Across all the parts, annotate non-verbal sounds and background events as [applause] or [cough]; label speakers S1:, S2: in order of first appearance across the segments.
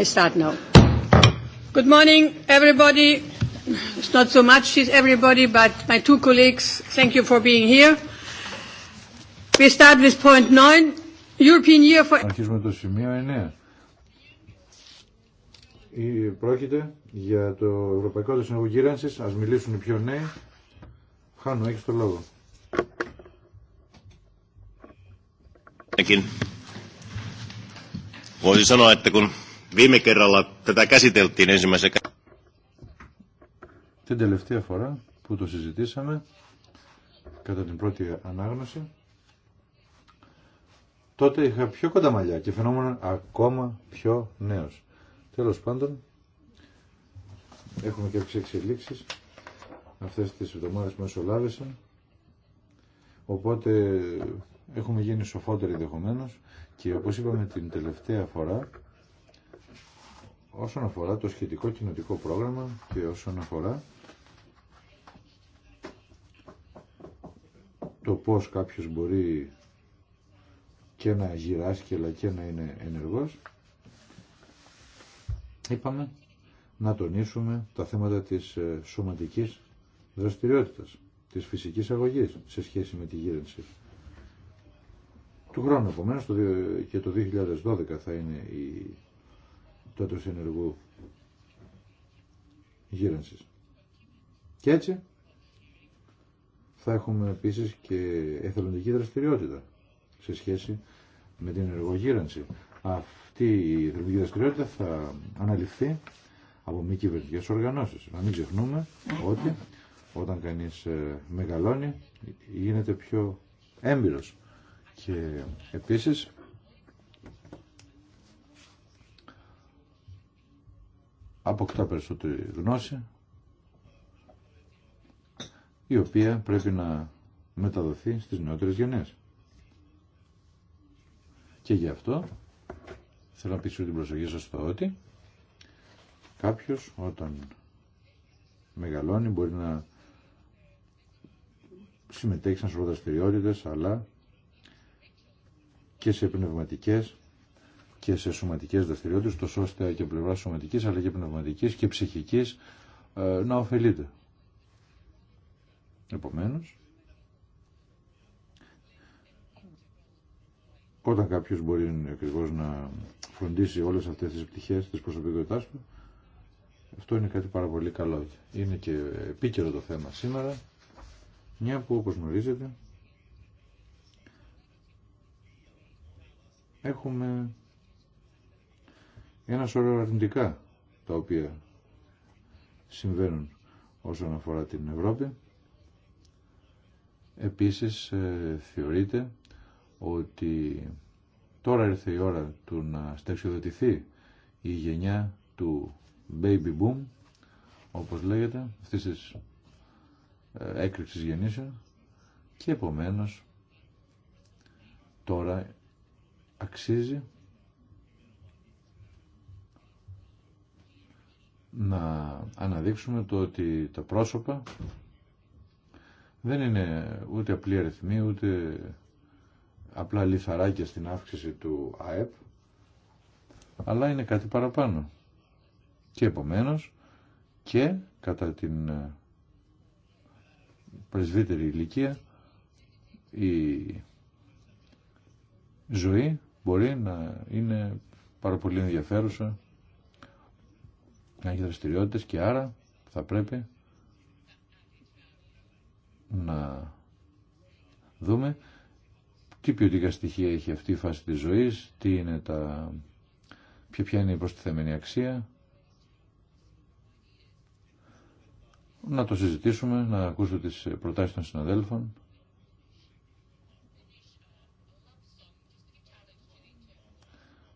S1: I start now. Good
S2: morning, everybody. It's not so much everybody, but my two colleagues, thank you for being here. We start with point nine, European
S1: Year for...
S3: Αρχίζουμε το σημείο 9. Πρόκειται για το Ευρωπαϊκό Δεσυνογό Γύρανσης. Ας μιλήσουν οι πιο νέοι. Χάνω, έχεις το λόγο.
S1: Voisi sanoa, että kun
S3: την τελευταία φορά που το συζητήσαμε κατά την πρώτη ανάγνωση τότε είχα πιο κοντά μαλλιά και φαινόμουν ακόμα πιο νέος. Τέλος πάντων έχουμε και έξι εξελίξεις αυτές τις εβδομάδες που μεσολάβησαν οπότε έχουμε γίνει σοφότεροι ενδεχομένω και όπως είπαμε την τελευταία φορά όσον αφορά το σχετικό κοινοτικό πρόγραμμα και όσον αφορά το πώς κάποιος μπορεί και να γυράσκει αλλά και να είναι ενεργός είπαμε να τονίσουμε τα θέματα της ε, σωματικής δραστηριότητας, της φυσικής αγωγής σε σχέση με τη γύρενση. Του χρόνου επομένως και το 2012 θα είναι η τότε ενεργού γύρανσης. Και έτσι θα έχουμε επίσης και εθελοντική δραστηριότητα σε σχέση με την ενεργογύρανση. Αυτή η εθελοντική δραστηριότητα θα αναλυφθεί από μη κυβερνητικές οργανώσεις. Να μην ξεχνούμε ότι όταν κανείς ε, μεγαλώνει γίνεται πιο έμπειρος. Και επίσης αποκτά περισσότερη γνώση η οποία πρέπει να μεταδοθεί στις νεότερες γενιές. Και γι' αυτό θέλω να πείσω την προσοχή σας στο ότι κάποιος όταν μεγαλώνει μπορεί να συμμετέχει σε δραστηριότητε, αλλά και σε πνευματικές και σε σωματικές δραστηριότητες, τόσο ώστε και πλευρά σωματικής αλλά και πνευματικής και ψυχικής ε, να ωφελείται. Επομένως, όταν κάποιος μπορεί ακριβώ να φροντίσει όλες αυτές τις πτυχές της προσωπικότητάς του, αυτό είναι κάτι πάρα πολύ καλό. Είναι και επίκαιρο το θέμα σήμερα, μια που όπως γνωρίζετε έχουμε ένα σωρό αρνητικά τα οποία συμβαίνουν όσον αφορά την Ευρώπη. Επίσης ε, θεωρείται ότι τώρα ήρθε η ώρα του να στεξιοδοτηθεί η γενιά του baby boom, όπως λέγεται, αυτής της ε, έκρηξη γεννήσεων και επομένως τώρα αξίζει να αναδείξουμε το ότι τα πρόσωπα δεν είναι ούτε απλή αριθμή, ούτε απλά λιθαράκια στην αύξηση του ΑΕΠ, αλλά είναι κάτι παραπάνω. Και επομένως και κατά την πρεσβύτερη ηλικία η ζωή μπορεί να είναι πάρα πολύ ενδιαφέρουσα να έχει δραστηριότητες και άρα θα πρέπει να δούμε τι ποιοτικά στοιχεία έχει αυτή η φάση της ζωής, τι είναι τα... ποια, ποια είναι η προστιθέμενη αξία. Να το συζητήσουμε, να ακούσω τις προτάσεις των συναδέλφων.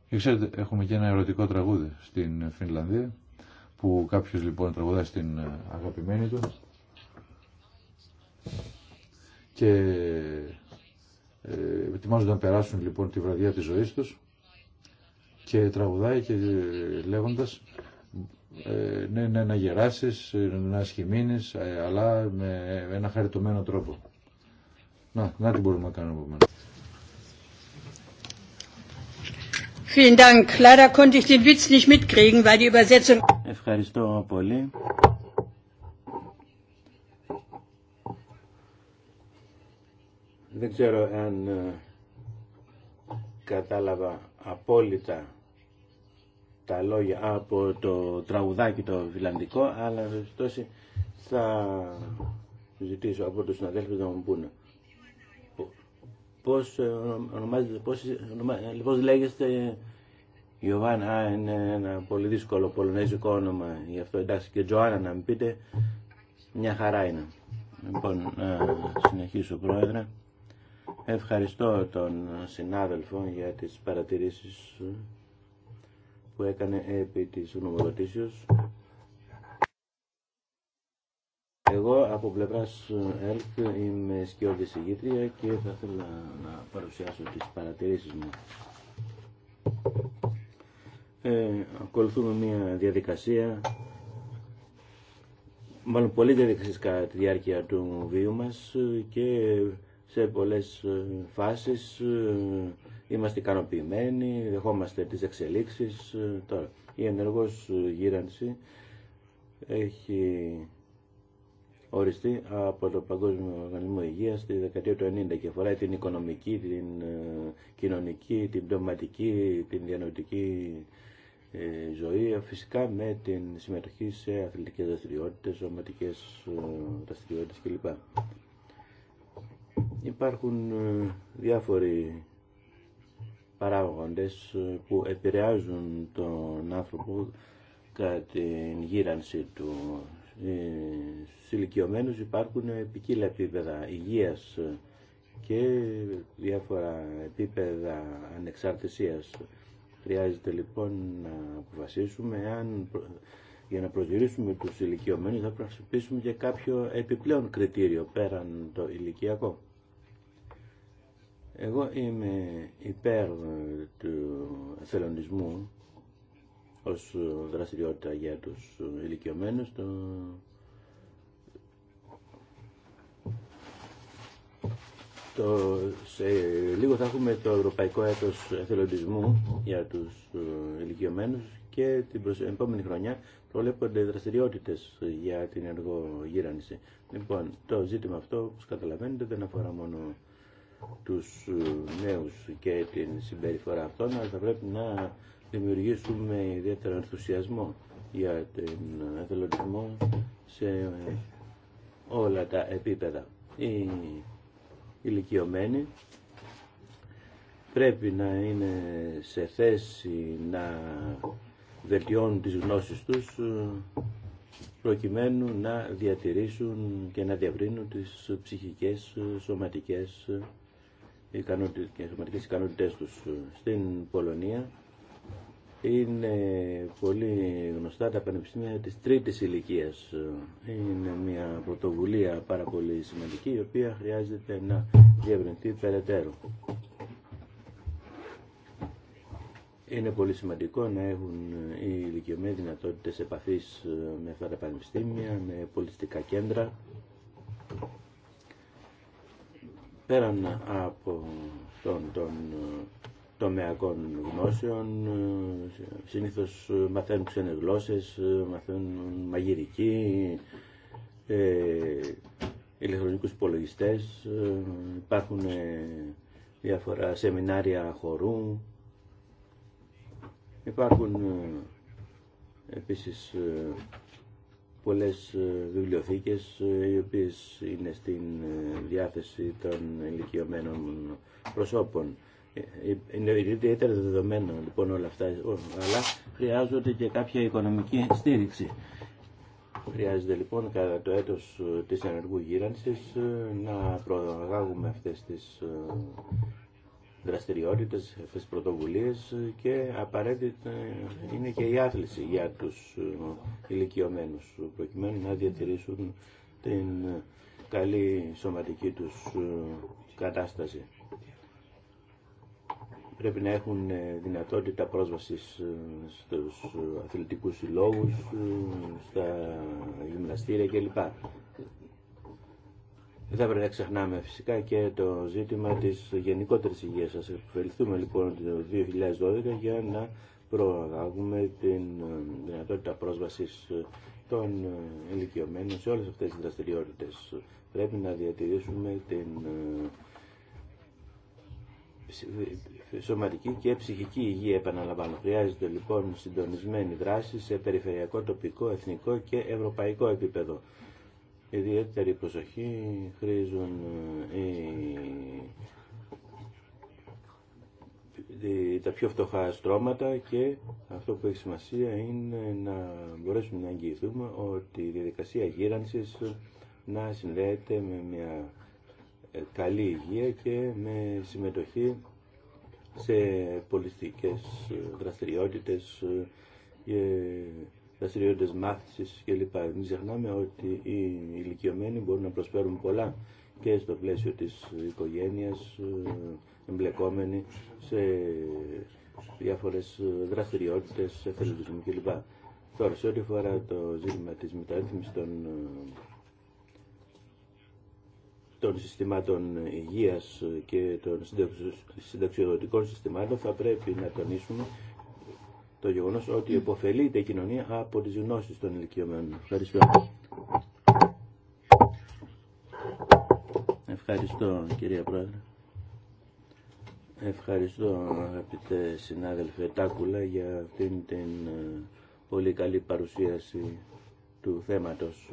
S3: Και ξέρετε, έχουμε και ένα ερωτικό τραγούδι στην Φινλανδία που κάποιος λοιπόν τραγουδά στην ε, αγαπημένη του και ε, ετοιμάζονται να περάσουν λοιπόν τη βραδιά της ζωής τους και τραγουδάει και ε, λέγοντας ε, ναι, ναι, να γεράσεις, να σχημείνεις, αλλά με ένα χαριτωμένο τρόπο.
S1: Να, να τι μπορούμε να κάνουμε μένα. Ευχαριστώ πολύ. Δεν ξέρω αν ε, κατάλαβα απόλυτα τα λόγια από το τραγουδάκι το φιλανδικό, αλλά θα ζητήσω από τους συναδέλφους να μου πούνε πώς ε, ονομάζεται, πώς, ε, ε, λέγεστε Ιωάννα είναι ένα πολύ δύσκολο πολωνέζικο όνομα, γι' αυτό εντάξει και Τζοάννα να μην πείτε, μια χαρά είναι. Λοιπόν, να συνεχίσω πρόεδρε. Ευχαριστώ τον συνάδελφο για τις παρατηρήσεις που έκανε επί της γνωμοδοτήσεως. Εγώ από πλευρά ε, ΕΛΚ είμαι σκιώδη ηγήτρια και θα ήθελα να παρουσιάσω τις παρατηρήσεις μου. Ε, ακολουθούμε μια διαδικασία, μάλλον πολύ διαδικασία κατά τη διάρκεια του βίου μας και σε πολλέ ε, φάσεις ε, είμαστε ικανοποιημένοι, δεχόμαστε τις εξελίξεις. Τώρα, η ενεργός γύρανση έχει οριστεί από το Παγκόσμιο Οργανισμό Υγείας στη δεκαετία του 1990 και αφορά την οικονομική, την ε, κοινωνική, την πνευματική, την διανοητική ε, ζωή, φυσικά με την συμμετοχή σε αθλητικές δραστηριότητες, σωματικές ε, δραστηριότητες κλπ. Υπάρχουν διάφοροι παράγοντες που επηρεάζουν τον άνθρωπο κατά την γύρανση του ε, στους ηλικιωμένους υπάρχουν ποικίλα επίπεδα υγείας και διάφορα επίπεδα ανεξαρτησίας. Χρειάζεται λοιπόν να αποφασίσουμε αν για να προσδιορίσουμε τους ηλικιωμένους θα προσπίσουμε και κάποιο επιπλέον κριτήριο πέραν το ηλικιακό. Εγώ είμαι υπέρ του εθελοντισμού ως ε, δραστηριότητα για τους ε, ηλικιωμένους. Το... Σε λίγο θα έχουμε το Ευρωπαϊκό Έτος Εθελοντισμού για τους ε, ηλικιωμένους και την επόμενη χρονιά προλέπονται δραστηριότητες για την εργογύρανση. Λοιπόν, το ζήτημα αυτό, όπω καταλαβαίνετε, δεν αφορά μόνο τους νέους και την συμπεριφορά αυτών, αλλά θα πρέπει να δημιουργήσουμε ιδιαίτερο ενθουσιασμό για τον ε, εθελοντισμό σε ε, όλα τα επίπεδα. Οι ηλικιωμένοι πρέπει να είναι σε θέση να βελτιώνουν τις γνώσεις τους ε, προκειμένου να διατηρήσουν και να διαβρύνουν τις ψυχικές, σωματικές ικανότητες, σωματικές ικανότητες τους. Στην Πολωνία είναι πολύ γνωστά τα πανεπιστήμια της τρίτης ηλικία. Είναι μια πρωτοβουλία πάρα πολύ σημαντική η οποία χρειάζεται να διευρυνθεί περαιτέρω. Είναι πολύ σημαντικό να έχουν οι ηλικιωμένοι δυνατότητες επαφής με αυτά τα πανεπιστήμια, με πολιτιστικά κέντρα. Πέραν από τον τομεακών γνώσεων, ε, συνήθως ε, μαθαίνουν ξένες γλώσσες, ε, μαθαίνουν μαγειρική, ε, ηλεκτρονικούς υπολογιστέ, υπάρχουν διάφορα σεμινάρια χορού, υπάρχουν επίσης πολλές βιβλιοθήκες οι οποίες είναι στην διάθεση των ηλικιωμένων προσώπων. Ε, είναι ιδιαίτερα δεδομένα λοιπόν όλα αυτά, αλλά χρειάζονται και κάποια οικονομική στήριξη. Χρειάζεται λοιπόν κατά το έτος της ενεργού γύρανσης ε, να προαγάγουμε αυτές τις ε, δραστηριότητες, αυτές τις πρωτοβουλίες και απαραίτητα είναι και η άθληση για τους ηλικιωμένους προκειμένου να διατηρήσουν την καλή σωματική τους κατάσταση πρέπει να έχουν ε, δυνατότητα πρόσβασης ε, στους ε, αθλητικούς συλλόγους, στα γυμναστήρια κλπ. Δεν θα πρέπει να ξεχνάμε φυσικά και το ζήτημα της γενικότερης υγείας σας. Ευχαριστούμε λοιπόν το 2012 για να προαγάγουμε την δυνατότητα πρόσβασης των ηλικιωμένων σε όλες αυτές τις δραστηριότητες. Πρέπει να διατηρήσουμε την σωματική και ψυχική υγεία, επαναλαμβάνω. Χρειάζεται λοιπόν συντονισμένη δράση σε περιφερειακό, τοπικό, εθνικό και ευρωπαϊκό επίπεδο. Ιδιαίτερη προσοχή χρήζουν ε, ε, τα πιο φτωχά στρώματα και αυτό που έχει σημασία είναι να μπορέσουμε να εγγυηθούμε ότι η διαδικασία γύρανσης να συνδέεται με μια ε, καλή υγεία και με συμμετοχή σε πολιτικές ε, δραστηριότητες, ε, ε, δραστηριότητες μάθησης κλπ. Μην ξεχνάμε ότι οι ηλικιωμένοι μπορούν να προσφέρουν πολλά και στο πλαίσιο της οικογένειας, εμπλεκόμενοι σε διάφορες δραστηριότητες, εθελοντισμού κλπ. Τώρα, σε ό,τι αφορά το ζήτημα της μεταρρύθμισης των των συστημάτων υγείας και των συνταξιοδοτικών συστημάτων θα πρέπει να τονίσουμε το γεγονός ότι υποφελείται η κοινωνία από τις γνώσεις των ηλικιωμένων. Ευχαριστώ. Ευχαριστώ κυρία Πρόεδρε. Ευχαριστώ αγαπητέ συνάδελφε Τάκουλα για αυτήν την ε, πολύ καλή παρουσίαση του θέματος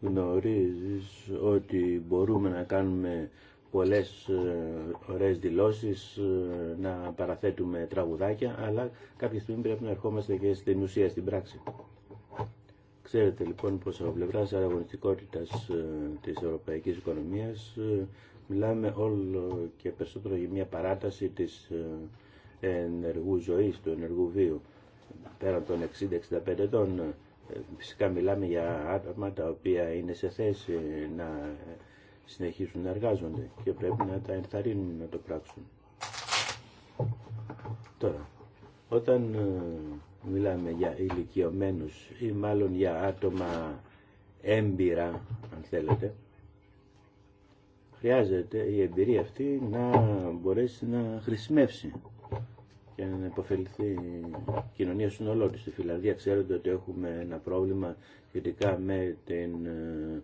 S1: γνωρίζεις ότι μπορούμε να κάνουμε πολλές ε, ωραίες δηλώσεις, ε, να παραθέτουμε τραγουδάκια, αλλά κάποια στιγμή πρέπει να ερχόμαστε και στην ουσία, στην πράξη. Ξέρετε λοιπόν πως από πλευρά αγωνιστικότητας ε, της ευρωπαϊκής οικονομίας μιλάμε όλο και περισσότερο για μια παράταση της ενεργού ζωής, του ενεργού βίου. Πέραν των 60-65 ετών Φυσικά μιλάμε για άτομα τα οποία είναι σε θέση να συνεχίσουν να εργάζονται και πρέπει να τα ενθαρρύνουν να το πράξουν. Τώρα, όταν ε, μιλάμε για ηλικιωμένους ή μάλλον για άτομα έμπειρα, αν θέλετε, χρειάζεται η εμπειρία αυτή να μπορέσει να χρησιμεύσει και να υποφεληθεί η κοινωνία της στη Φιλανδία. Ξέρετε ότι έχουμε ένα πρόβλημα σχετικά με την ε,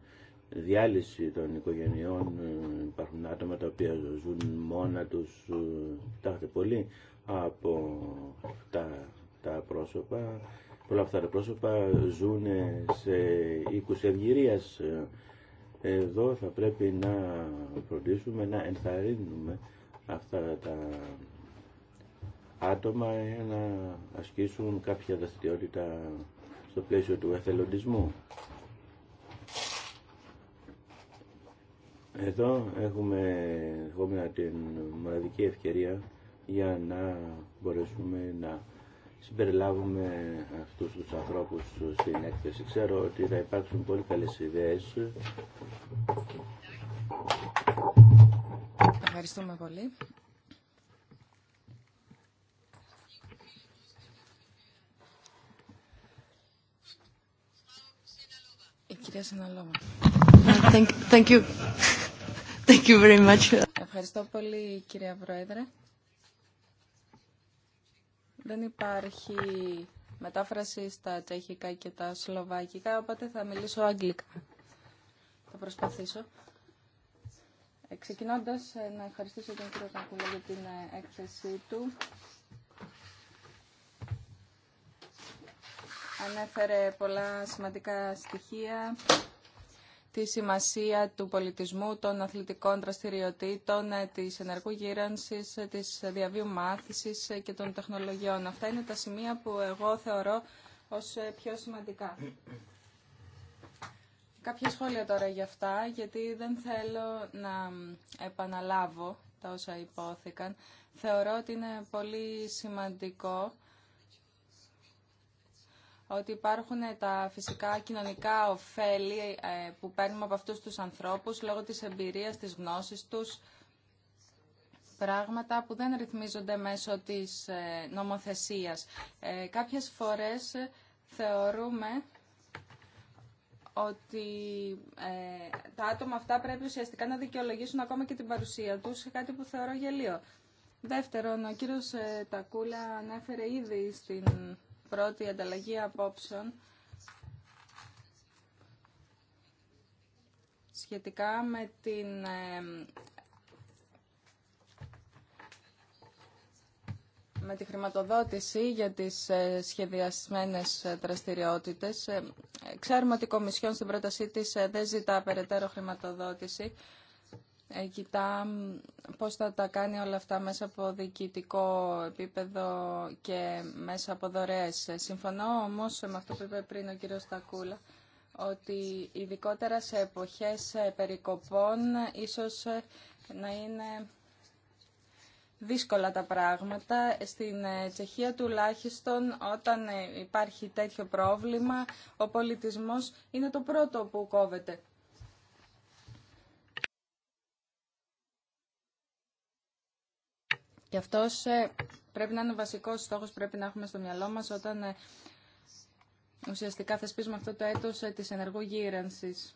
S1: διάλυση των οικογενειών. Ε, υπάρχουν άτομα τα οποία ζουν μόνα τους, ε, κοιτάξτε πολύ, από τα, τα πρόσωπα. Πολλά αυτά τα πρόσωπα ζουν σε οίκους ευγυρίας. Εδώ θα πρέπει να φροντίσουμε, να ενθαρρύνουμε αυτά τα άτομα να ασκήσουν κάποια δραστηριότητα στο πλαίσιο του εθελοντισμού. Εδώ έχουμε, έχουμε την μοναδική ευκαιρία για να μπορέσουμε να συμπεριλάβουμε αυτούς τους ανθρώπους στην έκθεση. Ξέρω ότι θα υπάρξουν πολύ καλές ιδέες.
S2: Ευχαριστούμε πολύ. Thank,
S1: thank you. Thank you very much.
S2: Ευχαριστώ πολύ, κυρία Πρόεδρε. Δεν υπάρχει μετάφραση στα τσεχικά και τα σλοβακικά, οπότε θα μιλήσω αγγλικά. Θα προσπαθήσω. Ε, ξεκινώντας, ε, να ευχαριστήσω τον κύριο Κακούλα για την ε, έκθεσή του. ανέφερε πολλά σημαντικά στοιχεία τη σημασία του πολιτισμού, των αθλητικών δραστηριοτήτων, της ενεργού γύρανσης, της διαβίου μάθησης και των τεχνολογιών. Αυτά είναι τα σημεία που εγώ θεωρώ ως πιο σημαντικά. Κάποια σχόλια τώρα για αυτά, γιατί δεν θέλω να επαναλάβω τα όσα υπόθηκαν. Θεωρώ ότι είναι πολύ σημαντικό ότι υπάρχουν τα φυσικά κοινωνικά ωφέλη ε, που παίρνουμε από αυτούς τους ανθρώπους λόγω της εμπειρίας, της γνώσης τους, πράγματα που δεν ρυθμίζονται μέσω της ε, νομοθεσίας. Ε, κάποιες φορές θεωρούμε ότι τα άτομα αυτά πρέπει ουσιαστικά να δικαιολογήσουν ακόμα και την παρουσία τους κάτι που θεωρώ γελίο. Δεύτερον, ο κύριος Τακούλα ανέφερε ήδη στην πρώτη ανταλλαγή απόψεων σχετικά με την με τη χρηματοδότηση για τις ε, σχεδιασμένες ε, δραστηριότητες. Ε, ξέρουμε ότι η Κομισιόν στην πρότασή της δεν ζητά περαιτέρω χρηματοδότηση ε, κοιτά πώς θα τα κάνει όλα αυτά μέσα από διοικητικό επίπεδο και μέσα από δωρεές. Ε, συμφωνώ όμως με αυτό που είπε πριν ο κύριος Στακούλα ότι ειδικότερα σε εποχές ε, περικοπών ίσως να είναι δύσκολα τα πράγματα. Στην Τσεχία τουλάχιστον όταν υπάρχει τέτοιο πρόβλημα ο πολιτισμός είναι το πρώτο που κόβεται. Και αυτός ε, πρέπει να είναι ο βασικός στόχος, πρέπει να έχουμε στο μυαλό μας όταν ε, ουσιαστικά θεσπίζουμε αυτό το έτος ε, της ενεργού γύρανσης.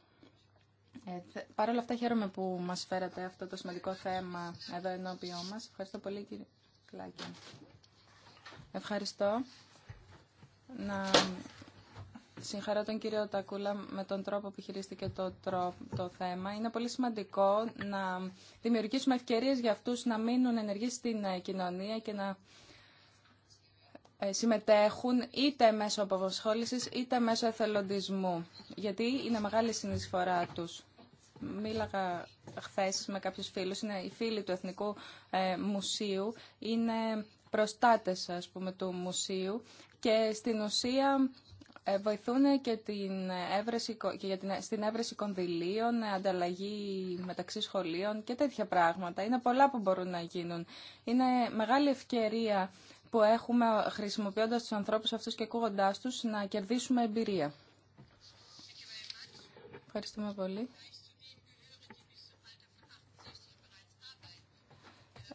S2: Ε, Παρ' όλα αυτά χαίρομαι που μας φέρατε αυτό το σημαντικό θέμα εδώ ενώπιό μας. Ευχαριστώ πολύ κύριε Κλάκια. Ευχαριστώ. Να συγχαρώ τον κύριο Τακούλα με τον τρόπο που χειρίστηκε το, το θέμα. Είναι πολύ σημαντικό να δημιουργήσουμε ευκαιρίες για αυτούς να μείνουν ενεργοί στην ε, κοινωνία και να ε, συμμετέχουν είτε μέσω αποσχόλησης είτε μέσω εθελοντισμού, γιατί είναι μεγάλη συνεισφορά τους. Μίλαγα χθε με κάποιους φίλους, είναι οι φίλοι του Εθνικού ε, Μουσείου, είναι προστάτες ας πούμε του μουσείου και στην ουσία ε, βοηθούν και, την έβρεση, και για την, στην έβρεση κονδυλίων, ανταλλαγή μεταξύ σχολείων και τέτοια πράγματα. Είναι πολλά που μπορούν να γίνουν. Είναι μεγάλη ευκαιρία που έχουμε χρησιμοποιώντας τους ανθρώπους αυτούς και ακούγοντάς τους να κερδίσουμε εμπειρία. Ευχαριστούμε πολύ.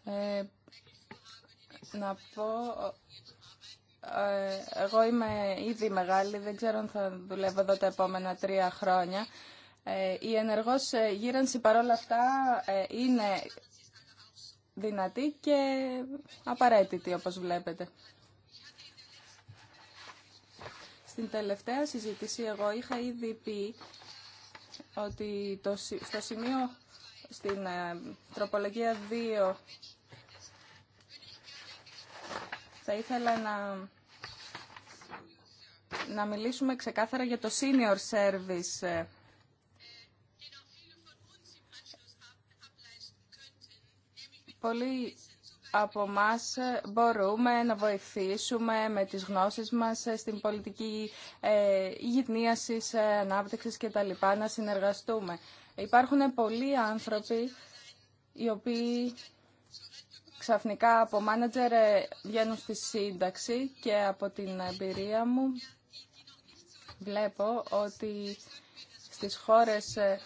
S2: Ε, να πω ε, εγώ είμαι ήδη μεγάλη, δεν ξέρω αν θα δουλεύω εδώ τα επόμενα τρία χρόνια. Ε, η ενεργός ε, γύρανση παρόλα αυτά είναι δυνατή και απαραίτητη όπως βλέπετε. Στην τελευταία συζήτηση εγώ είχα ήδη πει ότι το, στο σημείο στην τροπολογία 2 θα ήθελα να να μιλήσουμε ξεκάθαρα για το senior service. Πολλοί από εμά μπορούμε να βοηθήσουμε με τις γνώσεις μας στην πολιτική ε, γυτνίασης, ε, ανάπτυξης κτλ. να συνεργαστούμε. Υπάρχουν πολλοί άνθρωποι οι οποίοι ξαφνικά από μάνατζερ βγαίνουν στη σύνταξη και από την εμπειρία μου βλέπω ότι στις χώρες ε,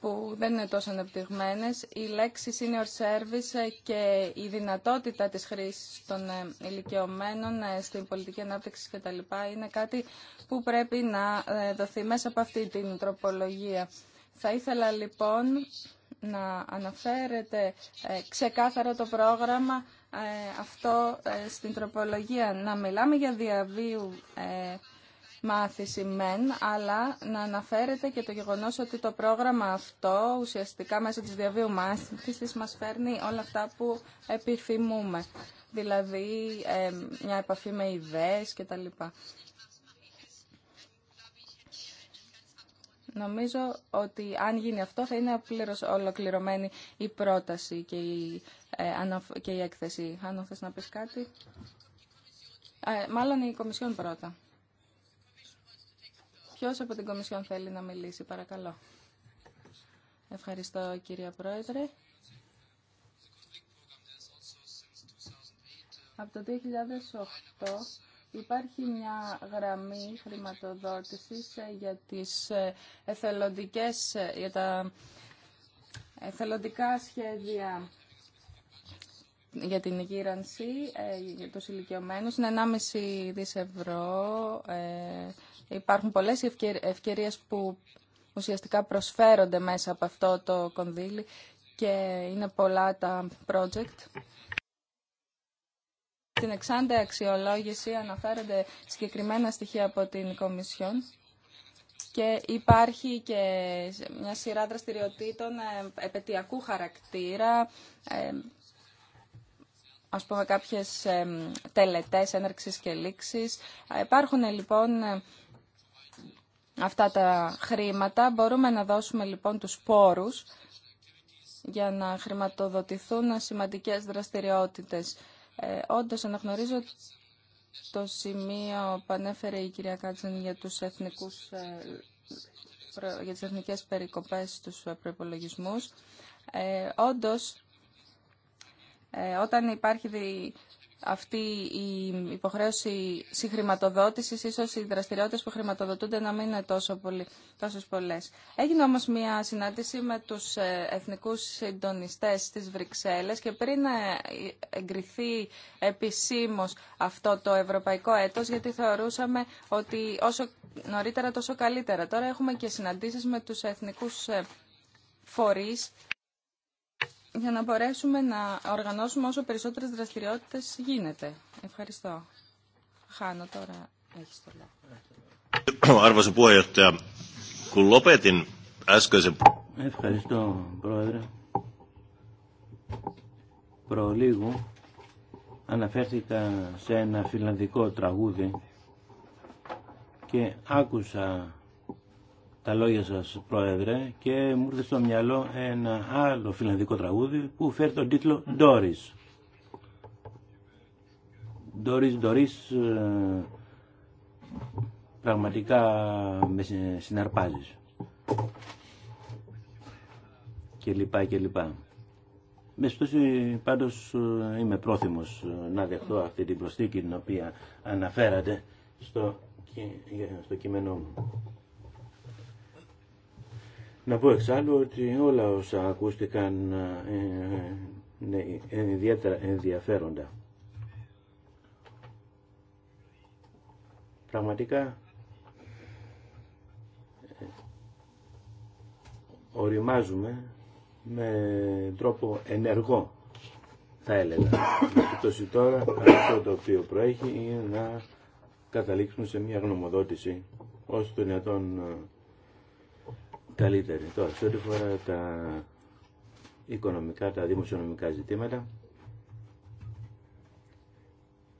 S2: που δεν είναι τόσο ανεπτυγμένες, η λέξη senior service ε, και η δυνατότητα της χρήσης των ε, ηλικιωμένων στην πολιτική ανάπτυξη κτλ. είναι κάτι που πρέπει να δοθεί μέσα από αυτή την τροπολογία. Θα ήθελα λοιπόν να αναφέρετε ξεκάθαρο το πρόγραμμα αυτό στην τροπολογία. Να μιλάμε για διαβίου μάθηση μεν, αλλά να αναφέρεται και το γεγονός ότι το πρόγραμμα αυτό ουσιαστικά μέσα της διαβίου μάθησης μας φέρνει όλα αυτά που επιθυμούμε. Δηλαδή ε, μια επαφή με ιδέες κτλ. Νομίζω ότι αν γίνει αυτό θα είναι πλήρως ολοκληρωμένη η πρόταση και η, ε, και η έκθεση. Αν θες να πεις κάτι. Ε, μάλλον η Κομισιόν πρώτα. Ποιο από την Κομισιόν θέλει να μιλήσει, παρακαλώ. Ευχαριστώ κύριε Πρόεδρε. Από το 2008 υπάρχει μια γραμμή χρηματοδότησης ε, για, τις ε, εθελοντικές, ε, για τα εθελοντικά σχέδια για την γύρανση για τους ηλικιωμένους. Είναι 1,5 δις ευρώ Υπάρχουν πολλές ευκαιρίες που ουσιαστικά προσφέρονται μέσα από αυτό το κονδύλι και είναι πολλά τα project. Στην εξάντια αξιολόγηση αναφέρονται συγκεκριμένα στοιχεία από την Κομισιόν και υπάρχει και μια σειρά δραστηριοτήτων ε, επαιτειακού χαρακτήρα, ε, ας πούμε κάποιες ε, τελετές έναρξης και λήξης. Υπάρχουν λοιπόν αυτά τα χρήματα. Μπορούμε να δώσουμε λοιπόν τους πόρους για να χρηματοδοτηθούν σημαντικές δραστηριότητες. Ε, όντως αναγνωρίζω το σημείο που ανέφερε η κυρία Κάτζαν για, τους εθνικούς, ε, για τις εθνικές περικοπές στους προϋπολογισμούς. Ε, όντως, ε, όταν υπάρχει αυτή η υποχρέωση συγχρηματοδότησης, ίσως οι δραστηριότητες που χρηματοδοτούνται να μην είναι τόσο πολύ, πολλές. Έγινε όμως μια συνάντηση με τους ε, εθνικούς συντονιστές στις Βρυξέλλες και πριν ε, εγκριθεί επισήμως αυτό το ευρωπαϊκό έτος, γιατί θεωρούσαμε ότι όσο νωρίτερα τόσο καλύτερα. Τώρα έχουμε και συναντήσεις με τους εθνικούς ε, φορείς για να μπορέσουμε να οργανώσουμε όσο περισσότερες δραστηριότητες γίνεται. Ευχαριστώ. Χάνω τώρα. Έχεις το λόγο.
S1: Arvoisa puheenjohtaja, kun lopetin Ευχαριστώ, Πρόεδρε. Προλίγου αναφέρθηκα σε ένα φιλανδικό τραγούδι και άκουσα τα λόγια σας πρόεδρε και μου έρθει στο μυαλό ένα άλλο φιλανδικό τραγούδι που φέρει τον τίτλο Doris. Doris, Doris, ε, πραγματικά με συναρπάζεις. Και λοιπά και λοιπά. Με στόση πάντως ε, είμαι πρόθυμος ε, να δεχτώ αυτή την προσθήκη την οποία αναφέρατε στο, στο κείμενό μου. Να πω εξάλλου ότι όλα όσα ακούστηκαν ε, ε, ε, είναι ιδιαίτερα ενδιαφέροντα. Πραγματικά οριμάζουμε με τρόπο ενεργό θα έλεγα. τώρα αυτό το οποίο προέχει είναι να καταλήξουμε σε μια γνωμοδότηση ως το δυνατόν καλύτερη. Τώρα, σε ό,τι φορά τα οικονομικά, τα δημοσιονομικά ζητήματα,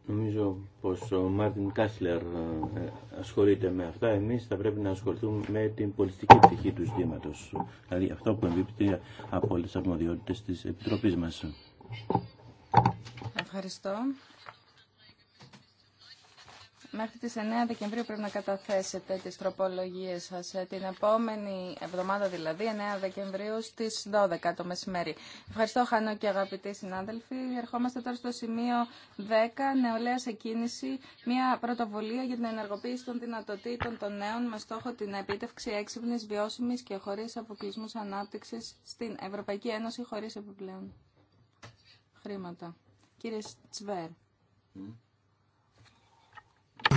S1: νομίζω πως ο Μάρτιν Κάσλερ ε, ασχολείται με αυτά. Εμείς θα πρέπει να ασχοληθούμε με την πολιτική πτυχή του ζητήματος. Δηλαδή αυτό που εμπίπτει από όλες τις αρμοδιότητες της Επιτροπής μας.
S2: Ευχαριστώ. Μέχρι τις 9 Δεκεμβρίου πρέπει να καταθέσετε τις τροπολογίες σας. Ε, την επόμενη εβδομάδα δηλαδή, 9 Δεκεμβρίου στις 12 το μεσημέρι. Ευχαριστώ Χανό και αγαπητοί συνάδελφοι. Ερχόμαστε τώρα στο σημείο 10, νεολαία σε κίνηση, μια πρωτοβουλία για την ενεργοποίηση των δυνατοτήτων των νέων με στόχο την επίτευξη έξυπνης, βιώσιμης και χωρίς αποκλεισμούς ανάπτυξης στην Ευρωπαϊκή Ένωση χωρίς επιπλέον χρήματα. Κύριε Τσβέρ.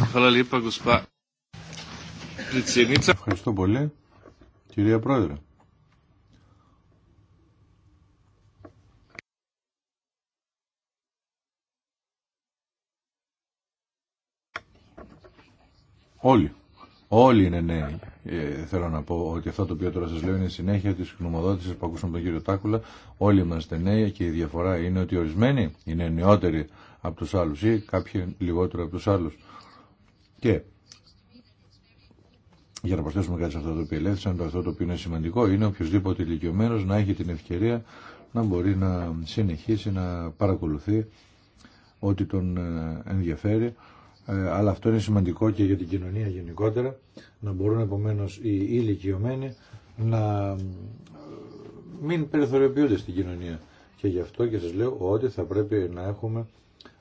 S2: Ευχαριστώ
S3: πολύ, κυρία Πρόεδρε. Όλοι. Όλοι είναι νέοι. Ε, θέλω να πω ότι αυτό το οποίο τώρα σα λέω είναι συνέχεια τη γνωμοδότησης που ακούσαμε τον κύριο Τάκουλα. Όλοι είμαστε νέοι και η διαφορά είναι ότι ορισμένοι είναι νεότεροι από του άλλου ή κάποιοι λιγότερο από του άλλου. Και για να προσθέσουμε κάτι σε αυτό το οποίο ελέγχθησαν, αυτό το οποίο είναι σημαντικό είναι οποιοδήποτε ηλικιωμένο να έχει την ευκαιρία να μπορεί να συνεχίσει να παρακολουθεί ό,τι τον ε, ενδιαφέρει. Ε, αλλά αυτό είναι σημαντικό και για την κοινωνία γενικότερα, να μπορούν επομένω οι ηλικιωμένοι να μην περιθωριοποιούνται στην κοινωνία. Και γι' αυτό και σας λέω ότι θα πρέπει να έχουμε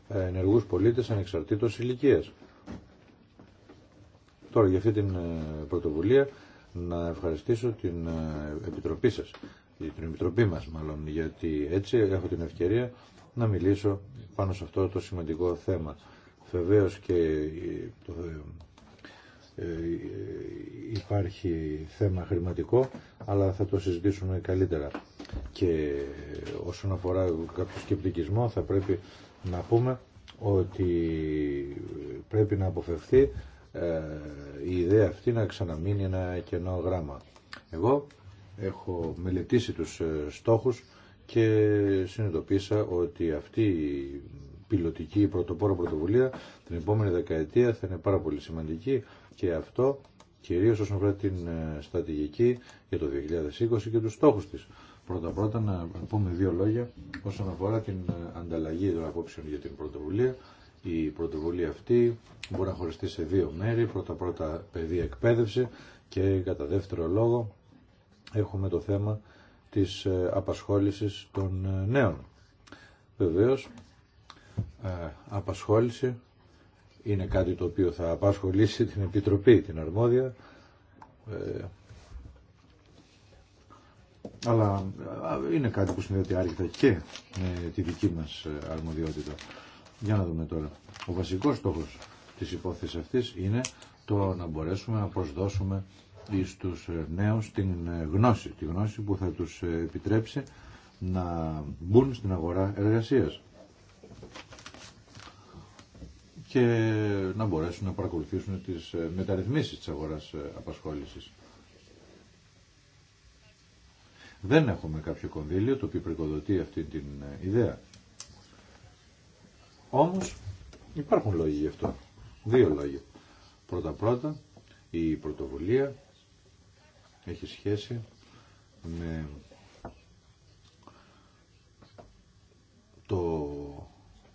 S3: ε, ενεργούς πολίτες ανεξαρτήτως ηλικίας. Τώρα για αυτή την ε, πρωτοβουλία να ευχαριστήσω την ε, Επιτροπή σας, την Επιτροπή μας μάλλον, γιατί έτσι έχω την ευκαιρία να μιλήσω πάνω σε αυτό το σημαντικό θέμα. Βεβαίω και ε, το, υπάρχει θέμα χρηματικό, αλλά θα το συζητήσουμε καλύτερα. Και όσον αφορά κάποιο σκεπτικισμό θα πρέπει να πούμε ότι πρέπει να αποφευθεί ε, η ιδέα αυτή να ξαναμείνει ένα κενό γράμμα. Εγώ έχω μελετήσει τους ε, στόχους και συνειδητοποίησα ότι αυτή η πιλωτική πρωτοπόρο πρωτοβουλία την επόμενη δεκαετία θα είναι πάρα πολύ σημαντική και αυτό κυρίως όσον αφορά την ε, στρατηγική για το 2020 και τους στόχους της. Πρώτα πρώτα να πούμε δύο λόγια όσον αφορά την ανταλλαγή των απόψεων για την πρωτοβουλία η πρωτοβουλία αυτή μπορεί να χωριστεί σε δύο μέρη. Πρώτα πρώτα παιδεία εκπαίδευση και κατά δεύτερο λόγο έχουμε το θέμα της ε, απασχόλησης των ε, νέων. Βεβαίως, ε, απασχόληση είναι κάτι το οποίο θα απασχολήσει την Επιτροπή, την Αρμόδια. Αλλά είναι κάτι που συνδέεται άρρηκτα και με τη δική μας αρμοδιότητα. Για να δούμε τώρα. Ο βασικός στόχος της υπόθεσης αυτής είναι το να μπορέσουμε να προσδώσουμε τους ε, νέους την ε, γνώση, τη γνώση που θα τους ε, επιτρέψει να μπουν στην αγορά εργασίας και να μπορέσουν να παρακολουθήσουν τις μεταρρυθμίσεις της αγοράς απασχόλησης. Δεν έχουμε κάποιο κονδύλιο το οποίο πρικοδοτεί αυτή την ιδέα. Όμω υπάρχουν λόγοι γι' αυτό. Δύο λόγοι. Πρώτα πρώτα η πρωτοβουλία έχει σχέση με το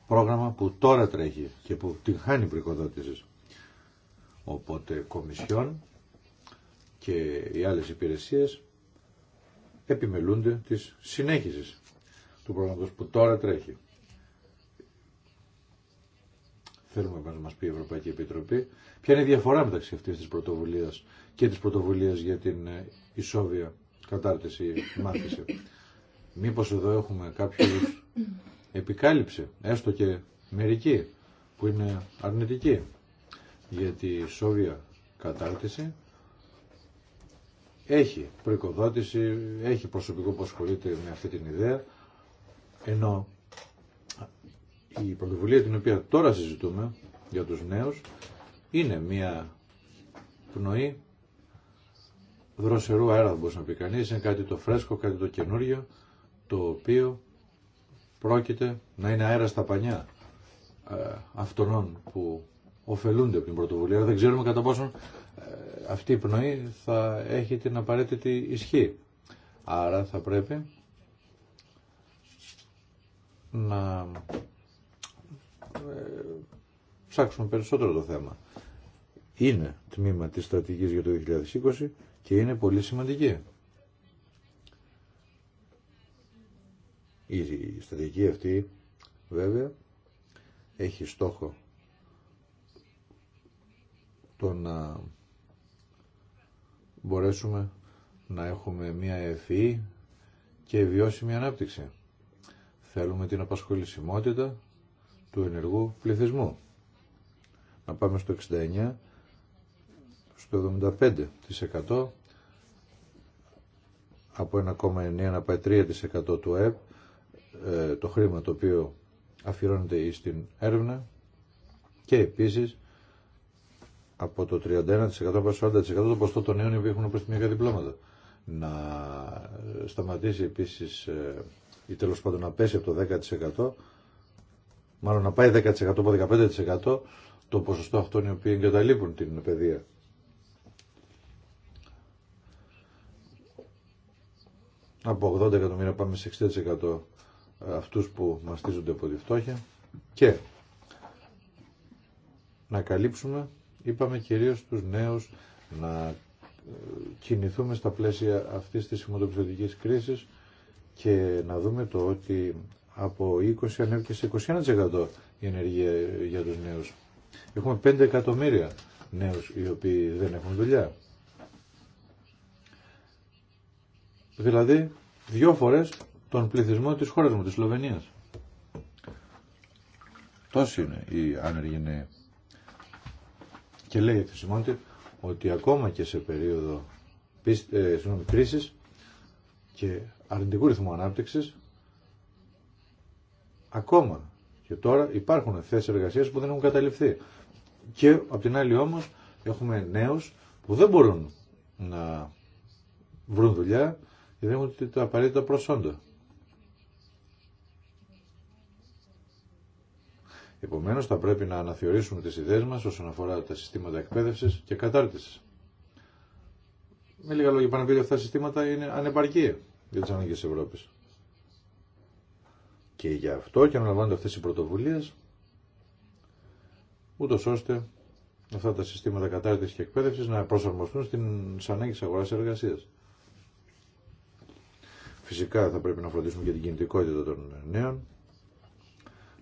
S3: πρόγραμμα που τώρα τρέχει και που την χάνει πρικοδότησης. Οπότε κομισιόν και οι άλλες υπηρεσίες επιμελούνται της συνέχισης του πρόγραμματος που τώρα τρέχει. Θέλουμε να μας πει η Ευρωπαϊκή Επιτροπή ποια είναι η διαφορά μεταξύ αυτής της πρωτοβουλίας και της πρωτοβουλίας για την ε, ισόβια κατάρτιση, μάθηση. Μήπως εδώ έχουμε κάποιο επικάλυψη, έστω και μερική, που είναι αρνητική. Γιατί η ισόβια κατάρτιση έχει προοικοδότηση, έχει προσωπικό που ασχολείται με αυτή την ιδέα, ενώ η πρωτοβουλία την οποία τώρα συζητούμε για τους νέους είναι μια πνοή δροσερού αέρα, μπορούσε να πει κανείς. Είναι κάτι το φρέσκο, κάτι το καινούριο, το οποίο πρόκειται να είναι αέρα στα πανιά ε, αυτών που ωφελούνται από την πρωτοβουλία. δεν ξέρουμε κατά πόσον ε, αυτή η πνοή θα έχει την απαραίτητη ισχύ. Άρα θα πρέπει να ε, ψάξουμε περισσότερο το θέμα. Είναι τμήμα της στρατηγικής για το 2020 και είναι πολύ σημαντική. Η στρατηγική αυτή βέβαια έχει στόχο το να μπορέσουμε να έχουμε μια ευφυή και βιώσιμη ανάπτυξη. Θέλουμε την απασχολησιμότητα του ενεργού πληθυσμού. Να πάμε στο 69, στο 75% από 1,9 να πάει 3% του ΕΠ, ε, το χρήμα το οποίο αφιερώνεται στην έρευνα και επίσης από το 31% από 40% το ποσοστό των νέων που έχουν προστιμιακά διπλώματα. Να σταματήσει επίσης ε, ή τέλος πάντων να πέσει από το 10% μάλλον να πάει 10% από 15% το ποσοστό αυτών οι οποίοι εγκαταλείπουν την παιδεία. Από 80 εκατομμύρια πάμε σε 60% ε, αυτούς που μαστίζονται από τη φτώχεια και να καλύψουμε, είπαμε κυρίως τους νέους, να ε, κινηθούμε στα πλαίσια αυτής της σημαντοπιστωτικής κρίσης και να δούμε το ότι από 20% ανέβηκε σε 21% η ενεργεία για τους νέους. Έχουμε 5 εκατομμύρια νέους οι οποίοι δεν έχουν δουλειά. Δηλαδή, δύο φορές τον πληθυσμό της χώρας μου, της Σλοβενίας. Τόσοι είναι οι άνεργοι νέοι. Και λέει η επισημότητα ότι ακόμα και σε περίοδο ε, κρίσης και αρνητικού ρυθμού ανάπτυξης Ακόμα και τώρα υπάρχουν θέσει εργασία που δεν έχουν καταληφθεί. Και από την άλλη όμω έχουμε νέου που δεν μπορούν να βρουν δουλειά γιατί δεν έχουν τα απαραίτητα προσόντα. Επομένω, θα πρέπει να αναθεωρήσουμε τι ιδέε μα όσον αφορά τα συστήματα εκπαίδευση και κατάρτιση. Με λίγα λόγια, πάνω από αυτά τα συστήματα είναι ανεπαρκή για τι ανάγκε τη Ευρώπη. Και για αυτό και αναλαμβάνονται αυτές οι πρωτοβουλίες, ούτω ώστε αυτά τα συστήματα κατάρτισης και εκπαίδευσης να προσαρμοστούν στις ανάγκες αγοράς εργασίας. Φυσικά θα πρέπει να φροντίσουμε και την κινητικότητα των νέων,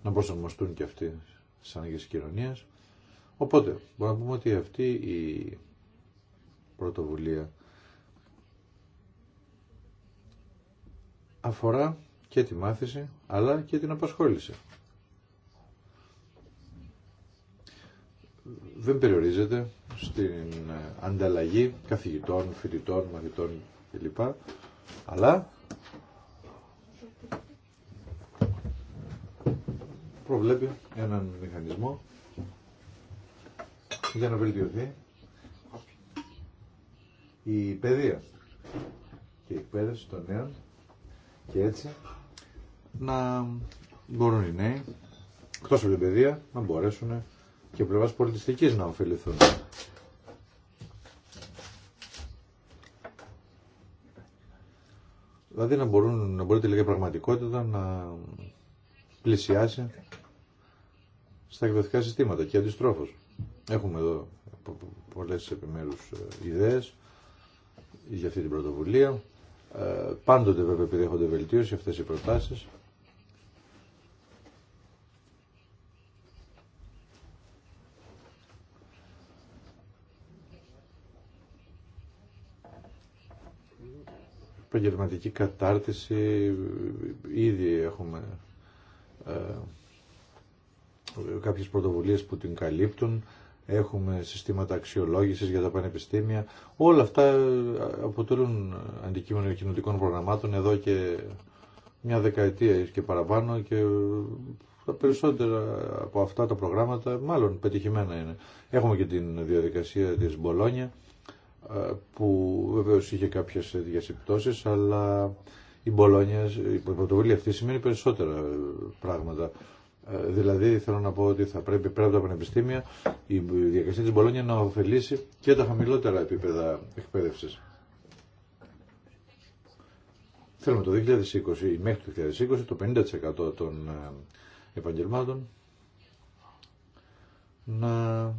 S3: να προσαρμοστούν και αυτοί στις ανάγκες της κοινωνίας. Οπότε, μπορούμε να πούμε ότι αυτή η πρωτοβουλία αφορά και τη μάθηση αλλά και την απασχόληση. Δεν περιορίζεται στην ανταλλαγή καθηγητών, φοιτητών, μαθητών κλπ. Αλλά προβλέπει έναν μηχανισμό για να βελτιωθεί η παιδεία και η εκπαίδευση των νέων και έτσι να μπορούν οι νέοι, εκτό από την παιδεία, να μπορέσουν και πλευρά πολιτιστική να ωφεληθούν. Δηλαδή να, μπορούν, να μπορεί τελικά πραγματικότητα να πλησιάσει στα εκδοτικά συστήματα και αντιστρόφω. Έχουμε εδώ πολλέ επιμέρους ε, ιδέες για αυτή την πρωτοβουλία. Ε, πάντοτε βέβαια έχονται βελτίωση αυτέ οι προτάσει. επαγγελματική κατάρτιση, ήδη έχουμε ε, κάποιες πρωτοβουλίες που την καλύπτουν, έχουμε συστήματα αξιολόγησης για τα πανεπιστήμια, όλα αυτά ε, αποτελούν αντικείμενο κοινωτικών προγραμμάτων εδώ και μια δεκαετία και παραπάνω και ε, τα περισσότερα από αυτά τα προγράμματα μάλλον πετυχημένα είναι. Έχουμε και την διαδικασία της Μπολόνια ε, που βεβαίως είχε κάποιες διασυπτώσεις, αλλά η Μπολόνια, η πρωτοβουλία αυτή σημαίνει περισσότερα ε, πράγματα. Ε, δηλαδή θέλω να πω ότι θα πρέπει πέρα από τα πανεπιστήμια η διακρισία της Μπολόνια να ωφελήσει και τα χαμηλότερα επίπεδα εκπαίδευσης. Θέλουμε το 2020 ή μέχρι το 2020 το 50% των επαγγελμάτων να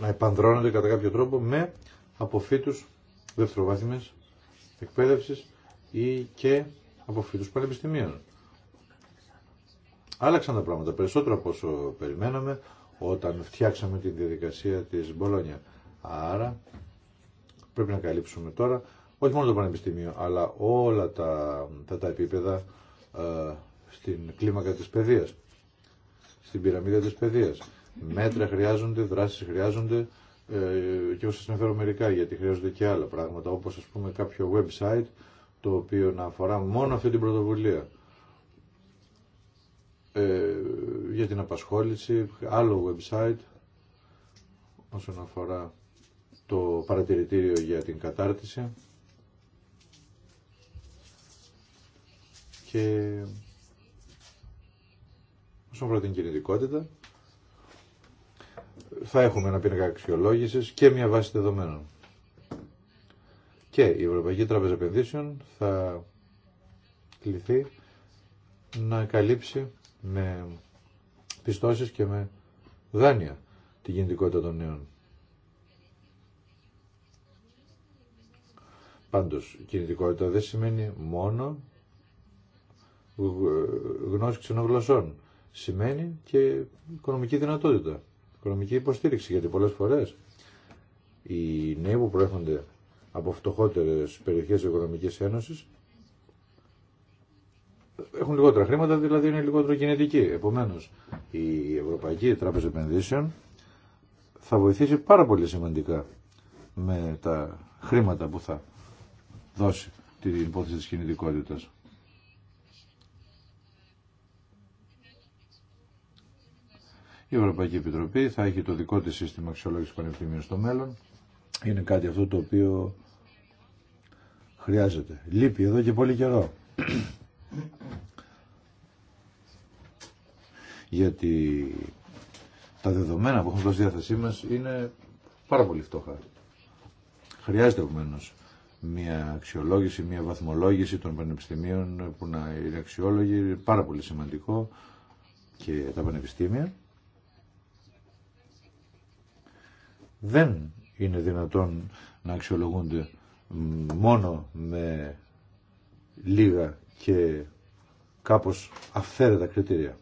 S3: να επανδρώνονται κατά κάποιο τρόπο με αποφύτους δευτεροβάθμιας εκπαίδευσης ή και αποφύτους πανεπιστημίων. Άλλαξαν τα πράγματα περισσότερο από όσο περιμέναμε όταν φτιάξαμε την διαδικασία της Μπολόνια. Άρα πρέπει να καλύψουμε τώρα όχι μόνο το πανεπιστήμιο αλλά όλα τα, τα, επίπεδα ε, στην κλίμακα της παιδείας, στην πυραμίδα της παιδείας μέτρα χρειάζονται, δράσεις χρειάζονται ε, και εγώ σας αναφέρω μερικά γιατί χρειάζονται και άλλα πράγματα όπως ας πούμε κάποιο website το οποίο να αφορά μόνο αυτή την πρωτοβουλία ε, για την απασχόληση, άλλο website όσον αφορά το παρατηρητήριο για την κατάρτιση και όσον αφορά την κινητικότητα θα έχουμε ένα πίνακα αξιολόγηση και μια βάση δεδομένων. Και η Ευρωπαϊκή Τράπεζα Επενδύσεων θα κληθεί να καλύψει με πιστώσεις και με δάνεια την κινητικότητα των νέων. Πάντως, κινητικότητα δεν σημαίνει μόνο γνώση ξενογλωσσών. Σημαίνει και οικονομική δυνατότητα οικονομική υποστήριξη. Γιατί πολλές φορές οι νέοι που προέρχονται από φτωχότερε περιοχές τη Οικονομικής Ένωση έχουν λιγότερα χρήματα, δηλαδή είναι λιγότερο κινητικοί. Επομένως, η Ευρωπαϊκή Τράπεζα Επενδύσεων θα βοηθήσει πάρα πολύ σημαντικά με τα χρήματα που θα δώσει την υπόθεση της κινητικότητας. Η Ευρωπαϊκή Επιτροπή θα έχει το δικό της σύστημα αξιολόγηση πανεπιστημίων στο μέλλον. Είναι κάτι αυτό το οποίο χρειάζεται. Λείπει εδώ και πολύ καιρό. Γιατί τα δεδομένα που έχουμε δώσει διάθεσή μας είναι πάρα πολύ φτώχα. Χρειάζεται επομένω μια αξιολόγηση, μια βαθμολόγηση των πανεπιστημίων που να είναι αξιόλογη, πάρα πολύ σημαντικό και τα πανεπιστήμια δεν είναι δυνατόν να αξιολογούνται μόνο με λίγα και κάπως αυθαίρετα κριτήρια.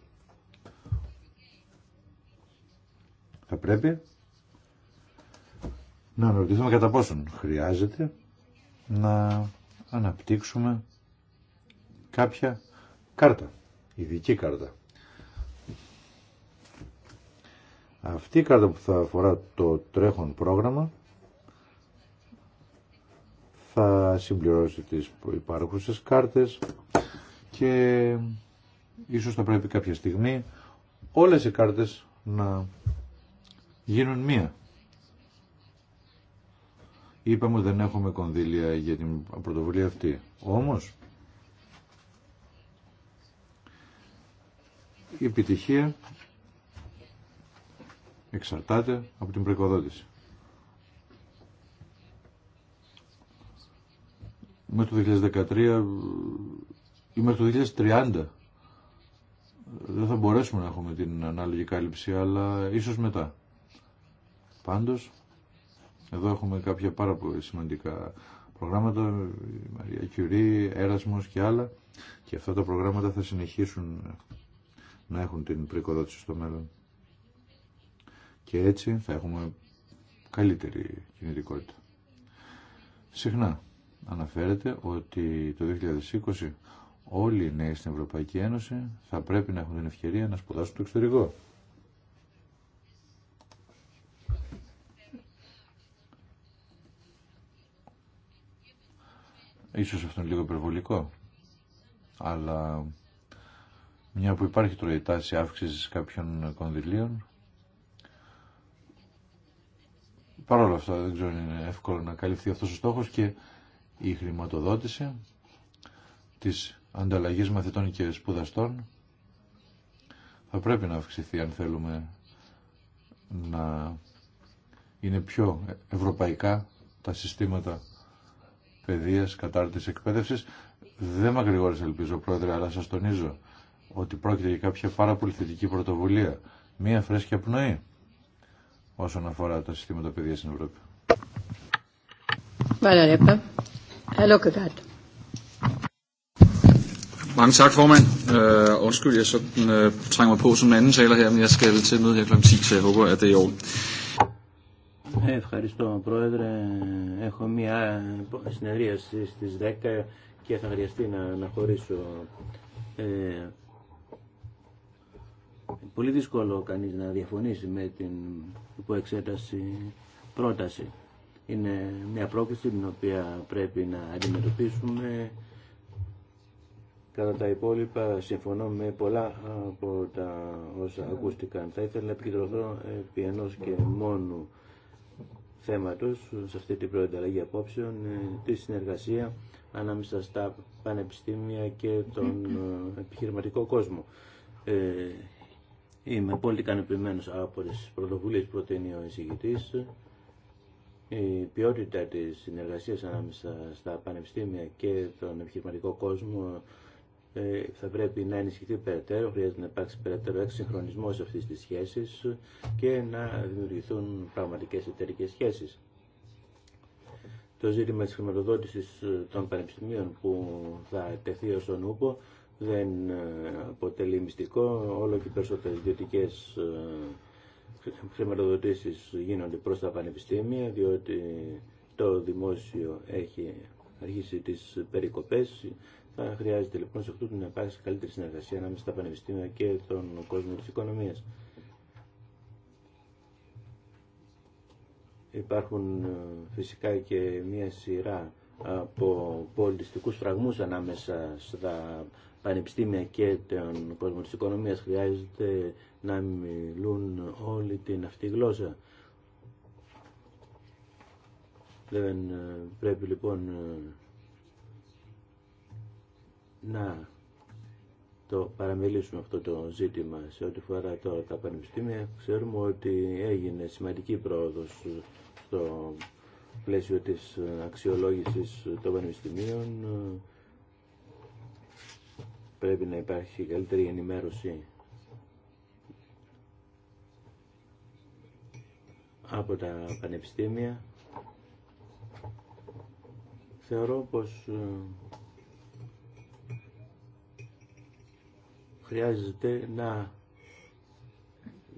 S3: Θα πρέπει να αναρωτηθούμε κατά πόσον χρειάζεται να αναπτύξουμε κάποια κάρτα, ειδική κάρτα. Αυτή η κάρτα που θα αφορά το τρέχον πρόγραμμα θα συμπληρώσει τις υπάρχουσες κάρτες και ίσως θα πρέπει κάποια στιγμή όλες οι κάρτες να γίνουν μία. Είπαμε ότι δεν έχουμε κονδύλια για την πρωτοβουλία αυτή. Όμως, η επιτυχία εξαρτάται από την προοικοδότηση. Μέχρι το 2013 ή μέχρι το 2030 δεν θα μπορέσουμε να έχουμε την ανάλογη κάλυψη, αλλά ίσως μετά. Πάντως, εδώ έχουμε κάποια πάρα πολύ σημαντικά προγράμματα, Μαρία Κιουρί, Έρασμος και άλλα, και αυτά τα προγράμματα θα συνεχίσουν να έχουν την προοικοδότηση στο μέλλον και έτσι θα έχουμε καλύτερη κινητικότητα. Συχνά αναφέρεται ότι το 2020 όλοι οι νέοι στην Ευρωπαϊκή Ένωση θα πρέπει να έχουν την ευκαιρία να σπουδάσουν το εξωτερικό. Ίσως αυτό είναι λίγο υπερβολικό, αλλά μια που υπάρχει τώρα η τάση αύξησης κάποιων κονδυλίων, Παρ' όλα αυτά δεν ξέρω αν είναι εύκολο να καλυφθεί αυτός ο στόχος και η χρηματοδότηση της ανταλλαγής μαθητών και σπουδαστών θα πρέπει να αυξηθεί αν θέλουμε να είναι πιο ευρωπαϊκά τα συστήματα παιδείας, κατάρτισης, εκπαίδευσης. Δεν μακρηγόρησα ελπίζω πρόεδρε, αλλά σας τονίζω ότι πρόκειται για κάποια πάρα πολύ θετική πρωτοβουλία. Μία φρέσκια πνοή όσον αφορά τα συστήματα παιδεία στην Ευρώπη. Mange tak, formand. Uh, undskyld, jeg sådan, uh, trænger mig på som en anden taler her, men jeg skal til møde her kl. 10, så jeg håber, at det er i orden.
S1: Ευχαριστώ, Πρόεδρε. Έχω μια συνεδρίαση στις 10 και θα χρειαστεί να, να χωρίσω. Ε, πολύ δύσκολο κανείς να διαφωνήσει με την υποεξέταση πρόταση. Είναι μια πρόκληση την οποία πρέπει να αντιμετωπίσουμε. Κατά τα υπόλοιπα συμφωνώ με πολλά από τα όσα ακούστηκαν. Θα ήθελα να επικεντρωθώ επί και μόνου θέματος σε αυτή την πρώτη αλλαγή απόψεων, ε, τη συνεργασία ανάμεσα στα πανεπιστήμια και τον ε, επιχειρηματικό κόσμο. Ε, Είμαι πολύ ικανοποιημένο από τι πρωτοβουλίε που προτείνει ο εισηγητή. Η ποιότητα τη συνεργασία ανάμεσα στα πανεπιστήμια και τον επιχειρηματικό κόσμο ε, θα πρέπει να ενισχυθεί περαιτέρω, χρειάζεται να υπάρξει περαιτέρω εξυγχρονισμό αυτή τη σχέση και να δημιουργηθούν πραγματικέ εταιρικέ σχέσει. Το ζήτημα τη χρηματοδότηση των πανεπιστημίων που θα τεθεί ω τον ούπο δεν ε, αποτελεί μυστικό. Όλο και περισσότερε ιδιωτικέ ε, χρηματοδοτήσει γίνονται προς τα πανεπιστήμια, διότι το δημόσιο έχει αρχίσει τι περικοπές. Θα χρειάζεται λοιπόν σε αυτό να υπάρξει καλύτερη συνεργασία ανάμεσα στα πανεπιστήμια και τον κόσμο τη οικονομίας. Υπάρχουν ε, φυσικά και μία σειρά από πολιτιστικούς φραγμούς ανάμεσα στα πανεπιστήμια και τον κόσμο της οικονομίας χρειάζεται να μιλούν όλη την αυτή γλώσσα. Δεν ε, πρέπει λοιπόν ε, να το παραμελήσουμε αυτό το ζήτημα σε ό,τι φορά τώρα τα πανεπιστήμια. Ξέρουμε ότι έγινε σημαντική πρόοδος στο πλαίσιο της αξιολόγησης των πανεπιστημίων πρέπει να υπάρχει καλύτερη ενημέρωση από τα πανεπιστήμια. Θεωρώ πως ε, χρειάζεται να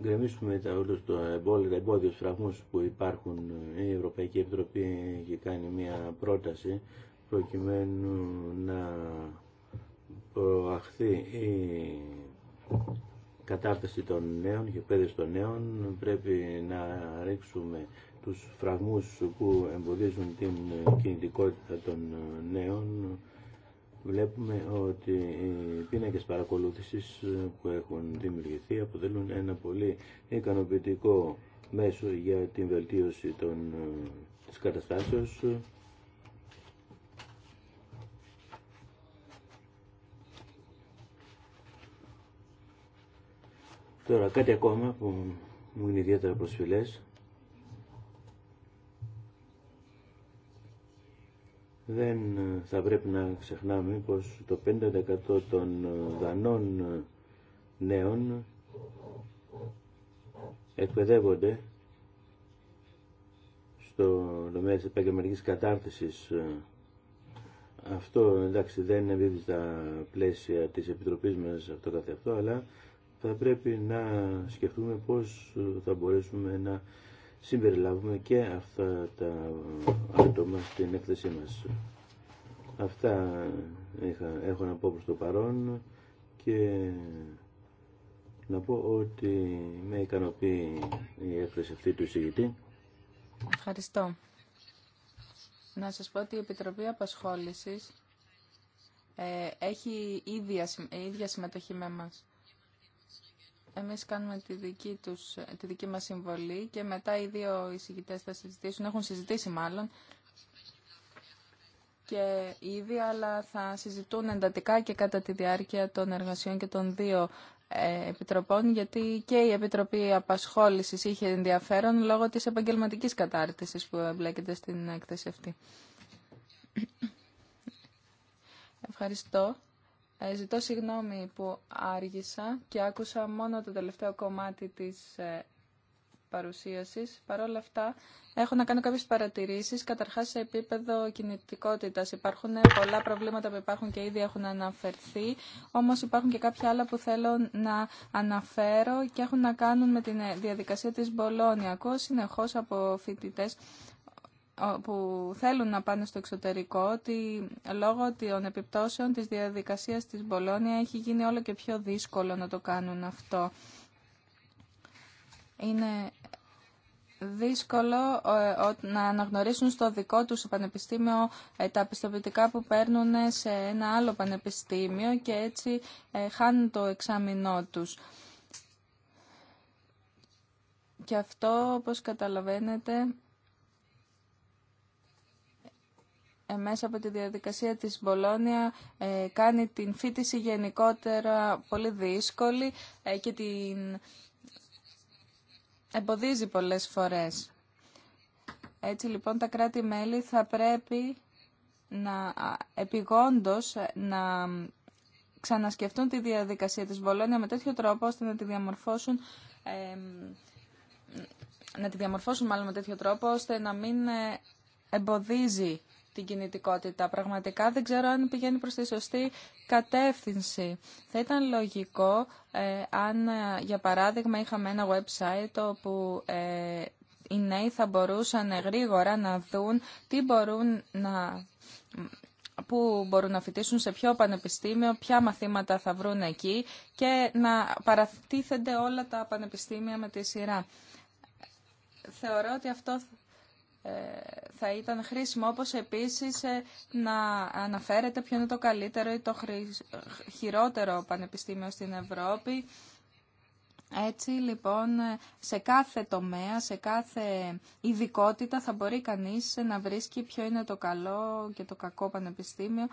S1: γκρεμίσουμε τα, όλους τα εμπόδια φραγμούς που υπάρχουν. Η Ευρωπαϊκή Επιτροπή έχει κάνει μια πρόταση προκειμένου να προαχθεί η κατάρτιση των νέων και πέδες των νέων πρέπει να ρίξουμε τους φραγμούς που εμποδίζουν την κινητικότητα των νέων βλέπουμε ότι οι πίνακες παρακολούθησης που έχουν δημιουργηθεί αποτελούν ένα πολύ ικανοποιητικό μέσο για την βελτίωση των, της καταστάσεως Τώρα κάτι ακόμα που μου είναι ιδιαίτερα προσφυλές. Δεν ε, θα πρέπει να ξεχνάμε πως το 5% των ε, δανών ε, νέων εκπαιδεύονται στο τομέα της επαγγελματικής κατάρτισης. Αυτό εντάξει δεν είναι στα πλαίσια της Επιτροπής μας αυτό καθε αυτό, αλλά θα πρέπει να σκεφτούμε πώς ε, θα μπορέσουμε να συμπεριλάβουμε και αυτά τα άτομα στην έκθεσή μας. Αυτά είχα, έχω να πω προς το παρόν και να πω ότι με ικανοποιεί η έκθεση αυτή του εισηγητή.
S2: Ευχαριστώ. Να σας πω ότι η Επιτροπή Απασχόλησης ε, έχει ε, ίδια, συμμετοχή με εμάς. Εμείς κάνουμε τη δική, τους, τη δική μας συμβολή και μετά οι δύο εισηγητές θα συζητήσουν, έχουν συζητήσει μάλλον και ήδη, αλλά θα συζητούν εντατικά και κατά τη διάρκεια των εργασιών και των δύο ε, επιτροπών, γιατί και η Επιτροπή Απασχόλησης είχε ενδιαφέρον λόγω της επαγγελματικής κατάρτισης που εμπλέκεται στην έκθεση αυτή. Ευχαριστώ. Ε, ζητώ συγγνώμη που άργησα και άκουσα μόνο το τελευταίο κομμάτι της ε, παρουσίασης. Παρ' όλα αυτά, έχω να κάνω κάποιες παρατηρήσεις. Καταρχάς, σε επίπεδο κινητικότητας υπάρχουν πολλά προβλήματα που υπάρχουν και ήδη έχουν αναφερθεί, όμως υπάρχουν και κάποια άλλα που θέλω να αναφέρω και έχουν να κάνουν με τη ε, διαδικασία της Μπολόνια. Ακούω συνεχώς από φοιτητέ που θέλουν να πάνε στο εξωτερικό ότι λόγω των επιπτώσεων της διαδικασίας της Μπολόνια έχει γίνει όλο και πιο δύσκολο να το κάνουν αυτό. Είναι δύσκολο ε, να αναγνωρίσουν στο δικό τους πανεπιστήμιο ε, τα πιστοποιητικά που παίρνουν σε ένα άλλο πανεπιστήμιο και έτσι ε, χάνουν το εξάμεινό τους. Και αυτό, όπως καταλαβαίνετε, Ε, μέσα από τη διαδικασία της Μπολόνια ε, κάνει την φίτηση γενικότερα πολύ δύσκολη ε, και την εμποδίζει πολλές φορές. Έτσι λοιπόν τα κράτη-μέλη θα πρέπει να επιγόντως να ξανασκεφτούν τη διαδικασία της Μπολόνια με τέτοιο τρόπο ώστε να τη διαμορφώσουν να τη διαμορφώσουν μάλλον με τέτοιο τρόπο ώστε να μην εμποδίζει την κινητικότητα. Πραγματικά δεν ξέρω αν πηγαίνει προς τη σωστή κατεύθυνση. Θα ήταν λογικό ε, αν, ε, για παράδειγμα, είχαμε ένα website όπου ε, οι νέοι θα μπορούσαν γρήγορα να δουν τι μπορούν να που μπορούν να φοιτήσουν σε ποιο πανεπιστήμιο, ποια μαθήματα θα βρουν εκεί και να παρατίθενται όλα τα πανεπιστήμια με τη σειρά. Θεωρώ ότι αυτό ε, θα ήταν χρήσιμο όπως επίσης ε, να αναφέρεται ποιο είναι το καλύτερο ή το χειρότερο πανεπιστήμιο στην Ευρώπη. Έτσι λοιπόν ε, σε κάθε τομέα, σε κάθε ειδικότητα θα μπορεί κανείς να βρίσκει ποιο είναι το καλό και το κακό πανεπιστήμιο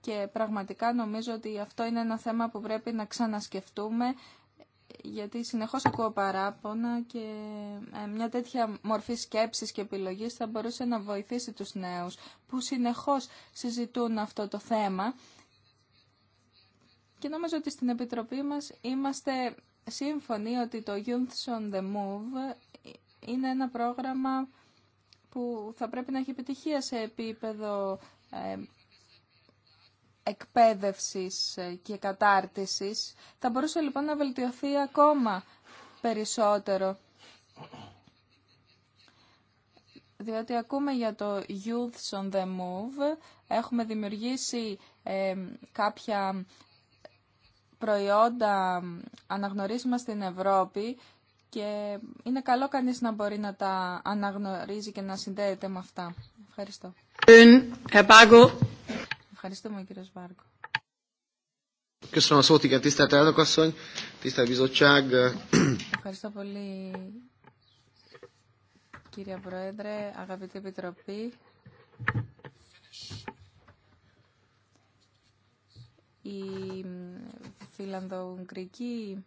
S2: και πραγματικά νομίζω ότι αυτό είναι ένα θέμα που πρέπει να ξανασκεφτούμε γιατί συνεχώς ακούω παράπονα και ε, μια τέτοια μορφή σκέψης και επιλογής θα μπορούσε να βοηθήσει τους νέους που συνεχώς συζητούν αυτό το θέμα και νομίζω ότι στην Επιτροπή μας είμαστε σύμφωνοι ότι το Youth on the Move είναι ένα πρόγραμμα που θα πρέπει να έχει επιτυχία σε επίπεδο ε, εκπαίδευσης ε, και κατάρτισης θα μπορούσε λοιπόν να βελτιωθεί ακόμα περισσότερο. Διότι ακούμε για το Youth on the Move, έχουμε δημιουργήσει ε, κάποια προϊόντα αναγνωρίσιμα στην Ευρώπη και είναι καλό κανείς να μπορεί να τα αναγνωρίζει και να συνδέεται με αυτά. Ευχαριστώ. Ευχαριστούμε κύριε Βάρκο. Ευχαριστώ πολύ κύριε Πρόεδρε, αγαπητή Επιτροπή. Η φιλανδογκρική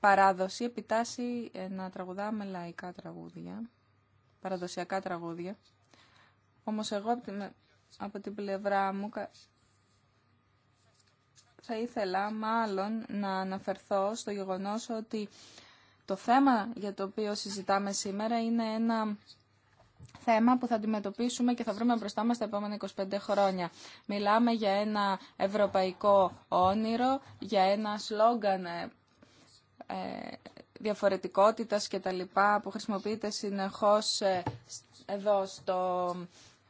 S2: παράδοση επιτάσσει να τραγουδάμε λαϊκά τραγούδια, παραδοσιακά τραγούδια. Όμως εγώ από την, από την πλευρά μου θα ήθελα μάλλον να αναφερθώ στο γεγονός ότι το θέμα για το οποίο συζητάμε σήμερα είναι ένα θέμα που θα αντιμετωπίσουμε και θα βρούμε μπροστά μας τα επόμενα 25 χρόνια. Μιλάμε για ένα ευρωπαϊκό όνειρο, για ένα σλόγγαν ε, ε διαφορετικότητας και τα λοιπά που χρησιμοποιείται συνεχώς ε, εδώ στο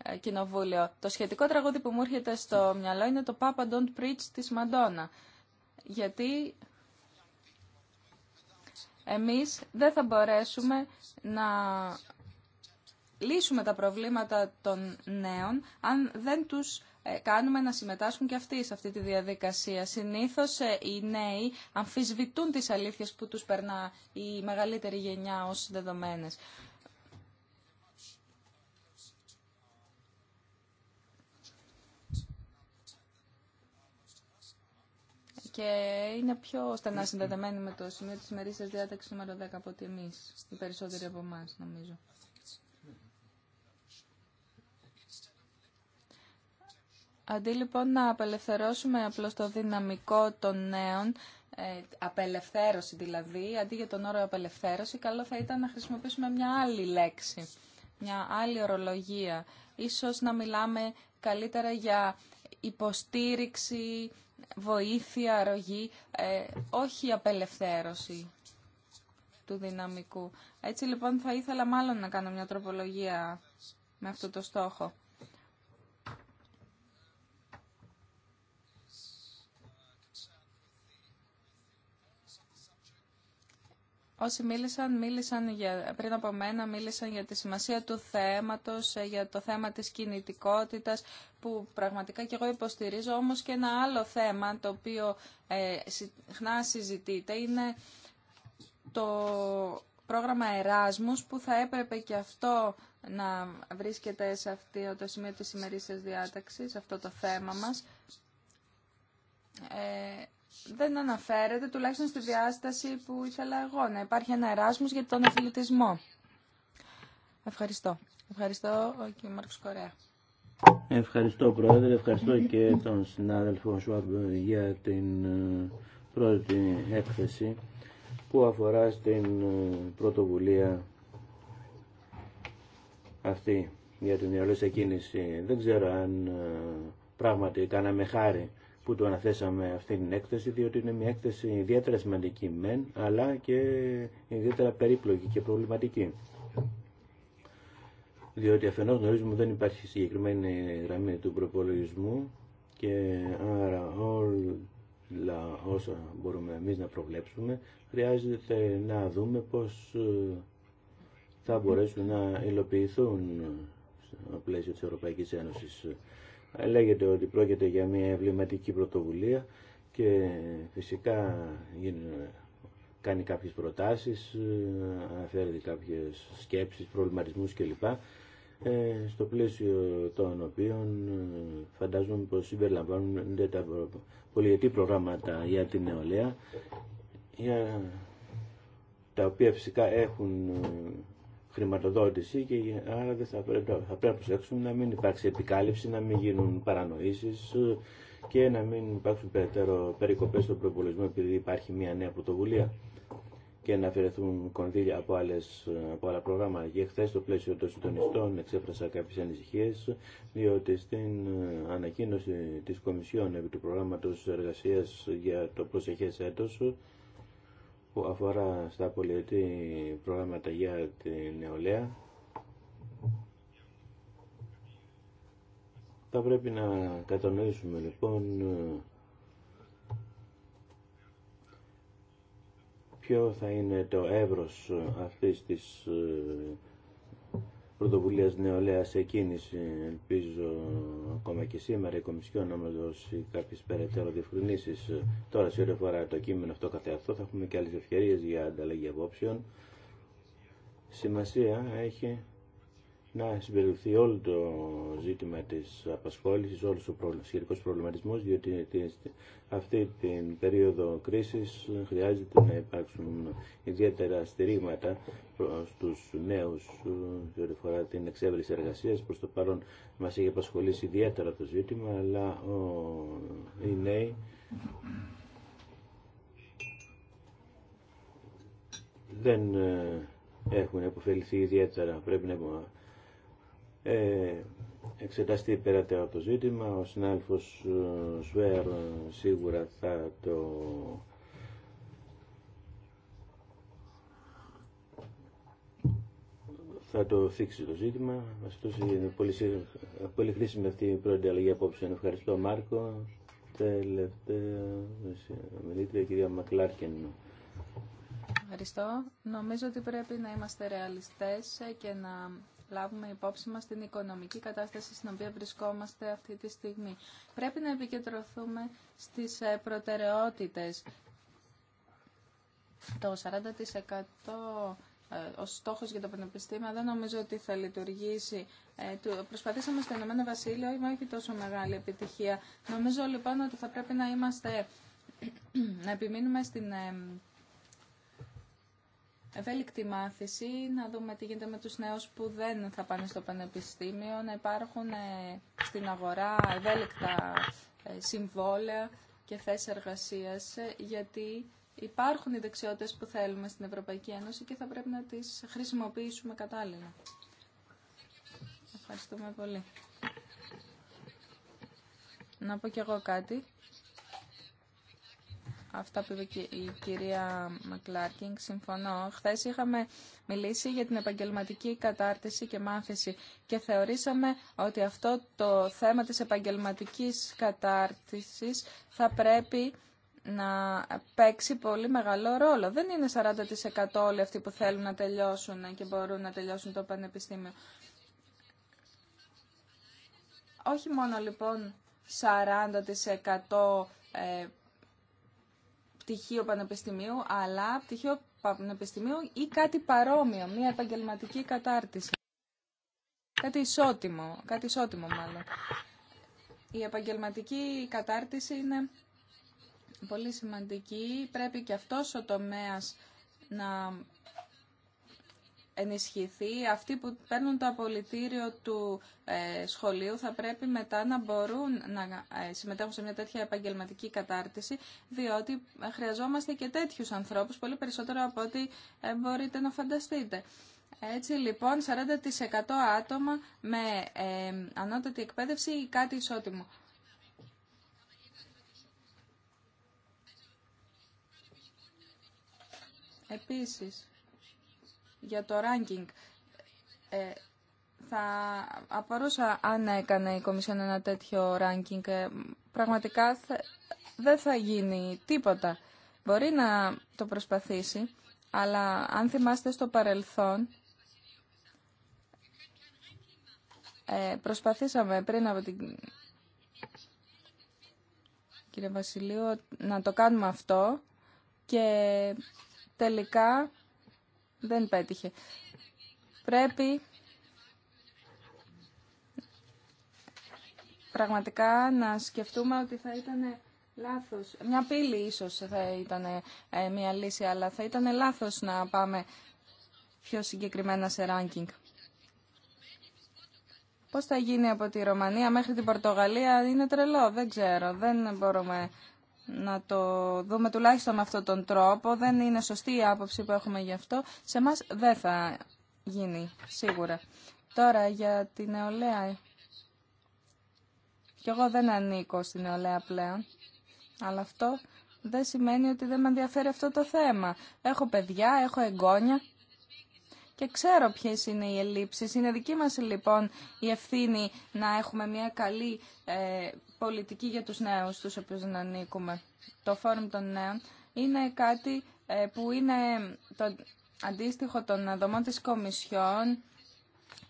S2: ε, κοινοβούλιο. Το σχετικό τραγούδι που μου έρχεται στο μυαλό είναι το Papa Don't Preach της Μαντόνα. Γιατί εμείς δεν θα μπορέσουμε να λύσουμε τα προβλήματα των νέων αν δεν τους ε, κάνουμε να συμμετάσχουν και αυτοί σε αυτή τη διαδικασία. Συνήθως ε, οι νέοι αμφισβητούν τις αλήθειες που τους περνά η μεγαλύτερη γενιά ως δεδομένες. και είναι πιο στενά συνδεδεμένη με το σημείο της ημερήσια διάταξη νούμερο 10 από ότι εμεί. οι περισσότεροι από εμά νομίζω. Αντί λοιπόν να απελευθερώσουμε απλώς το δυναμικό των νέων, ε, απελευθέρωση δηλαδή, αντί για τον όρο απελευθέρωση, καλό θα ήταν να χρησιμοποιήσουμε μια άλλη λέξη, μια άλλη ορολογία. Ίσως να μιλάμε καλύτερα για υποστήριξη βοήθεια, αρρωγή, ε, όχι απελευθέρωση του δυναμικού. Έτσι λοιπόν θα ήθελα μάλλον να κάνω μια τροπολογία με αυτό το στόχο. Όσοι μίλησαν, μίλησαν για, πριν από μένα, μίλησαν για τη σημασία του θέματος, ε, για το θέμα της κινητικότητας, που πραγματικά και εγώ υποστηρίζω, όμως και ένα άλλο θέμα το οποίο ε, συχνά συζητείται είναι το πρόγραμμα Εράσμους που θα έπρεπε και αυτό να βρίσκεται σε αυτό το σημείο της ημερήσιας διάταξης, σε αυτό το θέμα μας. Ε, δεν αναφέρεται, τουλάχιστον στη διάσταση που ήθελα εγώ, να υπάρχει ένα εράσμος για τον αθλητισμό. Ευχαριστώ. Ευχαριστώ, κ. Μάρκος Κορέα.
S1: Ευχαριστώ, Πρόεδρε. Ευχαριστώ και τον συνάδελφο Σουάμπ για την ε, πρώτη έκθεση που αφορά στην ε, πρωτοβουλία αυτή για την διαλύση κίνηση. Δεν ξέρω αν ε, πράγματι κάναμε χάρη που το αναθέσαμε αυτή την έκθεση, διότι είναι μια έκθεση ιδιαίτερα σημαντική μεν, αλλά και ιδιαίτερα περίπλοκη και προβληματική. Διότι αφενός γνωρίζουμε δεν υπάρχει συγκεκριμένη γραμμή του προπολογισμού και άρα όλα όσα μπορούμε εμείς να προβλέψουμε χρειάζεται να δούμε πώς ε, θα μπορέσουν να υλοποιηθούν στο πλαίσιο της Ευρωπαϊκής Ένωσης λέγεται ότι πρόκειται για μια ευληματική πρωτοβουλία και φυσικά κάνει κάποιες προτάσεις, αναφέρει κάποιες σκέψεις, προβληματισμούς κλπ. Ε, στο πλαίσιο των οποίων ε, φαντάζομαι πως συμπεριλαμβάνονται τα πολιετή προγράμματα για την νεολαία, για τα οποία φυσικά έχουν ε, χρηματοδότηση και άρα δεν θα πρέπει, θα πρέπει να προσέξουμε να μην υπάρξει επικάλυψη, να μην γίνουν παρανοήσει ε, και να μην υπάρξουν περαιτέρω περικοπές στον προπολογισμό επειδή υπάρχει μια νέα πρωτοβουλία και να αφαιρεθούν κονδύλια από, άλλες, ε, από άλλα προγράμματα. Και χθε στο πλαίσιο των συντονιστών εξέφρασα κάποιε ανησυχίε, διότι στην ε, ανακοίνωση τη Κομισιόν επί του προγράμματο εργασία για το προσεχέ έτο που αφορά στα πολιετή προγράμματα για τη νεολαία θα πρέπει να κατανοήσουμε λοιπόν ποιο θα είναι το εύρος αυτής της ε, Πρωτοβουλία νεολαία σε κίνηση. Ελπίζω ακόμα και σήμερα η Κομισιόν να μας δώσει κάποιες περαιτέρω διευκρινήσει. Τώρα σε ό,τι αφορά το κείμενο αυτό καθεαυτό θα έχουμε και άλλε ευκαιρίες για ανταλλαγή απόψεων. Σημασία έχει να συμπεριληφθεί όλο το ζήτημα της απασχόλησης, όλος ο σχετικός προβληματισμός, διότι αυτή την περίοδο κρίσης χρειάζεται να υπάρξουν ιδιαίτερα στηρίγματα στους νέους διότι φορά την εξέβριση εργασίας. Προς το παρόν μας έχει απασχολήσει ιδιαίτερα το ζήτημα, αλλά ο, οι νέοι δεν ε, έχουν επωφεληθεί ιδιαίτερα. Πρέπει να ε, εξεταστεί περαιτέρω το ζήτημα. Ο συνάδελφος ε, Σουέρ ε, σίγουρα θα το θα το θίξει το ζήτημα. Αυτός είναι πολύ, πολύ χρήσιμη αυτή η πρώτη αλλαγή απόψε. Ευχαριστώ Μάρκο. Τελευταία μιλήτρια κυρία Μακλάρκεν.
S2: Ευχαριστώ. Νομίζω ότι πρέπει να είμαστε ρεαλιστές και να λάβουμε υπόψη μας την οικονομική κατάσταση στην οποία βρισκόμαστε αυτή τη στιγμή. Πρέπει να επικεντρωθούμε στις ε, προτεραιότητες. Το 40% ο ε, στόχος για το πανεπιστήμιο δεν νομίζω ότι θα λειτουργήσει. Ε, προσπαθήσαμε στο Ηνωμένο Βασίλειο, είμαι όχι τόσο μεγάλη επιτυχία. Νομίζω λοιπόν ότι θα πρέπει να είμαστε, [clears throat] να επιμείνουμε στην ευέλικτη μάθηση, να δούμε τι γίνεται με τους νέους που δεν θα πάνε στο πανεπιστήμιο, να υπάρχουν ε, στην αγορά ευέλικτα ε, συμβόλαια και θέσεις εργασίας, ε, γιατί υπάρχουν οι δεξιότητες που θέλουμε στην Ευρωπαϊκή Ένωση και θα πρέπει να τις χρησιμοποιήσουμε κατάλληλα. Ευχαριστούμε πολύ. Να πω κι εγώ κάτι αυτά που είπε η κυρία Μακλάρκινγκ, συμφωνώ. Χθε είχαμε μιλήσει για την επαγγελματική κατάρτιση και μάθηση και θεωρήσαμε ότι αυτό το θέμα της επαγγελματικής κατάρτισης θα πρέπει να παίξει πολύ μεγάλο ρόλο. Δεν είναι 40% όλοι αυτοί που θέλουν να τελειώσουν και μπορούν να τελειώσουν το πανεπιστήμιο. Όχι μόνο λοιπόν 40% πτυχίο πανεπιστημίου, αλλά πτυχίο πανεπιστημίου ή κάτι παρόμοιο, μια επαγγελματική κατάρτιση. Κάτι ισότιμο, κάτι ισότιμο μάλλον. Η επαγγελματική κατάρτιση είναι πολύ σημαντική. Πρέπει και αυτός ο τομέας να ενισχυθεί. Αυτοί που παίρνουν το απολυτήριο του ε, σχολείου θα πρέπει μετά να μπορούν να ε, συμμετέχουν σε μια τέτοια επαγγελματική κατάρτιση, διότι χρειαζόμαστε και τέτοιους ανθρώπους, πολύ περισσότερο από ό,τι ε, μπορείτε να φανταστείτε. Έτσι λοιπόν, 40% άτομα με ανώτατη εκπαίδευση ή κάτι ισότιμο. Επίσης, για το ranking. Ε, θα απορούσα αν έκανε η Κομισιόν ένα τέτοιο ranking. Ε, πραγματικά δεν θα γίνει τίποτα. Μπορεί να το προσπαθήσει, αλλά αν θυμάστε στο παρελθόν, ε, προσπαθήσαμε πριν από την κύριε Βασιλείου να το κάνουμε αυτό και τελικά δεν πέτυχε. Πρέπει πραγματικά να σκεφτούμε ότι θα ήταν λάθος. Μια πύλη ίσως θα ήταν ε, μια λύση, αλλά θα ήταν λάθος να πάμε πιο συγκεκριμένα σε ranking. Πώς θα γίνει από τη Ρωμανία μέχρι την Πορτογαλία είναι τρελό, δεν ξέρω, δεν μπορούμε να το δούμε τουλάχιστον με αυτόν τον τρόπο. Δεν είναι σωστή η άποψη που έχουμε γι' αυτό. Σε μας δεν θα γίνει, σίγουρα. Τώρα για την νεολαία. Κι εγώ δεν ανήκω στην νεολαία πλέον. Αλλά αυτό δεν σημαίνει ότι δεν με ενδιαφέρει αυτό το θέμα. Έχω παιδιά, έχω εγγόνια και ξέρω ποιε είναι οι ελλείψεις. Είναι δική μας λοιπόν η ευθύνη να έχουμε μια καλή ε, πολιτική για τους νέους, τους οποίους να ανήκουμε. Το Φόρουμ των Νέων είναι κάτι ε, που είναι το αντίστοιχο των δομών της Κομισιόν.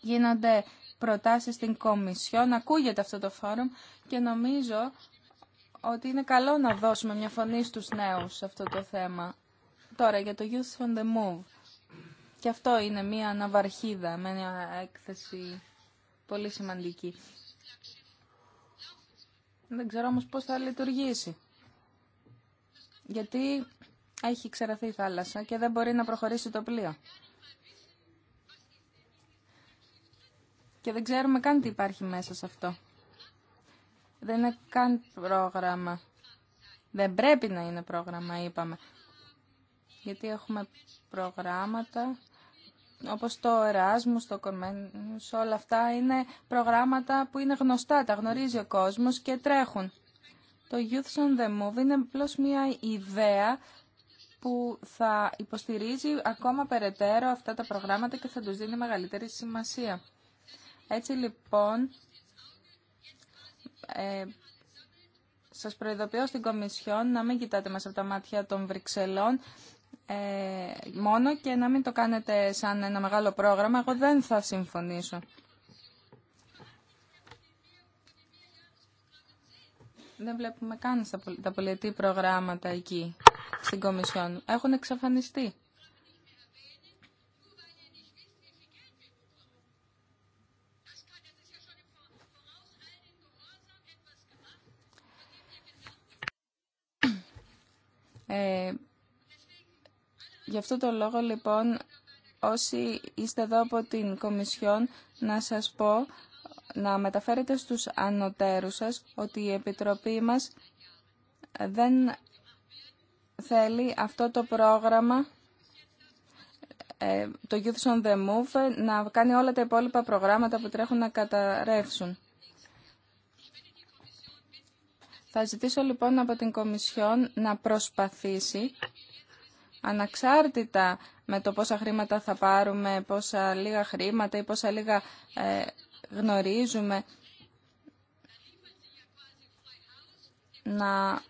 S2: Γίνονται προτάσεις στην Κομισιόν, ακούγεται αυτό το Φόρουμ και νομίζω ότι είναι καλό να δώσουμε μια φωνή στους νέους σε αυτό το θέμα. Τώρα για το Youth on the Move. Και αυτό είναι μια αναβαρχίδα με μια έκθεση πολύ σημαντική. Δεν ξέρω όμως πώς θα λειτουργήσει. Γιατί έχει ξεραθεί η θάλασσα και δεν μπορεί να προχωρήσει το πλοίο. Και δεν ξέρουμε καν τι υπάρχει μέσα σε αυτό. Δεν είναι καν πρόγραμμα. Δεν πρέπει να είναι πρόγραμμα, είπαμε γιατί έχουμε προγράμματα όπως το Εράσμους, το Κορμένους, όλα αυτά είναι προγράμματα που είναι γνωστά, τα γνωρίζει ο κόσμος και τρέχουν. Το Youth on the Move είναι απλώ μια ιδέα που θα υποστηρίζει ακόμα περαιτέρω αυτά τα προγράμματα και θα τους δίνει μεγαλύτερη σημασία. Έτσι λοιπόν, ε, σας προειδοποιώ στην Κομισιόν να μην κοιτάτε μας από τα μάτια των Βρυξελών, ε, μόνο και να μην το κάνετε σαν ένα μεγάλο πρόγραμμα. Εγώ δεν θα συμφωνήσω. Δεν βλέπουμε καν τα πολιτή προγράμματα εκεί, στην Κομισιόν. Έχουν εξαφανιστεί. Ε, Γι' αυτό το λόγο λοιπόν όσοι είστε εδώ από την Κομισιόν να σας πω να μεταφέρετε στους ανωτέρους σας ότι η Επιτροπή μας δεν θέλει αυτό το πρόγραμμα ε, το Youth on the Move να κάνει όλα τα υπόλοιπα προγράμματα που τρέχουν να καταρρεύσουν. Θα ζητήσω λοιπόν από την Κομισιόν να προσπαθήσει αναξάρτητα με το πόσα χρήματα θα πάρουμε, πόσα λίγα χρήματα ή πόσα λίγα ε, γνωρίζουμε, να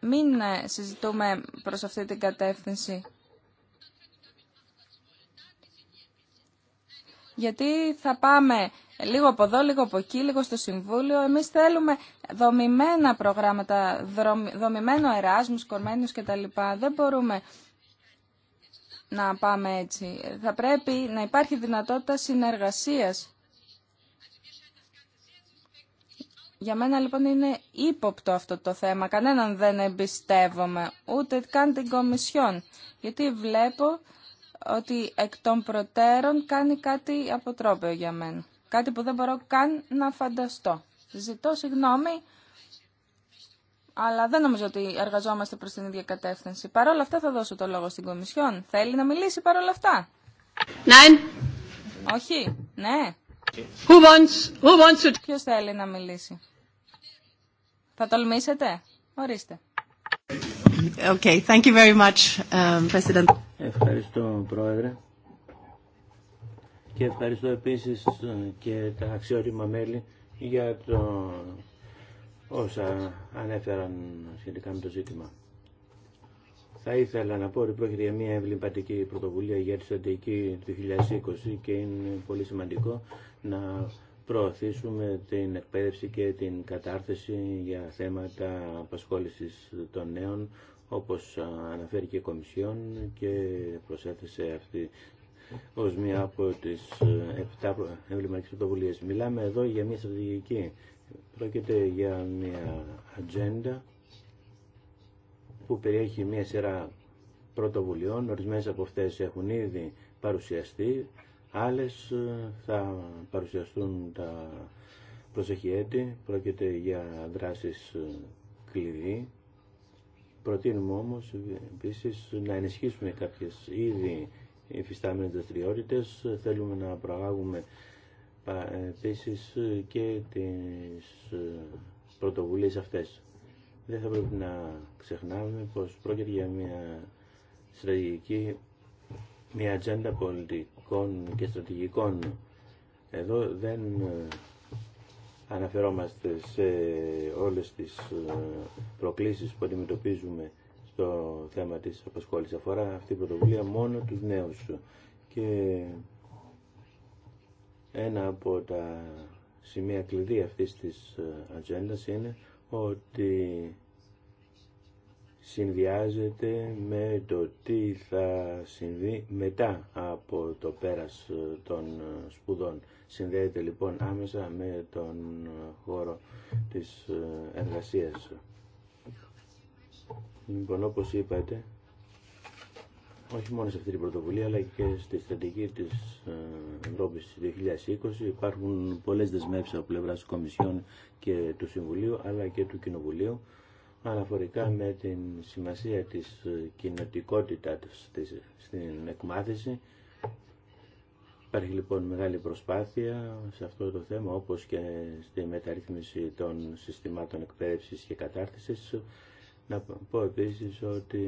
S2: μην ε, συζητούμε προς αυτή την κατεύθυνση. γιατί θα πάμε λίγο από εδώ, λίγο από εκεί, λίγο στο Συμβούλιο. Εμείς θέλουμε δομημένα προγράμματα, δομημένο εράσμους, κορμένους κτλ. Δεν μπορούμε να πάμε έτσι. Θα πρέπει να υπάρχει δυνατότητα συνεργασίας. Για μένα λοιπόν είναι ύποπτο αυτό το θέμα. Κανέναν δεν εμπιστεύομαι, ούτε καν την Κομισιόν. Γιατί βλέπω ότι εκ των προτέρων κάνει κάτι αποτρόπαιο για μένα. Κάτι που δεν μπορώ καν να φανταστώ. Ζητώ συγγνώμη, αλλά δεν νομίζω ότι εργαζόμαστε προς την ίδια κατεύθυνση. Παρ' όλα αυτά θα δώσω το λόγο στην Κομισιόν. Θέλει να μιλήσει παρ' όλα αυτά. Ναι. Όχι. Ναι. Who wants, who wants to... Ποιος θέλει να μιλήσει. Θα τολμήσετε. Ορίστε. Okay, thank you very much, um, President.
S1: Ευχαριστώ Πρόεδρε και ευχαριστώ επίσης ε, και τα αξιότιμα μέλη για το όσα ανέφεραν σχετικά με το ζήτημα. Θα ήθελα να πω ότι πρόκειται για μια ευλυμπατική πρωτοβουλία για τη στρατηγική του 2020 και είναι πολύ σημαντικό να προωθήσουμε την εκπαίδευση και την κατάρθεση για θέματα απασχόλησης των νέων όπως αναφέρει και η Κομισιόν και προσέθεσε αυτή ως μία από τις 7 ε, εμβληματικές πρωτοβουλίες. Μιλάμε εδώ για μία στρατηγική. Πρόκειται για μία ατζέντα που περιέχει μία σειρά πρωτοβουλειών. Ορισμένες από αυτές έχουν ήδη παρουσιαστεί, άλλες ε, θα παρουσιαστούν τα προσεχή έτη. Πρόκειται για δράσεις ε, κλειδί Προτείνουμε όμω επίση να ενισχύσουμε κάποιες ήδη υφιστάμενε δραστηριότητε. Θέλουμε να προάγουμε επίση και τι ε, πρωτοβουλίε αυτές. Δεν θα πρέπει να ξεχνάμε πω πρόκειται για μια στρατηγική, μια ατζέντα πολιτικών και στρατηγικών. Εδώ δεν ε, αναφερόμαστε σε όλες τις ε, προκλήσεις που αντιμετωπίζουμε στο θέμα της απασχόλησης. Αφορά αυτή η πρωτοβουλία μόνο τους νέους. Και ένα από τα σημεία κλειδί αυτής της ε, ατζέντα είναι ότι συνδυάζεται με το τι θα συμβεί μετά από το πέρας ε, των σπουδών. Συνδέεται λοιπόν άμεσα με τον χώρο της ε, εργασίας. Λοιπόν, όπως είπατε, όχι μόνο σε αυτή την πρωτοβουλία, αλλά και στη στρατηγική της ε, Ευρώπης 2020 υπάρχουν πολλές δεσμεύσεις από πλευρά της και του Συμβουλίου, αλλά και του Κοινοβουλίου, αναφορικά με την σημασία της ε, κοινοτικότητας στην εκμάθηση Υπάρχει λοιπόν μεγάλη προσπάθεια σε αυτό το θέμα όπως και στη μεταρρύθμιση των συστημάτων εκπαίδευσης και κατάρτισης. Να πω επίσης ότι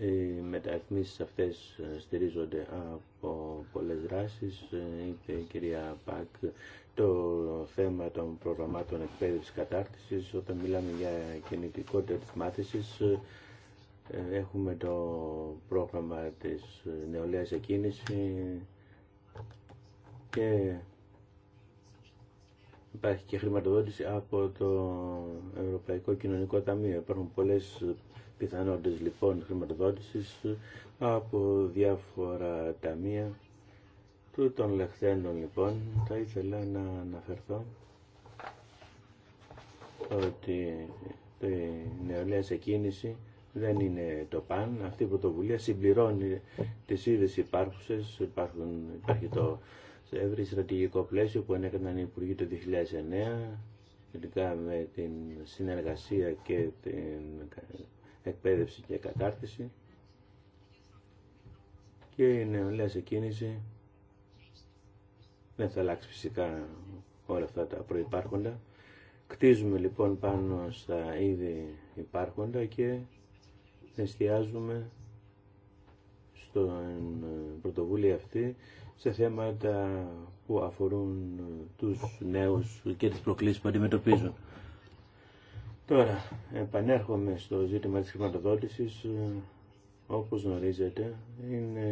S1: οι μεταρρυθμίσεις αυτές στηρίζονται από πολλές δράσεις. Είπε η κυρία Πακ το θέμα των προγραμμάτων εκπαίδευσης κατάρτισης. Όταν μιλάμε για κινητικότητα της μάθησης, ε, έχουμε το πρόγραμμα της νεολαίας εκκίνηση και υπάρχει και χρηματοδότηση από το Ευρωπαϊκό Κοινωνικό Ταμείο. Υπάρχουν πολλές πιθανότητες λοιπόν χρηματοδότησης από διάφορα ταμεία του των λεχθέντων λοιπόν θα ήθελα να αναφερθώ ότι η νεολαία σε δεν είναι το παν. Αυτή η πρωτοβουλία συμπληρώνει τις ίδιες υπάρχουσες. Υπάρχουν, υπάρχει το ευρύ στρατηγικό πλαίσιο που ενέκριναν οι Υπουργοί το 2009 σχετικά με την συνεργασία και την εκπαίδευση και κατάρτιση και η νεολαία σε κίνηση δεν θα αλλάξει φυσικά όλα αυτά τα προϋπάρχοντα. Κτίζουμε λοιπόν πάνω στα ήδη υπάρχοντα και εστιάζουμε στην ε, πρωτοβουλία αυτή σε θέματα που αφορούν ε, τους νέους και τις προκλήσεις που αντιμετωπίζουν. Τώρα, επανέρχομαι στο ζήτημα της χρηματοδότησης. Ε, όπως γνωρίζετε, είναι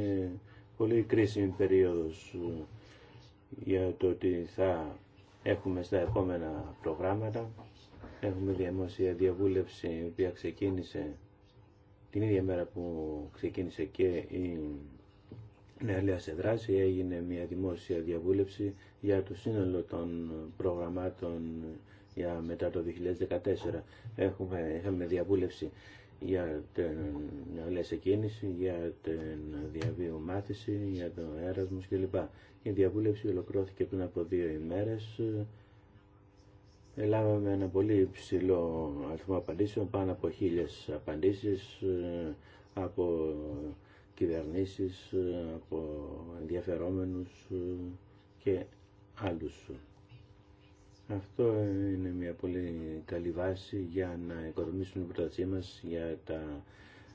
S1: πολύ κρίσιμη περίοδος για το ότι θα έχουμε στα επόμενα προγράμματα. Έχουμε διαμόσια διαβούλευση, η οποία ξεκίνησε την ίδια μέρα που ξεκίνησε και η νεαλία σε δράση έγινε μια δημόσια διαβούλευση για το σύνολο των προγραμμάτων για μετά το 2014. Έχουμε, είχαμε διαβούλευση για την νεολαία σε κίνηση, για την διαβίου για το έρασμος κλπ. Η διαβούλευση ολοκληρώθηκε πριν από δύο ημέρες με ένα πολύ ψηλό αριθμό απαντήσεων, πάνω από χίλιες απαντήσεις ε, από κυβερνήσεις, ε, από ενδιαφερόμενους ε, και άλλους. Αυτό είναι μια πολύ καλή βάση για να οικοδομήσουμε την πρότασή μας για τα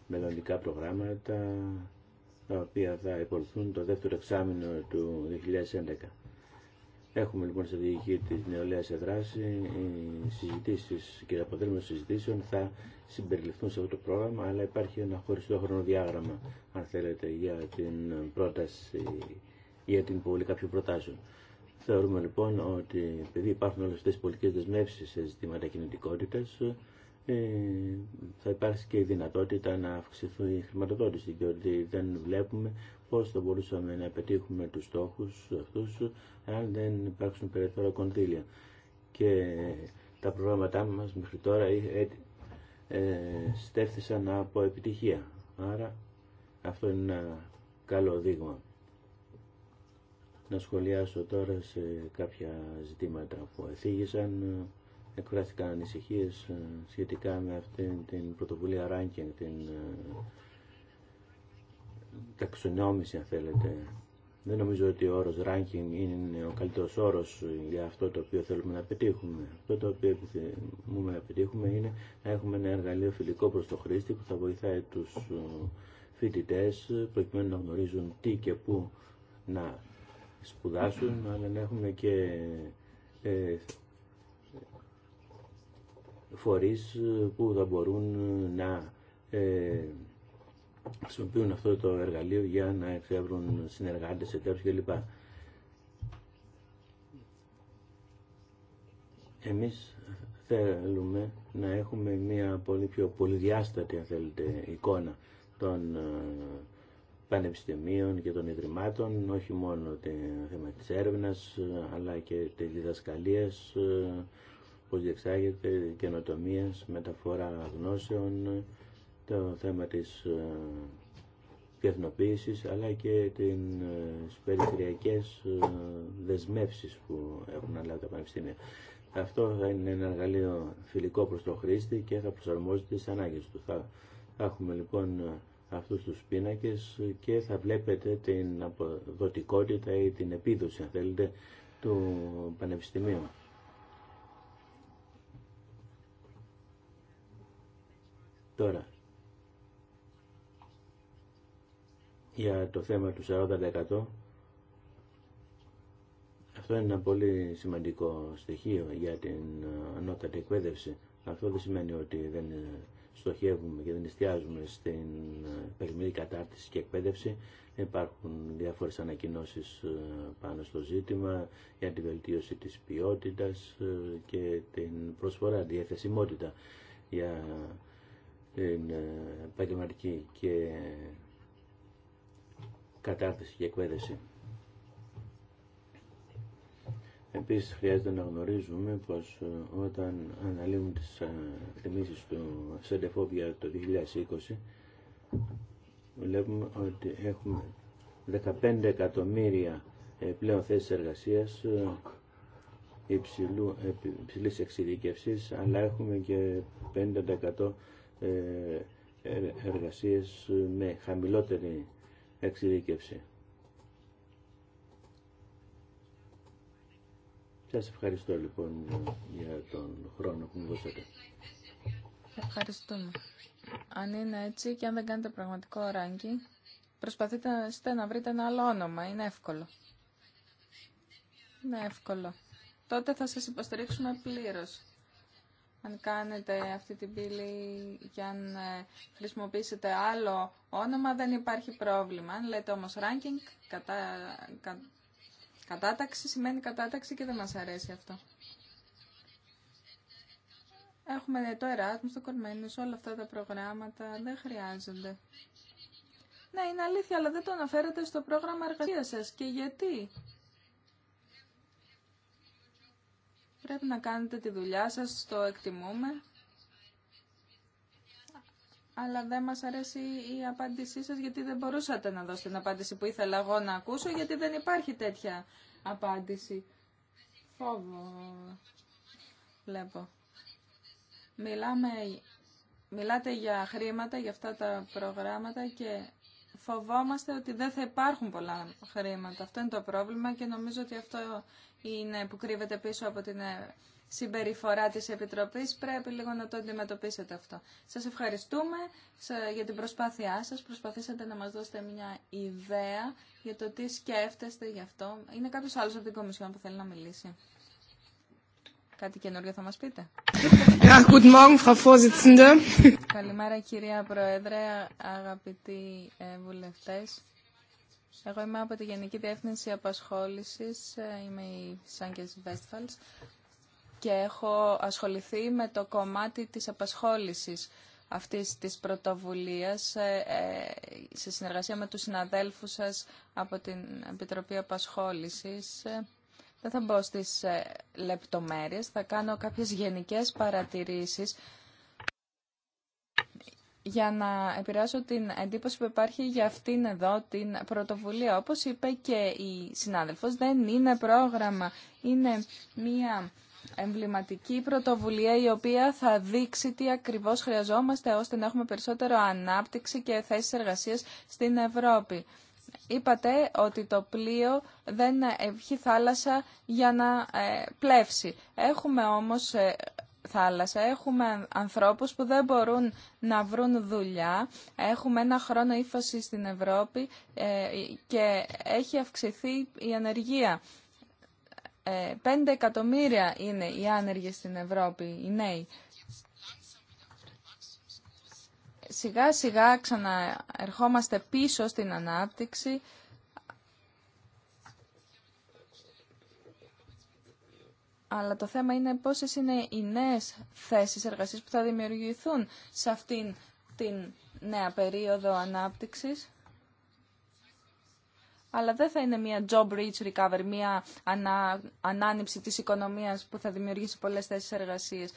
S1: μελλοντικά προγράμματα τα οποία θα υπορθούν το δεύτερο εξάμεινο του 2011. Έχουμε λοιπόν σε διοικητή της νεολαίας σε δράση, οι συζητήσει και τα αποτέλεσμα συζητήσεων θα συμπεριληφθούν σε αυτό το πρόγραμμα, αλλά υπάρχει ένα χωριστό χρονοδιάγραμμα, αν θέλετε, για την πρόταση, για την υποβολή κάποιων προτάσεων. Θεωρούμε λοιπόν ότι επειδή υπάρχουν όλε αυτέ τις πολιτικές δεσμεύσει σε ζητήματα κινητικότητα, ε, θα υπάρξει και η δυνατότητα να αυξηθούν η χρηματοδότηση και δεν βλέπουμε πώς θα μπορούσαμε να πετύχουμε τους στόχους αυτούς αν δεν υπάρξουν περαιτέρω κονδύλια. Και τα προγράμματά μας μέχρι τώρα ε, ε, στέφθησαν από επιτυχία. Άρα αυτό είναι ένα καλό δείγμα. Να σχολιάσω τώρα σε κάποια ζητήματα που εθίγησαν. Εκφράστηκαν ανησυχίες ε, σχετικά με αυτή την πρωτοβουλία ranking, την ε, ταξινόμηση αν θέλετε. Δεν νομίζω ότι ο όρος ranking είναι ο καλύτερος όρος για αυτό το οποίο θέλουμε να πετύχουμε. Αυτό το οποίο θέλουμε να πετύχουμε είναι να έχουμε ένα εργαλείο φιλικό προς το χρήστη που θα βοηθάει τους ε, φοιτητέ προκειμένου να γνωρίζουν τι και πού να σπουδάσουν, αλλά να έχουμε και ε, φορείς που θα μπορούν να ε, χρησιμοποιούν αυτό το εργαλείο για να εξεύρουν συνεργάτες, εταίρους κλπ. Εμείς θέλουμε να έχουμε μια πολύ πιο πολυδιάστατη αν θέλετε εικόνα των ε, πανεπιστημίων και των ιδρυμάτων, όχι μόνο το θέμα της έρευνας, αλλά και της διδασκαλίας, ε, πώς διεξάγεται, καινοτομίας, μεταφορά γνώσεων, το θέμα της ε, διεθνοποίησης αλλά και ε, τις περιφερειακές ε, δεσμεύσεις που έχουν αναλάβει τα πανεπιστήμια. Αυτό θα είναι ένα εργαλείο φιλικό προς τον χρήστη και θα προσαρμόζεται στις ανάγκες του. Θα, έχουμε λοιπόν αυτούς τους πίνακες και θα βλέπετε την αποδοτικότητα ή την επίδοση, αν θέλετε, του Πανεπιστημίου. Τώρα, για το θέμα του 40%. Αυτό είναι ένα πολύ σημαντικό στοιχείο για την ε, ανώτατη εκπαίδευση. Αυτό δεν σημαίνει ότι δεν ε, στοχεύουμε και δεν εστιάζουμε στην περιμερή ε, κατάρτιση και εκπαίδευση. Υπάρχουν διάφορες ανακοινώσεις πάνω στο ζήτημα για τη βελτίωση της ποιότητας και την προσφορά, διαθεσιμότητα για την επαγγελματική και κατάρτιση και εκπαίδευση. Επίσης χρειάζεται να γνωρίζουμε πως ε, όταν αναλύουμε τις ε, εκτιμήσεις του Σεντεφόβια το 2020 βλέπουμε ότι έχουμε 15 εκατομμύρια ε, πλέον θέσεις εργασίας υψηλού, υψηλής εξειδικευσής αλλά έχουμε και 50% εργασίες με χαμηλότερη εξειδίκευση. Σας ευχαριστώ λοιπόν για τον χρόνο που μου δώσατε.
S2: Ευχαριστούμε. Αν είναι έτσι και αν δεν κάνετε πραγματικό ράγκι, προσπαθείτε να βρείτε ένα άλλο όνομα. Είναι εύκολο. Είναι εύκολο. Τότε θα σας υποστηρίξουμε πλήρως αν κάνετε αυτή την πύλη και αν χρησιμοποιήσετε άλλο όνομα δεν υπάρχει πρόβλημα. Αν λέτε όμως ranking, κατά, κατάταξη σημαίνει κατάταξη και δεν μας αρέσει αυτό. Έχουμε το Εράσμου, το Κορμένους, όλα αυτά τα προγράμματα δεν χρειάζονται. Ναι, είναι αλήθεια, αλλά δεν το αναφέρετε στο πρόγραμμα εργασίας σας. Και γιατί. Πρέπει να κάνετε τη δουλειά σας, το εκτιμούμε. Αλλά δεν μας αρέσει η απάντησή σας γιατί δεν μπορούσατε να δώσετε την απάντηση που ήθελα εγώ να ακούσω γιατί δεν υπάρχει τέτοια απάντηση. Φόβο βλέπω. Μιλάμε, μιλάτε για χρήματα, για αυτά τα προγράμματα και φοβόμαστε ότι δεν θα υπάρχουν πολλά χρήματα. Αυτό είναι το πρόβλημα και νομίζω ότι αυτό είναι που κρύβεται πίσω από την ε, συμπεριφορά της Επιτροπής. Πρέπει λίγο να το αντιμετωπίσετε αυτό. Σας ευχαριστούμε για την προσπάθειά σας. Προσπαθήσατε να μας δώσετε μια ιδέα για το τι σκέφτεστε γι' αυτό. Είναι κάποιος άλλο από την Κομισιόν που θέλει να μιλήσει. Κάτι καινούργιο θα μας πείτε. Morgen, Frau Vorsitzende. Καλημέρα κυρία Προέδρε, αγαπητοί ε, βουλευτές. Εγώ είμαι από τη Γενική Διεύθυνση Απασχόλησης, ε, είμαι η Σάγκες Βέστφαλς και έχω ασχοληθεί με το κομμάτι της απασχόλησης αυτής της πρωτοβουλίας ε, ε, σε συνεργασία με τους συναδέλφους σας από την Επιτροπή Απασχόλησης. Δεν θα μπω στις λεπτομέρειες, θα κάνω κάποιες γενικές παρατηρήσεις για να επηρεάσω την εντύπωση που υπάρχει για αυτήν εδώ την πρωτοβουλία. Όπως είπε και η συνάδελφος, δεν είναι πρόγραμμα, είναι μία εμβληματική πρωτοβουλία η οποία θα δείξει τι ακριβώς χρειαζόμαστε ώστε να έχουμε περισσότερο ανάπτυξη και θέσεις εργασίας στην Ευρώπη. Είπατε ότι το πλοίο δεν έχει θάλασσα για να ε, πλεύσει. Έχουμε όμως ε, θάλασσα. Έχουμε ανθρώπους που δεν μπορούν να βρουν δουλειά. Έχουμε ένα χρόνο ύφωση στην Ευρώπη ε, και έχει αυξηθεί η ανεργία. Ε, πέντε εκατομμύρια είναι οι άνεργοι στην Ευρώπη, οι νέοι. Σιγά σιγά ξαναερχόμαστε πίσω στην ανάπτυξη αλλά το θέμα είναι πόσες είναι οι νέες θέσεις εργασίας που θα δημιουργηθούν σε αυτήν την νέα περίοδο ανάπτυξης. Αλλά δεν θα είναι μια job reach recovery, μια ανά, ανάνυψη της οικονομίας που θα δημιουργήσει πολλές θέσεις εργασίας.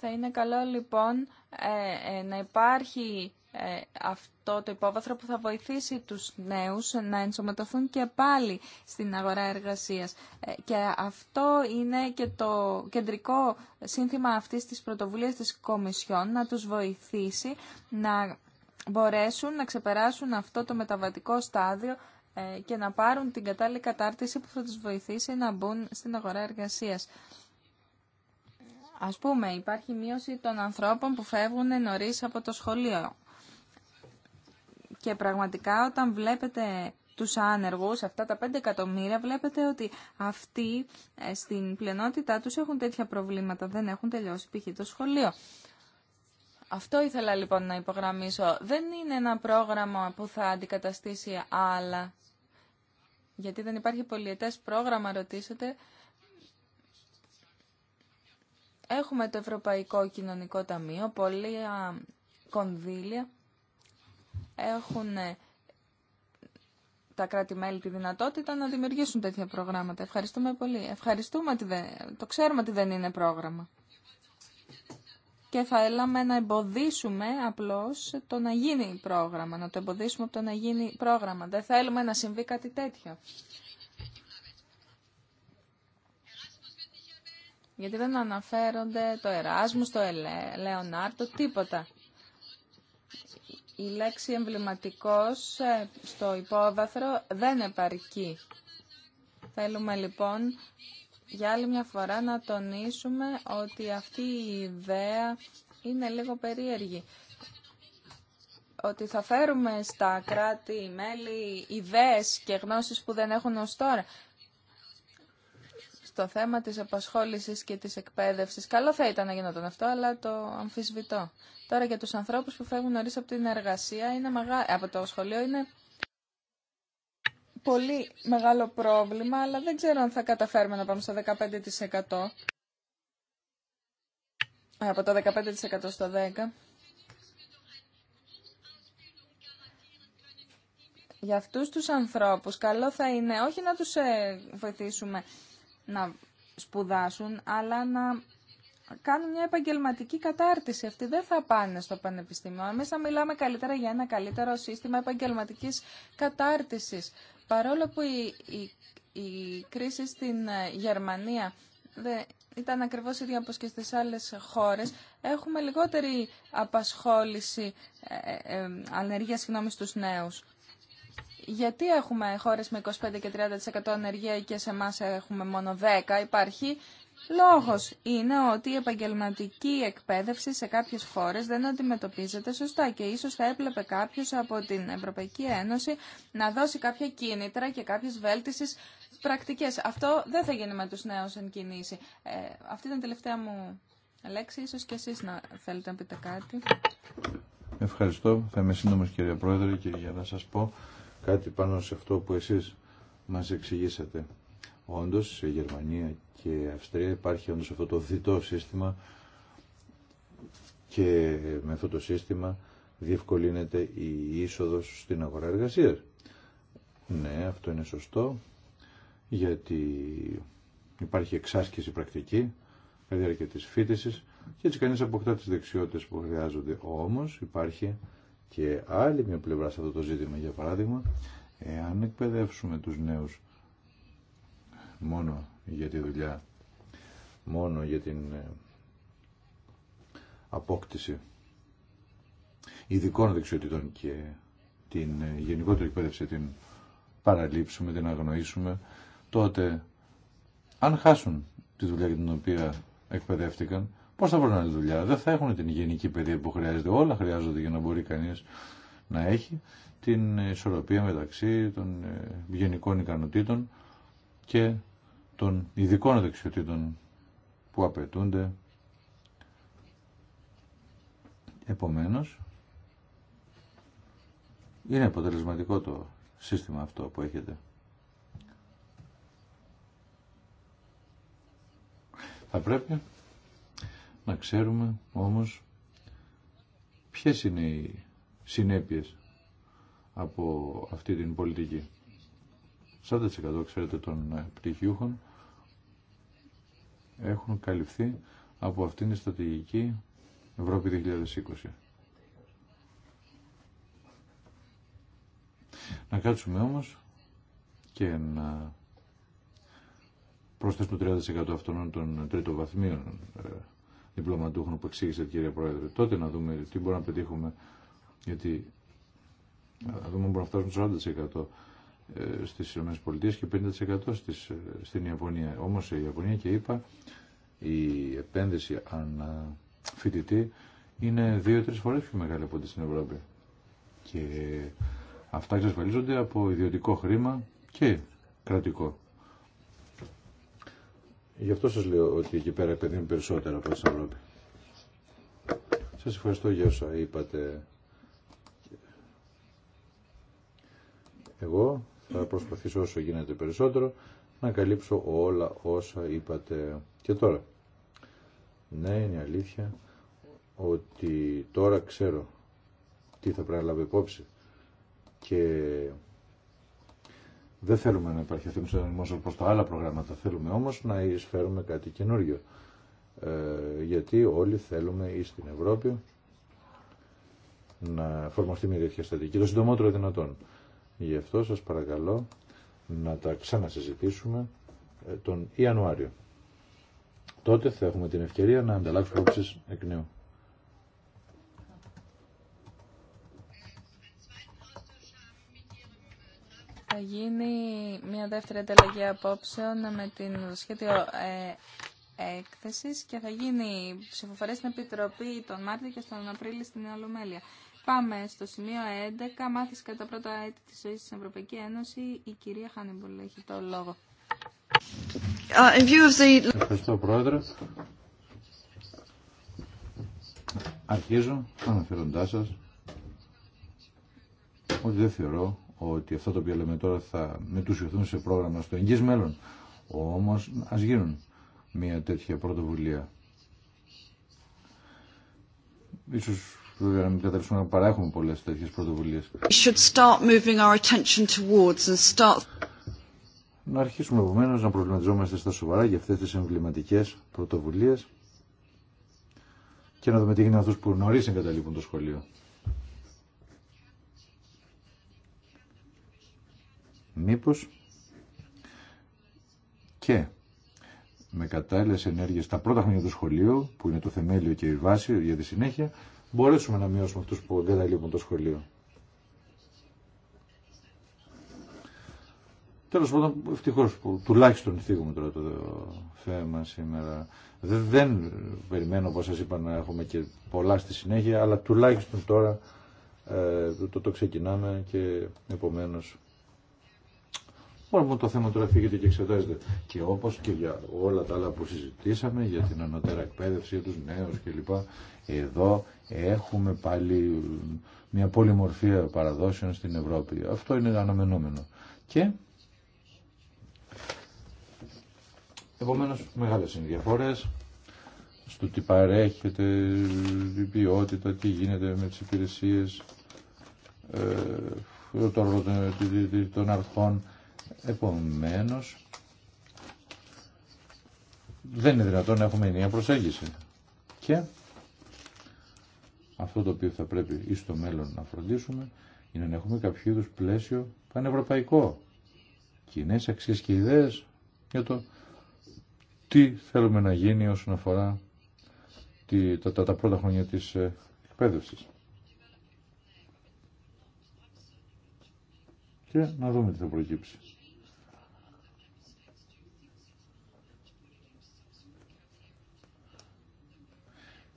S2: Θα είναι καλό λοιπόν ε, ε, να υπάρχει ε, αυτό το υπόβαθρο που θα βοηθήσει τους νέους να ενσωματωθούν και πάλι στην αγορά εργασίας. Ε, και αυτό είναι και το κεντρικό σύνθημα αυτής της πρωτοβουλίας της Κομισιόν, να τους βοηθήσει να μπορέσουν να ξεπεράσουν αυτό το μεταβατικό στάδιο ε, και να πάρουν την κατάλληλη κατάρτιση που θα τους βοηθήσει να μπουν στην αγορά εργασίας. Ας πούμε, υπάρχει μείωση των ανθρώπων που φεύγουν νωρίς από το σχολείο. Και πραγματικά όταν βλέπετε τους άνεργους, αυτά τα 5 εκατομμύρια, βλέπετε ότι αυτοί ε, στην πλειονότητά τους έχουν τέτοια προβλήματα, δεν έχουν τελειώσει π.χ. το σχολείο. Αυτό ήθελα λοιπόν να υπογραμμίσω. Δεν είναι ένα πρόγραμμα που θα αντικαταστήσει άλλα. Γιατί δεν υπάρχει πολιετές πρόγραμμα, ρωτήσετε. Έχουμε το Ευρωπαϊκό Κοινωνικό Ταμείο, πολλοί κονδύλια έχουν ε, τα κράτη-μέλη τη δυνατότητα να δημιουργήσουν τέτοια προγράμματα. Ευχαριστούμε πολύ. Ευχαριστούμε ότι δεν... το ξέρουμε ότι δεν είναι πρόγραμμα. Και θα έλαμε να εμποδίσουμε απλώς το να γίνει πρόγραμμα, να το εμποδίσουμε από το να γίνει πρόγραμμα. Δεν θέλουμε να συμβεί κάτι τέτοιο. Γιατί δεν αναφέρονται το Εράσμος, το Λεωνάρτο, τίποτα η λέξη εμβληματικός ε, στο υπόβαθρο δεν επαρκεί. Θέλουμε λοιπόν για άλλη μια φορά να τονίσουμε ότι αυτή η ιδέα είναι λίγο περίεργη. Ότι θα φέρουμε στα κράτη-μέλη ιδέες και γνώσεις που δεν έχουν ως τώρα. Το θέμα της απασχόλησης και της εκπαίδευσης. Καλό θα ήταν να γινόταν αυτό, αλλά το αμφισβητώ. Τώρα για τους ανθρώπους που φεύγουν νωρίς από την εργασία, είναι από το σχολείο, είναι πολύ μεγάλο πρόβλημα, αλλά δεν ξέρω αν θα καταφέρουμε να πάμε στο 15%. Από το 15% στο 10%. Για αυτούς τους ανθρώπους καλό θα είναι όχι να τους ε, βοηθήσουμε να σπουδάσουν, αλλά να κάνουν μια επαγγελματική κατάρτιση. Αυτοί δεν θα πάνε στο πανεπιστήμιο. Εμείς θα μιλάμε καλύτερα για ένα καλύτερο σύστημα επαγγελματικής κατάρτισης. Παρόλο που η, η, κρίση στην ε, Γερμανία δεν ήταν ακριβώς ίδια όπως και στις άλλες χώρες, έχουμε λιγότερη απασχόληση, ε, ε, ε, ε ανεργία συγγνώμη στους νέους γιατί έχουμε χώρες με 25 και 30% ανεργία και σε εμά έχουμε μόνο 10%. Υπάρχει λόγος. Είναι ότι η επαγγελματική εκπαίδευση σε κάποιες χώρες δεν αντιμετωπίζεται σωστά και ίσως θα έπλεπε κάποιος από την Ευρωπαϊκή Ένωση να δώσει κάποια κίνητρα και κάποιες βέλτισεις πρακτικές. Αυτό δεν θα γίνει με τους νέους εν κινήσει. Ε, αυτή ήταν η τελευταία μου λέξη. Ίσως και εσείς να θέλετε να πείτε κάτι.
S3: Ευχαριστώ. Θα είμαι σύντομος κύριε Πρόεδρε και για να σας πω κάτι πάνω σε αυτό που εσείς μας εξηγήσατε. Όντως, σε Γερμανία και Αυστρία υπάρχει όντως αυτό το διτό σύστημα και με αυτό το σύστημα διευκολύνεται η είσοδος στην αγορά εργασίας. Ναι, αυτό είναι σωστό, γιατί υπάρχει εξάσκηση πρακτική, κατά τη διάρκεια της φίτησης, και έτσι κανείς αποκτά τις δεξιότητες που χρειάζονται. Όμως υπάρχει και άλλη μια πλευρά σε αυτό το ζήτημα. Για παράδειγμα, εάν εκπαιδεύσουμε τους νέους μόνο για τη δουλειά, μόνο για την ε, απόκτηση ειδικών δεξιοτήτων και την ε, γενικότερη εκπαίδευση την παραλείψουμε, την αγνοήσουμε, τότε αν χάσουν τη δουλειά για την οποία εκπαιδεύτηκαν, Πώ θα βρουν άλλη δουλειά, δεν θα έχουν την γενική παιδεία που χρειάζεται. Όλα χρειάζονται για να μπορεί κανεί να έχει την ισορροπία μεταξύ των ε, γενικών ικανοτήτων και των ειδικών δεξιοτήτων που απαιτούνται. Επομένως, είναι αποτελεσματικό το σύστημα αυτό που έχετε. Θα πρέπει να ξέρουμε όμως ποιες είναι οι συνέπειες από αυτή την πολιτική. 40% ξέρετε των ε, πτυχιούχων έχουν καλυφθεί από αυτήν τη στρατηγική Ευρώπη 2020. Να κάτσουμε όμως και να προσθέσουμε 30% αυτών των βαθμίων. Ε, διπλωματούχων που εξήγησε κυρία Πρόεδρε. Τότε να δούμε τι μπορούμε να πετύχουμε. Γιατί να δούμε αν μπορούμε να φτάσουμε το 40% στι ΗΠΑ και 50% στις, ε, στην Ιαπωνία. Όμως η Ιαπωνία και είπα η επένδυση ανά φοιτητή είναι δύο-τρεις φορές πιο μεγάλη από ό,τι στην Ευρώπη. Και αυτά εξασφαλίζονται από ιδιωτικό χρήμα και κρατικό. Γι' αυτό σας λέω ότι εκεί πέρα επενδύουν περισσότερα από την Ευρώπη. Σας ευχαριστώ για όσα είπατε. Εγώ θα προσπαθήσω όσο γίνεται περισσότερο να καλύψω όλα όσα είπατε και τώρα. Ναι, είναι αλήθεια ότι τώρα ξέρω τι θα πρέπει να λάβω υπόψη και δεν θέλουμε να υπάρχει αυτή η όπω τα άλλα προγράμματα. Θέλουμε όμως να εισφέρουμε κάτι καινούριο. Ε, γιατί όλοι θέλουμε ή στην Ευρώπη να εφαρμοστεί μια τέτοια στατική. Το συντομότερο δυνατόν. Γι' αυτό σα παρακαλώ να τα ξανασυζητήσουμε ε, τον Ιανουάριο. Τότε θα έχουμε την ευκαιρία να ανταλλάξουμε όψεις εκ νέου.
S2: Θα γίνει μια δεύτερη ανταλλαγή απόψεων με την σχέδιο ε, και θα γίνει ψηφοφορία στην Επιτροπή τον Μάρτιο και στον Απρίλιο στην Ολομέλεια. Πάμε στο σημείο 11, μάθηση κατά πρώτα έτη τη ζωή στην Ευρωπαϊκή Ένωση. Η κυρία Χάνιμπουλ έχει το λόγο.
S3: Uh, Ευχαριστώ Πρόεδρε. Αρχίζω αναφέροντά σα. ότι δεν θεωρώ ότι αυτό το οποία λέμε τώρα θα μετουσιωθούν σε πρόγραμμα στο εγγύς μέλλον. Όμως ας γίνουν μια τέτοια πρωτοβουλία. Ίσως βέβαια να μην καταλήξουμε να παρέχουμε πολλές τέτοιες πρωτοβουλίες.
S2: Should start moving our attention towards and start...
S3: Να αρχίσουμε επομένω να προβληματιζόμαστε στα σοβαρά για αυτές τις εμβληματικέ πρωτοβουλίες και να δούμε τι γίνεται αυτούς που νωρίς εγκαταλείπουν το σχολείο. Μήπως και με κατάλληλε ενέργειες τα πρώτα χρόνια του σχολείου, που είναι το θεμέλιο και η βάση για τη συνέχεια, μπορέσουμε να μειώσουμε αυτούς που εγκαταλείπουν το σχολείο. Τέλος πάντων, ευτυχώ που τουλάχιστον θίγουμε τώρα το θέμα σήμερα. Δεν, περιμένω, όπως σας είπα, να έχουμε και πολλά στη συνέχεια, αλλά τουλάχιστον τώρα ε, το, το ξεκινάμε και επομένως Μόνο το θέμα τώρα φύγεται και εξετάζεται. Και όπω και για όλα τα άλλα που συζητήσαμε, για την ανωτέρα εκπαίδευση, για του νέου κλπ. Εδώ έχουμε πάλι μια πολυμορφία παραδόσεων στην Ευρώπη. Αυτό είναι αναμενόμενο. Και Επομένω, μεγάλε είναι διαφορέ στο τι παρέχεται, η ποιότητα, τι γίνεται με τι υπηρεσίε, ε, το των αρχών Επομένως, δεν είναι δυνατόν να έχουμε ενιαία προσέγγιση. Και αυτό το οποίο θα πρέπει ή το μέλλον να φροντίσουμε είναι να έχουμε κάποιο είδου πλαίσιο πανευρωπαϊκό. Κοινέ αξίε και ιδέε για το τι θέλουμε να γίνει όσον αφορά τη, τα, τα, τα, πρώτα χρόνια της ε, εκπαίδευσης. Και να δούμε τι θα προκύψει.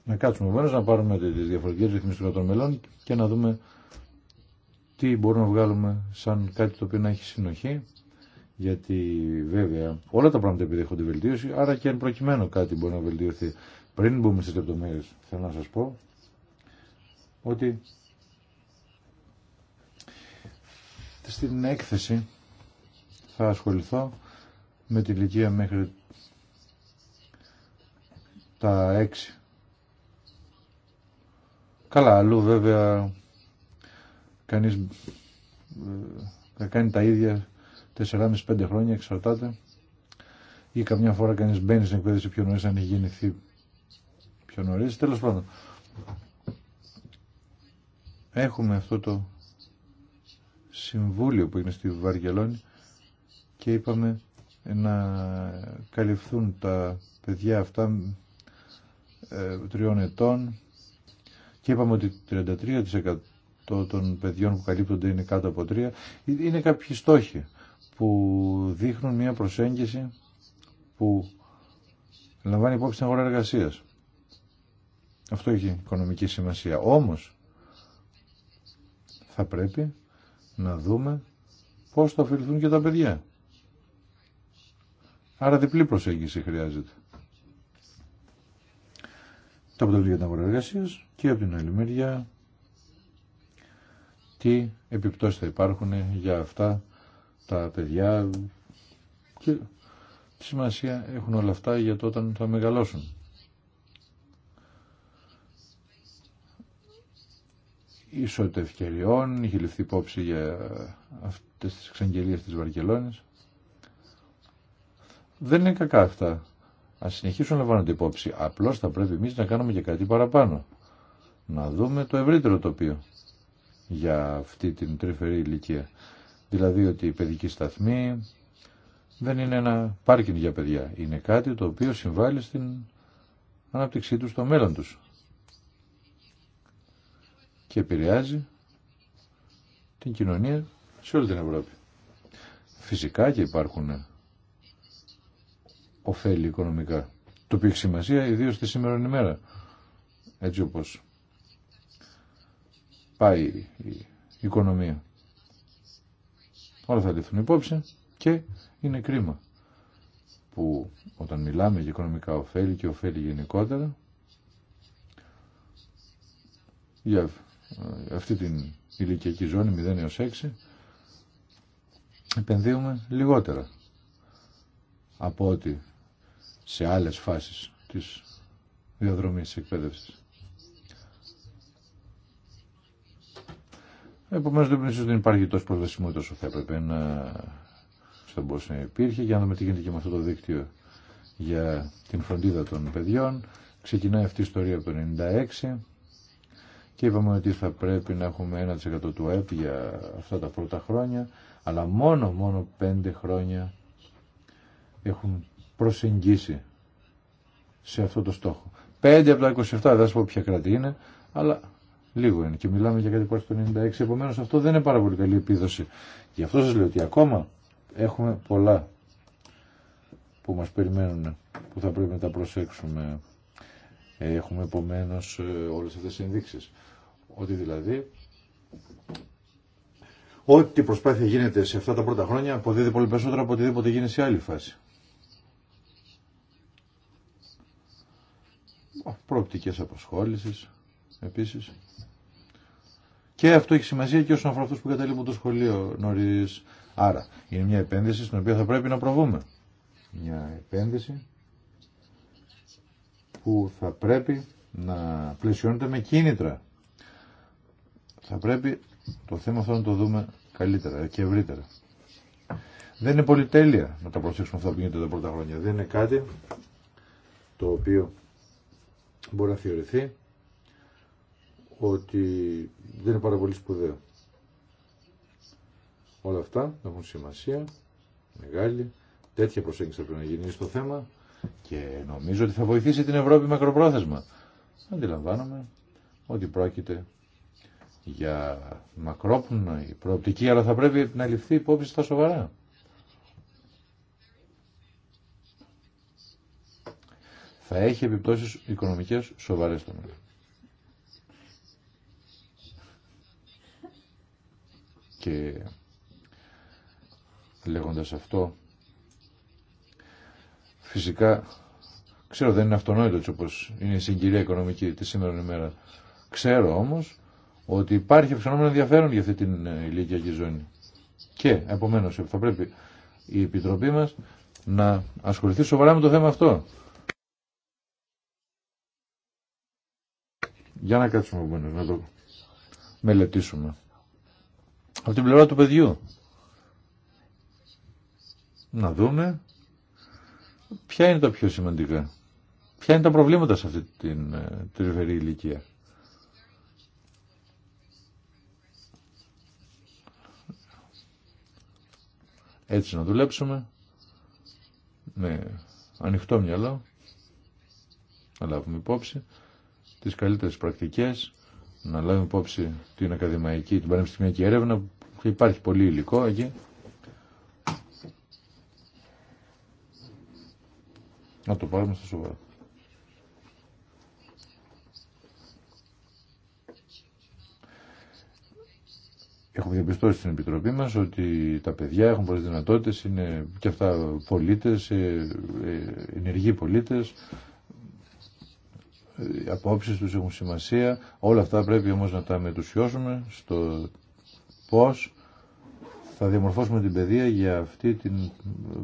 S3: να κάτσουμε επομένω να πάρουμε τι διαφορετικέ ρυθμίσει των μελών και να δούμε τι μπορούμε να βγάλουμε σαν κάτι το οποίο να έχει συνοχή. Γιατί βέβαια όλα τα πράγματα επιδέχονται βελτίωση, άρα και εν προκειμένου κάτι μπορεί να βελτιωθεί. Πριν μπούμε στι λεπτομέρειε, θέλω να σα πω ότι στην έκθεση θα ασχοληθώ με την ηλικία μέχρι τα 6 Καλά, αλλού βέβαια κανείς ε, θα κάνει τα ίδια 4,5-5 χρόνια, εξαρτάται. Ή καμιά φορά κανείς μπαίνει στην εκπαίδευση πιο νωρίς, αν έχει γεννηθεί πιο νωρίς. Τέλος πάντων, έχουμε αυτό το συμβούλιο που είναι στη Βαργελόνη και είπαμε να καλυφθούν τα παιδιά αυτά ε, τριών ετών και είπαμε ότι 33% των παιδιών που καλύπτονται είναι κάτω από 3. Είναι κάποιοι στόχοι που δείχνουν μια προσέγγιση που λαμβάνει υπόψη την αγορά εργασία. Αυτό έχει οικονομική σημασία. Όμως θα πρέπει να δούμε πώς θα ωφεληθούν και τα παιδιά. Άρα διπλή προσέγγιση χρειάζεται. Τα αποτελείο για και από την άλλη μεριά τι επιπτώσεις θα υπάρχουν για αυτά τα παιδιά και τι σημασία έχουν όλα αυτά για το όταν θα μεγαλώσουν. ισότητα ευκαιριών, είχε ληφθεί υπόψη για αυτές τις εξαγγελίες της Βαρκελόνης. Δεν είναι κακά αυτά Α συνεχίσουν να λαμβάνονται υπόψη. απλώ θα πρέπει εμεί να κάνουμε και κάτι παραπάνω. Να δούμε το ευρύτερο τοπίο για αυτή την τρυφερή ηλικία. Δηλαδή ότι η παιδική σταθμή δεν είναι ένα πάρκινγκ για παιδιά. Είναι κάτι το οποίο συμβάλλει στην ανάπτυξή τους στο μέλλον τους. Και επηρεάζει την κοινωνία σε όλη την Ευρώπη. Φυσικά και υπάρχουν οφέλη οικονομικά. Το οποίο έχει σημασία ιδίω στη σήμερα ημέρα. Έτσι όπω πάει η οικονομία. Όλα θα ληφθούν υπόψη και είναι κρίμα που όταν μιλάμε για οικονομικά ωφέλη και ωφέλη γενικότερα για αυτή την ηλικιακή ζώνη 0 έως 6 επενδύουμε λιγότερα από ότι σε άλλες φάσεις της διαδρομής της εκπαίδευσης. Επομένως, ίσως δεν υπάρχει τόσο προσβασιμότητα όσο θα έπρεπε να στον πώς υπήρχε για να δούμε τι γίνεται και με αυτό το δίκτυο για την φροντίδα των παιδιών. Ξεκινάει αυτή η ιστορία από το 1996 και είπαμε ότι θα πρέπει να έχουμε 1% του ΑΕΠ για αυτά τα πρώτα χρόνια, αλλά μόνο μόνο 5 χρόνια έχουν προσεγγίσει σε αυτό το στόχο. 5 από τα 27, δεν θα πω ποια κράτη είναι, αλλά λίγο είναι και μιλάμε για κάτι που έρχεται το 96, επομένως αυτό δεν είναι πάρα πολύ καλή επίδοση. Γι' αυτό σα λέω ότι ακόμα έχουμε πολλά που μα περιμένουν, που θα πρέπει να τα προσέξουμε. Έχουμε επομένω ε, όλε αυτέ τις ενδείξεις. Ότι δηλαδή ό,τι προσπάθεια γίνεται σε αυτά τα πρώτα χρόνια αποδίδει πολύ περισσότερο από οτιδήποτε γίνει σε άλλη φάση. προοπτικές απασχόλησης επίσης. Και αυτό έχει σημασία και όσον αφορά αυτούς που καταλήγουν το σχολείο νωρίς. Άρα είναι μια επένδυση στην οποία θα πρέπει να προβούμε. Μια επένδυση που θα πρέπει να πλαισιώνεται με κίνητρα. Θα πρέπει το θέμα αυτό να το δούμε καλύτερα και ευρύτερα. Δεν είναι πολυτέλεια να τα προσέξουμε αυτά που γίνεται τα πρώτα χρόνια. Δεν είναι κάτι το οποίο μπορεί να θεωρηθεί ότι δεν είναι πάρα πολύ σπουδαίο. Όλα αυτά έχουν σημασία μεγάλη. Τέτοια προσέγγιση θα πρέπει να γίνει στο θέμα και νομίζω ότι θα βοηθήσει την Ευρώπη μακροπρόθεσμα. Αντιλαμβάνομαι ότι πρόκειται για μακρόπνοη προοπτική, αλλά θα πρέπει να ληφθεί υπόψη στα σοβαρά. θα έχει επιπτώσεις οικονομικές σοβαρές στο Και λέγοντας αυτό, φυσικά, ξέρω δεν είναι αυτονόητο έτσι όπως είναι η συγκυρία οικονομική τη σήμερα ημέρα. Ξέρω όμως ότι υπάρχει αυξανόμενο ενδιαφέρον για αυτή την ε, ηλικιακή ζώνη. Και, επομένως, θα πρέπει η Επιτροπή μας να ασχοληθεί σοβαρά με το θέμα αυτό. Για να κάτσουμε επομένως να το μελετήσουμε. Από την πλευρά του παιδιού. Να δούμε ποια είναι τα πιο σημαντικά. Ποια είναι τα προβλήματα σε αυτή την ε, τριβερή ηλικία. Έτσι να δουλέψουμε με ανοιχτό μυαλό, να λάβουμε υπόψη τις καλύτερες πρακτικές, να λάβουμε υπόψη την ακαδημαϊκή, την πανεπιστημιακή έρευνα, υπάρχει πολύ υλικό εκεί. Να το πάρουμε στα σοβαρά. Έχουμε διαπιστώσει στην Επιτροπή μας ότι τα παιδιά έχουν πολλές δυνατότητες, είναι και αυτά πολίτες, ε, ε, ενεργοί πολίτες, οι απόψεις τους έχουν σημασία. Όλα αυτά πρέπει όμως να τα μετουσιώσουμε στο πώς θα διαμορφώσουμε την παιδεία για αυτή την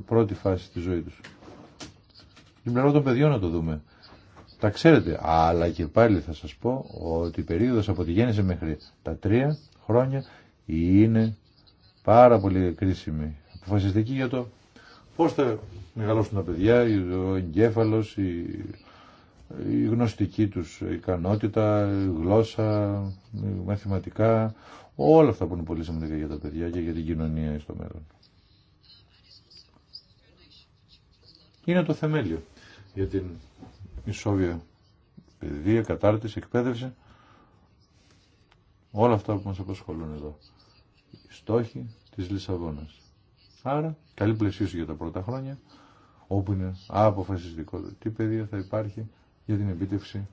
S3: πρώτη φάση της ζωής τους. Την πλευρά των παιδιών να το δούμε. Τα ξέρετε, αλλά και πάλι θα σας πω ότι η περίοδος από τη γέννηση μέχρι τα τρία χρόνια είναι πάρα πολύ κρίσιμη. Αποφασιστική για το πώς θα μεγαλώσουν τα παιδιά, ο εγκέφαλος, η η γνωστική τους ικανότητα, η γλώσσα, μαθηματικά, όλα αυτά που είναι πολύ σημαντικά για τα παιδιά και για την κοινωνία στο μέλλον. Είναι το θεμέλιο για την ισόβια παιδεία, κατάρτιση, εκπαίδευση, όλα αυτά που μας απασχολούν εδώ. στόχοι της Λισαβόνας. Άρα, καλή πλαισίωση για τα πρώτα χρόνια, όπου είναι αποφασιστικό τι παιδεία θα υπάρχει, για την επίτευξη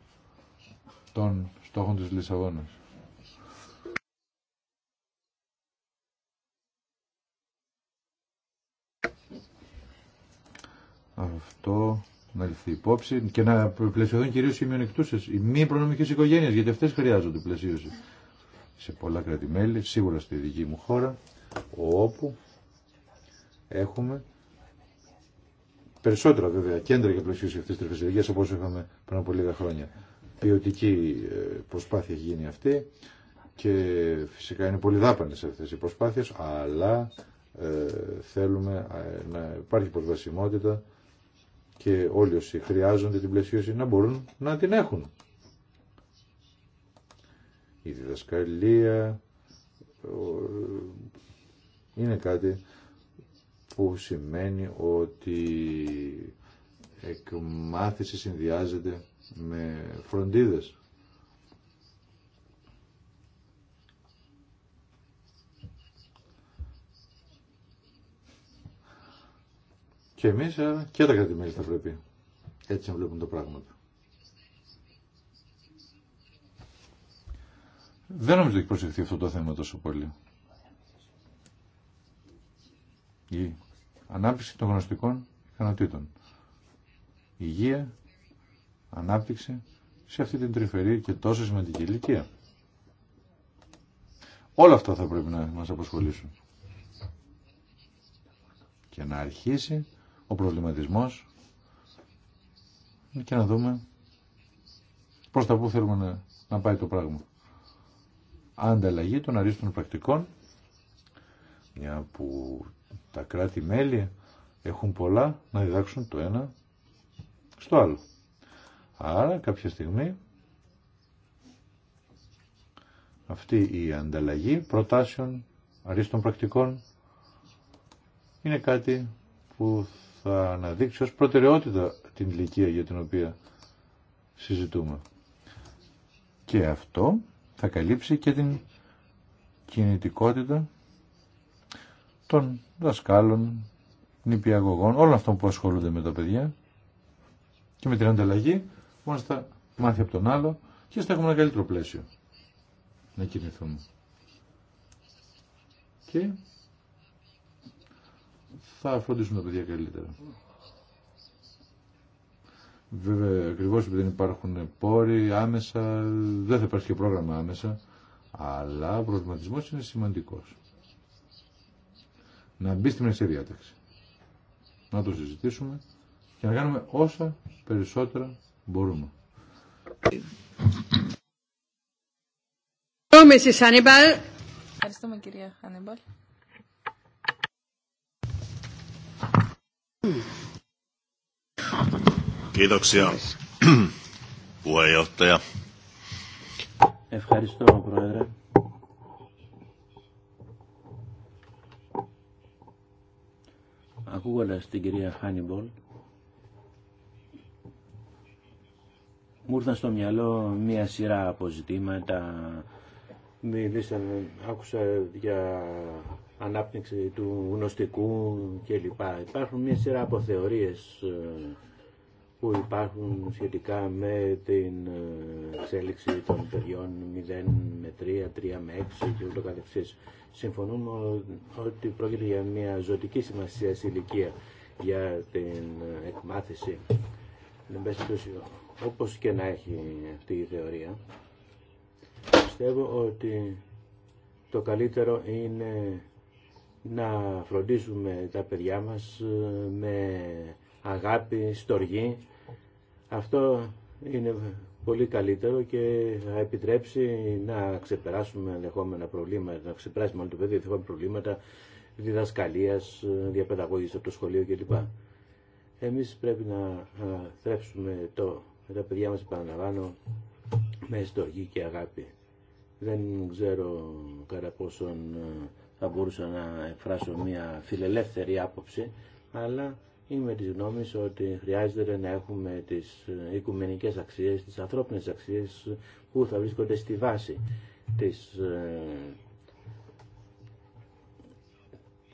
S3: των στόχων της Λισαβόνας. Αυτό να ληφθεί υπόψη και να πλαισιωθούν κυρίω οι μειονεκτούσε, οι μη προνομικέ οικογένειε, γιατί αυτέ χρειάζονται πλαισίωση. Σε πολλά κράτη-μέλη, σίγουρα στη δική μου χώρα, όπου έχουμε Περισσότερα βέβαια κέντρα για πλαισίωση αυτή τη τροφιστική όπω είχαμε πριν από λίγα χρόνια. Ποιοτική ε, προσπάθεια έχει γίνει αυτή και φυσικά είναι πολύ δάπανε αυτέ οι προσπάθειε, αλλά ε, θέλουμε ε, να υπάρχει προσβασιμότητα και όλοι όσοι χρειάζονται την πλαισίωση να μπορούν να την έχουν. Η διδασκαλία είναι κάτι που σημαίνει ότι εκμάθηση συνδυάζεται με φροντίδες. Και εμείς ε, και τα κρατημέλη θα πρέπει έτσι να βλέπουν τα πράγματα. Δεν νομίζω ότι έχει προσεχθεί αυτό το θέμα τόσο πολύ. Ή ανάπτυξη των γνωστικών ικανοτήτων. Υγεία, ανάπτυξη σε αυτή την τρυφερή και τόσο σημαντική ηλικία. Όλα αυτά θα πρέπει να μας αποσχολήσουν. Και να αρχίσει ο προβληματισμός και να δούμε προς τα πού θέλουμε να, πάει το πράγμα. Ανταλλαγή των αρίστων πρακτικών, μια που τα κράτη-μέλη έχουν πολλά να διδάξουν το ένα στο άλλο. Άρα κάποια στιγμή αυτή η ανταλλαγή προτάσεων αρίστων πρακτικών είναι κάτι που θα αναδείξει ως προτεραιότητα την ηλικία για την οποία συζητούμε. Και αυτό θα καλύψει και την κινητικότητα των δασκάλων, νηπιαγωγών, όλων αυτών που ασχολούνται με τα παιδιά και με την ανταλλαγή, μόνο θα μάθει από τον άλλο και θα έχουμε ένα καλύτερο πλαίσιο να κινηθούμε. Και θα φροντίσουμε τα παιδιά καλύτερα. Βέβαια, ακριβώ επειδή δεν υπάρχουν πόροι άμεσα, δεν θα υπάρχει και πρόγραμμα άμεσα, αλλά ο προβληματισμό είναι σημαντικό να μπει στη μεσή διάταξη. Να το συζητήσουμε και να κάνουμε όσα περισσότερα μπορούμε.
S2: Ευχαριστούμε κυρία Χάνιμπαλ.
S1: Kiitoksia puheenjohtaja. Ευχαριστώ, Πρόεδρε. ακούγοντας την κυρία Χάνιμπολ μου ήρθαν στο μυαλό μία σειρά από ζητήματα Μιλήσα, άκουσα για ανάπτυξη του γνωστικού κλπ. Υπάρχουν μία σειρά από θεωρίες ε, που υπάρχουν σχετικά με την ε, εξέλιξη των παιδιών 0 με 3, 3 με 6 και ούτω καθεξής. Συμφωνούμε ότι πρόκειται για μια ζωτική σημασία ηλικία για την ε, εκμάθηση. Όπως και να έχει αυτή η θεωρία, πιστεύω ότι το καλύτερο είναι να φροντίσουμε τα παιδιά μας ε, με αγάπη, στοργή. Αυτό είναι πολύ καλύτερο και θα επιτρέψει να ξεπεράσουμε ενδεχόμενα προβλήματα, να ξεπεράσουμε όλο το παιδί ενδεχόμενα προβλήματα διδασκαλίας, διαπαιδαγώγηση από το σχολείο κλπ. Εμείς πρέπει να θρέψουμε το, τα παιδιά μας επαναλαμβάνω με στοργή και αγάπη. Δεν ξέρω κατά πόσον θα μπορούσα να εκφράσω μια φιλελεύθερη άποψη, αλλά Είμαι της γνώμης ότι χρειάζεται να έχουμε τις ε, οικουμενικές αξίες, τις ανθρώπινες αξίες που θα βρίσκονται στη βάση της, ε,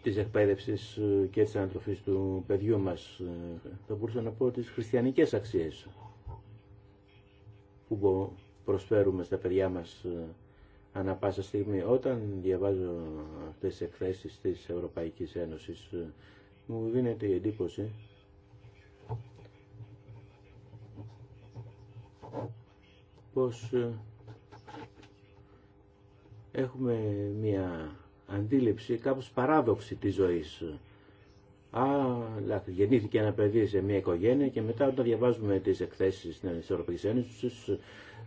S1: της εκπαίδευσης ε, και της ανατροφής του παιδιού μας. Θα μπορούσα να πω τις χριστιανικές αξίες που προσφέρουμε στα παιδιά μας ανά πάσα στιγμή. Όταν διαβάζω αυτές τις εκθέσεις της Ευρωπαϊκής Ένωσης μου δίνεται η εντύπωση πως ε, έχουμε μια αντίληψη κάπως παράδοξη της ζωής. Αλλά γεννήθηκε ένα παιδί σε μια οικογένεια και μετά όταν διαβάζουμε τις εκθέσεις της Ευρωπαϊκής Ένωσης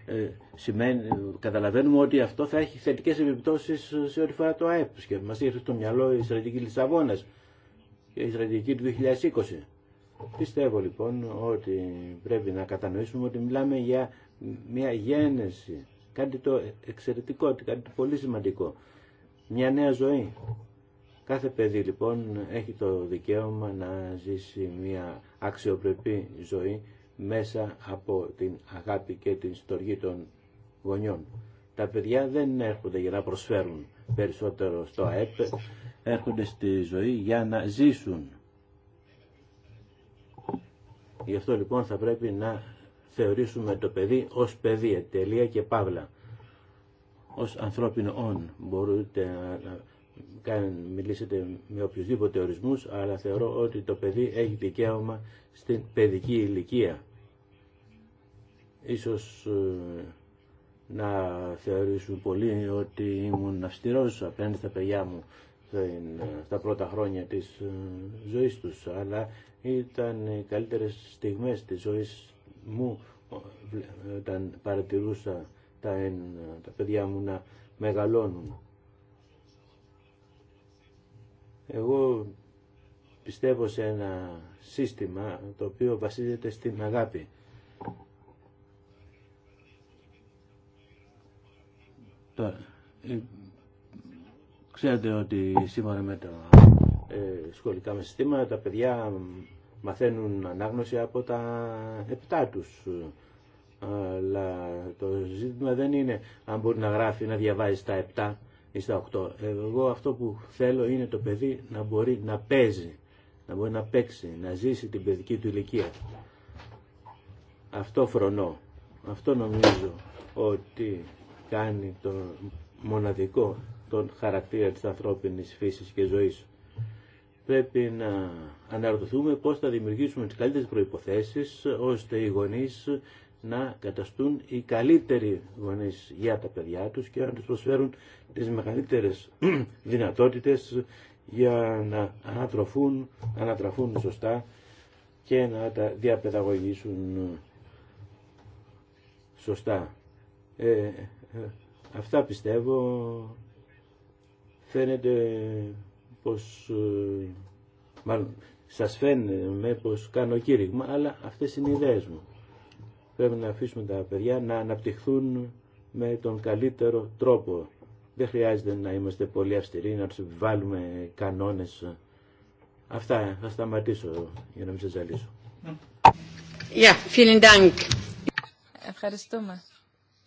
S1: ε, καταλαβαίνουμε ότι αυτό θα έχει θετικές επιπτώσεις σε ό,τι φορά το ΑΕΠ και μας ήρθε στο μυαλό η στρατηγική Λισαβόνας και η στρατηγική του 2020. Πιστεύω λοιπόν ότι πρέπει να κατανοήσουμε ότι μιλάμε για μια γένεση, κάτι το εξαιρετικό, κάτι το πολύ σημαντικό, μια νέα ζωή. Κάθε παιδί λοιπόν έχει το δικαίωμα να ζήσει μια αξιοπρεπή ζωή μέσα από την αγάπη και την στοργή των γονιών. Τα παιδιά δεν έρχονται για να προσφέρουν περισσότερο στο ΑΕΠ, έρχονται στη ζωή για να ζήσουν. Γι' αυτό λοιπόν θα πρέπει να θεωρήσουμε το παιδί ως παιδί, τελεία και παύλα. Ως ανθρώπινο όν μπορείτε να μιλήσετε με οποιουσδήποτε ορισμούς, αλλά θεωρώ ότι το παιδί έχει δικαίωμα στην παιδική ηλικία. Ίσως ε, να θεωρήσουν πολύ ότι ήμουν αυστηρός απέναντι στα παιδιά μου τα πρώτα χρόνια της ε, ζωής τους, αλλά ήταν οι καλύτερες στιγμές της ζωής μου όταν παρατηρούσα τα, τα παιδιά μου να μεγαλώνουν. Εγώ πιστεύω σε ένα σύστημα το οποίο βασίζεται στην αγάπη. Τώρα, ε, Ξέρετε ότι σήμερα με τα ε, σχολικά μας συστήματα τα παιδιά μαθαίνουν ανάγνωση από τα επτά τους. Αλλά το ζήτημα δεν είναι αν μπορεί να γράφει, να διαβάζει στα επτά ή στα οκτώ. Εγώ αυτό που θέλω είναι το παιδί να μπορεί να παίζει, να μπορεί να παίξει, να ζήσει την παιδική του ηλικία. Αυτό φρονώ. Αυτό νομίζω ότι κάνει το μοναδικό τον χαρακτήρα της ανθρώπινης φύσης και ζωής. Πρέπει να αναρωτηθούμε πώς θα δημιουργήσουμε τις καλύτερες προϋποθέσεις ώστε οι γονείς να καταστούν οι καλύτεροι γονείς για τα παιδιά τους και να τους προσφέρουν τις μεγαλύτερες [clears throat] δυνατότητες για να ανατροφούν, ανατραφούν σωστά και να τα διαπαιδαγωγήσουν σωστά. Ε, ε, αυτά πιστεύω φαίνεται πως, ε, μάλλον σας φαίνεται πως κάνω κήρυγμα, αλλά αυτές είναι οι ιδέες μου. Πρέπει να αφήσουμε τα παιδιά να αναπτυχθούν με τον καλύτερο τρόπο. Δεν χρειάζεται να είμαστε πολύ αυστηροί, να τους βάλουμε κανόνες. Αυτά θα σταματήσω για να μην σας ζαλίσω. Yeah, vielen Dank.
S2: Ευχαριστούμε.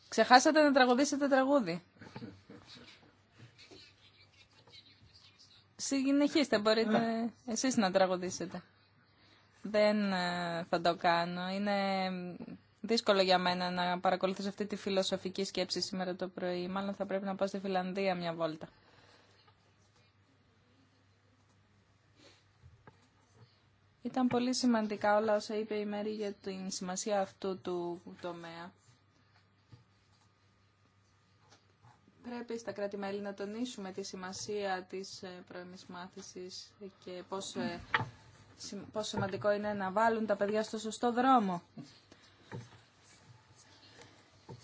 S2: Ξεχάσατε να τραγουδήσετε τραγούδι. Συνεχίστε, μπορείτε ναι. εσείς να τραγουδήσετε. Δεν ε, θα το κάνω. Είναι δύσκολο για μένα να παρακολουθήσω αυτή τη φιλοσοφική σκέψη σήμερα το πρωί. Μάλλον θα πρέπει να πάω στη Φιλανδία μια βόλτα. Ήταν πολύ σημαντικά όλα όσα είπε η Μέρη για την σημασία αυτού του τομέα. Πρέπει στα κράτη-μέλη να τονίσουμε τη σημασία της ε, πρώιμης μάθησης και ε, πόσο, σημαντικό είναι να βάλουν τα παιδιά στο σωστό δρόμο.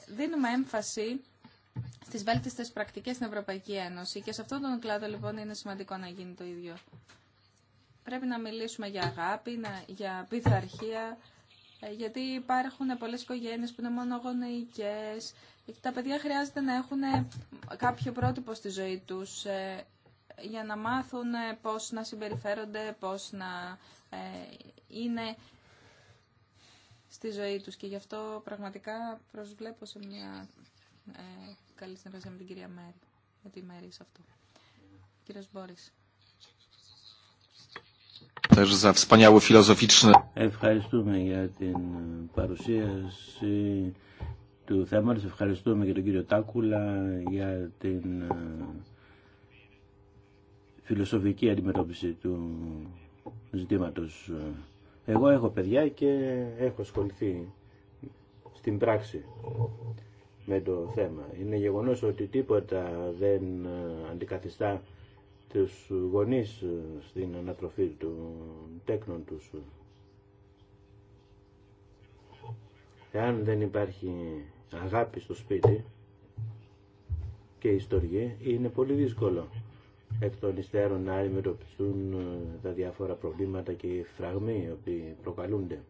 S2: Δίνουμε έμφαση στις βέλτιστες πρακτικές στην Ευρωπαϊκή Ένωση και σε αυτόν τον κλάδο λοιπόν είναι σημαντικό να γίνει το ίδιο. Πρέπει να μιλήσουμε για αγάπη, για πειθαρχία, ε, γιατί υπάρχουν πολλές οικογένειες που είναι μονογονεϊκές τα παιδιά χρειάζεται να έχουν ε, κάποιο πρότυπο στη ζωή τους ε, για να μάθουν ε, πώς να συμπεριφέρονται, πώς να είναι στη ζωή τους. Και γι' αυτό πραγματικά προσβλέπω σε μια καλή συνεργασία με την κυρία Μέρη, με τη Μέρη σε αυτό. Κύριος Μπόρης.
S1: Ευχαριστούμε για την παρουσίαση του θέματος. Ευχαριστούμε και τον κύριο Τάκουλα για την ε, φιλοσοφική αντιμετώπιση του ζητήματος. Εγώ έχω παιδιά και έχω ασχοληθεί στην πράξη με το θέμα. Είναι γεγονός ότι τίποτα δεν ε, αντικαθιστά τους γονείς ε, στην ανατροφή του τέκνων τους. Εάν δεν υπάρχει αγάπη στο σπίτι και ιστορία είναι πολύ δύσκολο εκ των υστέρων να αντιμετωπιστούν ε, τα διάφορα προβλήματα και οι φραγμοί οι προκαλούνται.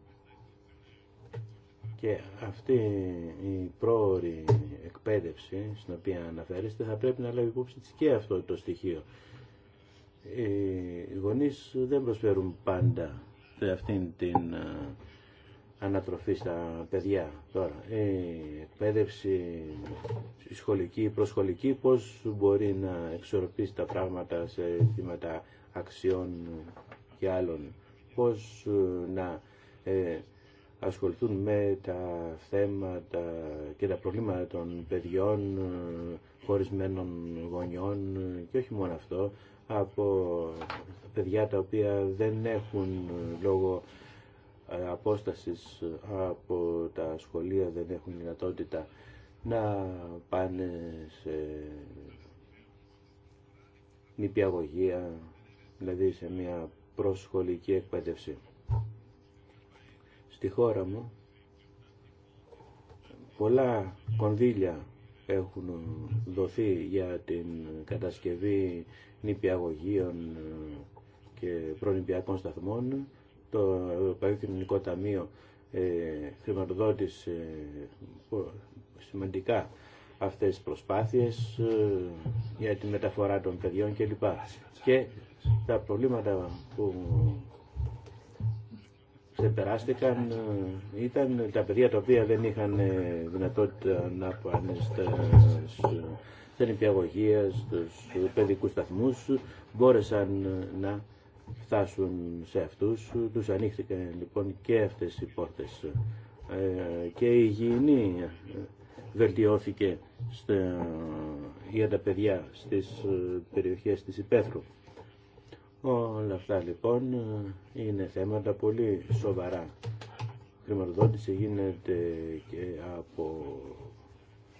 S1: Και αυτή η πρόορη εκπαίδευση στην οποία αναφέρεστε θα πρέπει να λάβει υπόψη και αυτό το στοιχείο. Οι γονείς δεν προσφέρουν πάντα σε αυτήν την ε, ανατροφή στα παιδιά τώρα. Η ε, εκπαίδευση σχολική, προσχολική, πώς μπορεί να εξορπίσει τα πράγματα σε θύματα αξιών και άλλων. Πώς ε, να ε, ασχοληθούν με τα θέματα και τα προβλήματα των παιδιών, ε, χωρισμένων γονιών και όχι μόνο αυτό, από παιδιά τα οποία δεν έχουν λόγο ε, απόστασης ε, από τα σχολεία δεν έχουν δυνατότητα να πάνε σε νηπιαγωγία, δηλαδή σε μια προσχολική εκπαίδευση. Στη χώρα μου πολλά κονδύλια έχουν δοθεί για την κατασκευή νηπιαγωγείων ε, και προνηπιακών σταθμών το Ευρωπαϊκό Κοινωνικό Ταμείο ε, χρηματοδότησε ε, σημαντικά αυτές τις προσπάθειες ε, για τη μεταφορά των παιδιών κλπ. Και τα προβλήματα που ξεπεράστηκαν ε, ήταν τα παιδιά τα οποία δεν είχαν δυνατότητα να πάνε στην υπηαγωγία, στους παιδικούς σταθμούς, μπόρεσαν να φτάσουν σε αυτούς. Τους ανοίχθηκαν λοιπόν και αυτές οι πόρτες ε, και η υγιεινή βελτιώθηκε στα, για τα παιδιά στις ε, περιοχές της Υπέθρου. Όλα αυτά λοιπόν είναι θέματα πολύ σοβαρά. Η χρηματοδότηση γίνεται και από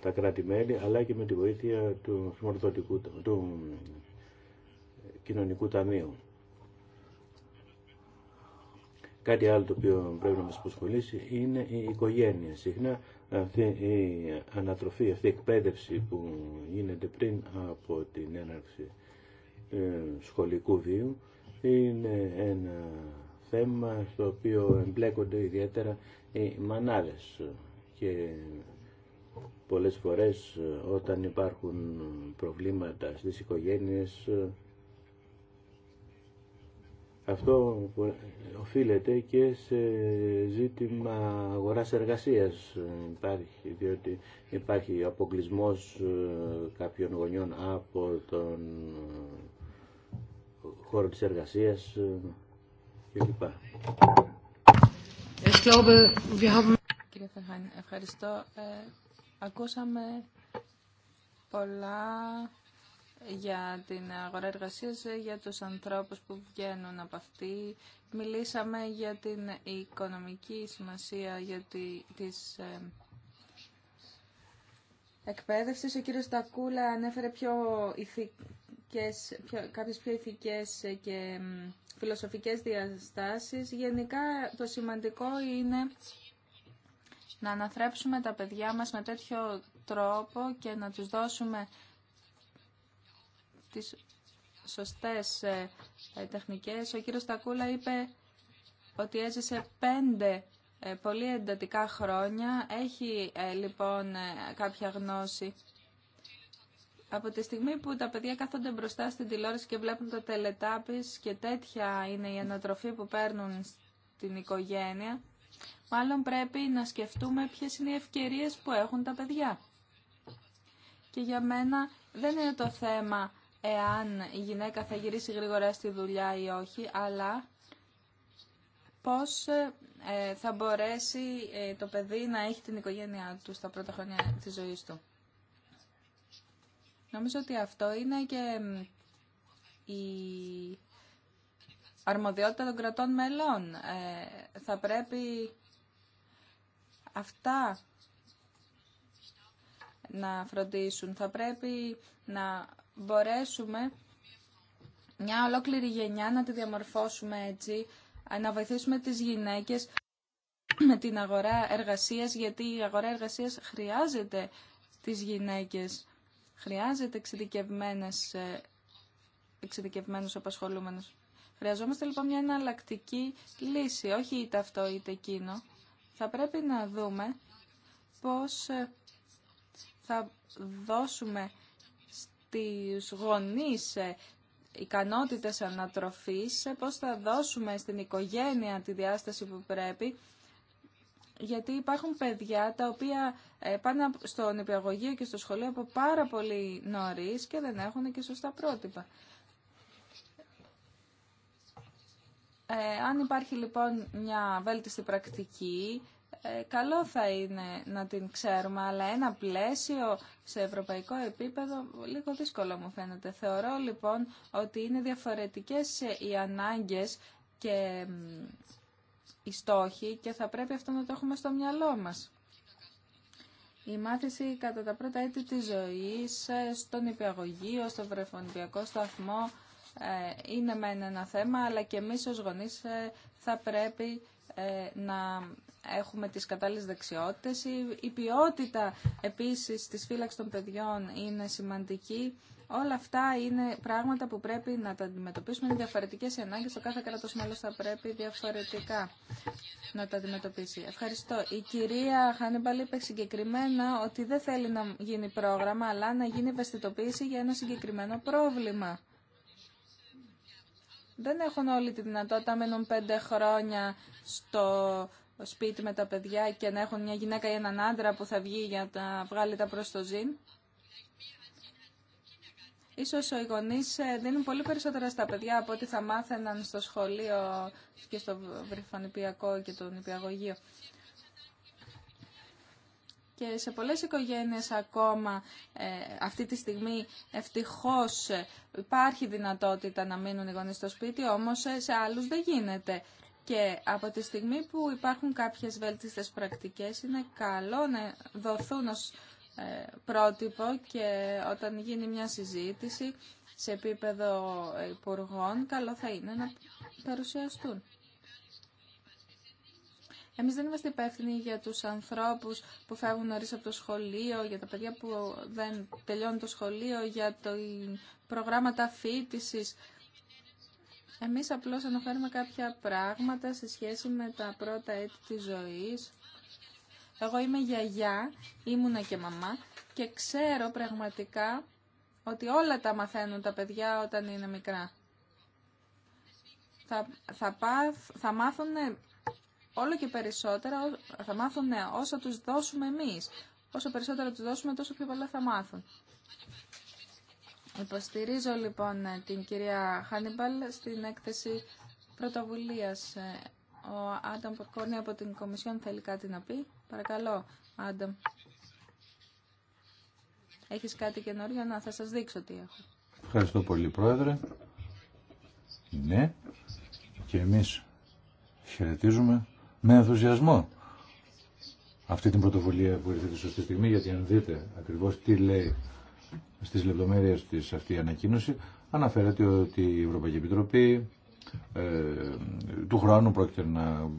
S1: τα κράτη-μέλη αλλά και με τη βοήθεια του χρηματοδοτικού του κοινωνικού ταμείου. Κάτι άλλο το οποίο πρέπει να μας προσχολήσει είναι η οικογένεια. Συχνά αυτή η ανατροφή, αυτή η εκπαίδευση που γίνεται πριν από την έναρξη ε, σχολικού βίου είναι ένα θέμα στο οποίο εμπλέκονται ιδιαίτερα οι μανάδες και πολλές φορές ε, όταν υπάρχουν προβλήματα στις οικογένειες αυτό ε, οφείλεται και σε ζήτημα αγοράς εργασίας ε, υπάρχει, διότι υπάρχει ο αποκλεισμός ε, κάποιων γονιών από τον χώρο της εργασίας κλπ.
S2: Κύριε Φεχάνη, ευχαριστώ. ακούσαμε πολλά για την αγορά εργασία για τους ανθρώπους που βγαίνουν από αυτή. Μιλήσαμε για την οικονομική σημασία για τη, της ε, εκπαίδευσης. Ο κύριος Τακούλα ανέφερε πιο ηθικές, πιο, κάποιες πιο ηθικές και φιλοσοφικές διαστάσεις. Γενικά το σημαντικό είναι να αναθρέψουμε τα παιδιά μας με τέτοιο τρόπο και να τους δώσουμε τις σωστές ε, ε, τεχνικές. Ο κύριος Στακούλα είπε ότι έζησε πέντε ε, πολύ εντατικά χρόνια. Έχει λοιπόν κάποια γνώση. Από τη στιγμή που τα παιδιά κάθονται μπροστά στην τηλεόραση και βλέπουν το τελετάπης και τέτοια είναι η ανατροφή που παίρνουν στην οικογένεια, μάλλον πρέπει να σκεφτούμε ποιες είναι οι ευκαιρίες που έχουν τα παιδιά. Και για μένα δεν είναι το θέμα εάν η γυναίκα θα γυρίσει γρήγορα στη δουλειά ή όχι, αλλά πώς ε, θα μπορέσει ε, το παιδί να έχει την οικογένειά του στα πρώτα χρόνια της ζωής του. Νομίζω ότι αυτό είναι και η αρμοδιότητα των κρατών μελών. Ε, θα πρέπει αυτά να φροντίσουν. Θα πρέπει να μπορέσουμε μια ολόκληρη γενιά να τη διαμορφώσουμε έτσι, να βοηθήσουμε τις γυναίκες με την αγορά εργασίας, γιατί η αγορά εργασίας χρειάζεται τις γυναίκες, χρειάζεται εξειδικευμένες, ε, εξειδικευμένους απασχολούμενους. Χρειαζόμαστε λοιπόν μια εναλλακτική λύση, όχι είτε αυτό είτε εκείνο. Θα πρέπει να δούμε πώς ε, θα δώσουμε τις γονείς ε, ικανότητες ανατροφής, ε, πώς θα δώσουμε στην οικογένεια τη διάσταση που πρέπει, γιατί υπάρχουν παιδιά τα οποία ε, πάνε στο νηπιαγωγείο και στο σχολείο από πάρα πολύ νωρίς και δεν έχουν και σωστά πρότυπα. αν υπάρχει λοιπόν μια βέλτιστη πρακτική ε, καλό θα είναι να την ξέρουμε, αλλά ένα πλαίσιο σε ευρωπαϊκό επίπεδο λίγο δύσκολο μου φαίνεται. Θεωρώ λοιπόν ότι είναι διαφορετικές ε, οι ανάγκες και οι στόχοι και θα πρέπει αυτό να το έχουμε στο μυαλό μας. Η μάθηση κατά τα πρώτα έτη της ζωής, ε, στον υπηαγωγείο, στο βρεφονιπιακό σταθμό, είναι με ένα θέμα, αλλά και εμείς ως γονείς θα πρέπει να έχουμε τις κατάλληλες δεξιότητες. Η ποιότητα επίσης της φύλαξης των παιδιών είναι σημαντική. Όλα αυτά είναι πράγματα που πρέπει να τα αντιμετωπίσουμε. Είναι διαφορετικές οι ανάγκες. Το κάθε κράτος μέλος θα πρέπει διαφορετικά να τα αντιμετωπίσει. Ευχαριστώ. Η κυρία Χάνιμπαλ είπε συγκεκριμένα ότι δεν θέλει να γίνει πρόγραμμα, αλλά να γίνει ευαισθητοποίηση για ένα συγκεκριμένο πρόβλημα. Δεν έχουν όλη τη δυνατότητα, μένουν πέντε χρόνια στο σπίτι με τα παιδιά και να έχουν μια γυναίκα ή έναν άντρα που θα βγει για να βγάλει τα προς το ζήν. Ίσως οι γονεί ε, δίνουν πολύ περισσότερα στα παιδιά από ό,τι θα μάθαιναν στο σχολείο και στο βρυφανιπιακό και το νηπιαγωγείο. Και σε πολλές οικογένειες ακόμα ε, αυτή τη στιγμή ευτυχώς ε, υπάρχει δυνατότητα να μείνουν οι γονείς στο σπίτι, όμως σε άλλους δεν γίνεται. Και από τη στιγμή που υπάρχουν κάποιες βέλτιστες πρακτικές, είναι καλό να δοθούν ως ε, πρότυπο και όταν γίνει μια συζήτηση σε επίπεδο υπουργών, καλό θα είναι να παρουσιαστούν. Εμείς δεν είμαστε υπεύθυνοι για τους ανθρώπους που φεύγουν νωρίς από το σχολείο, για τα παιδιά που δεν τελειώνουν το σχολείο, για το προγράμματα φοιτησης. Εμείς απλώς αναφέρουμε κάποια πράγματα σε σχέση με τα πρώτα έτη της ζωής. Εγώ είμαι γιαγιά, ήμουνα και μαμά και ξέρω πραγματικά ότι όλα τα μαθαίνουν τα παιδιά όταν είναι μικρά. Θα, θα, πάθ, θα μάθουν όλο και περισσότερα, θα μάθουν όσα τους δώσουμε εμείς. Όσο περισσότερα τους δώσουμε, τόσο πιο πολλά θα μάθουν. Υποστηρίζω λοιπόν την κυρία Χάνιμπαλ στην έκθεση πρωτοβουλίας. Ε, ο Άνταμ Πορκόνη από την Κομισιόν θέλει κάτι να πει. Παρακαλώ, Άνταμ. Έχεις κάτι καινούριο να θα σας δείξω τι έχω.
S3: Ευχαριστώ πολύ, Πρόεδρε. Ναι, και εμείς χαιρετίζουμε με ενθουσιασμό αυτή την πρωτοβουλία που ήρθε τη σωστή στιγμή, γιατί αν δείτε ακριβώς τι λέει στις λεπτομέρειες της αυτή η ανακοίνωση αναφέρεται ότι η Ευρωπαϊκή Επιτροπή ε, του χρόνου πρόκειται να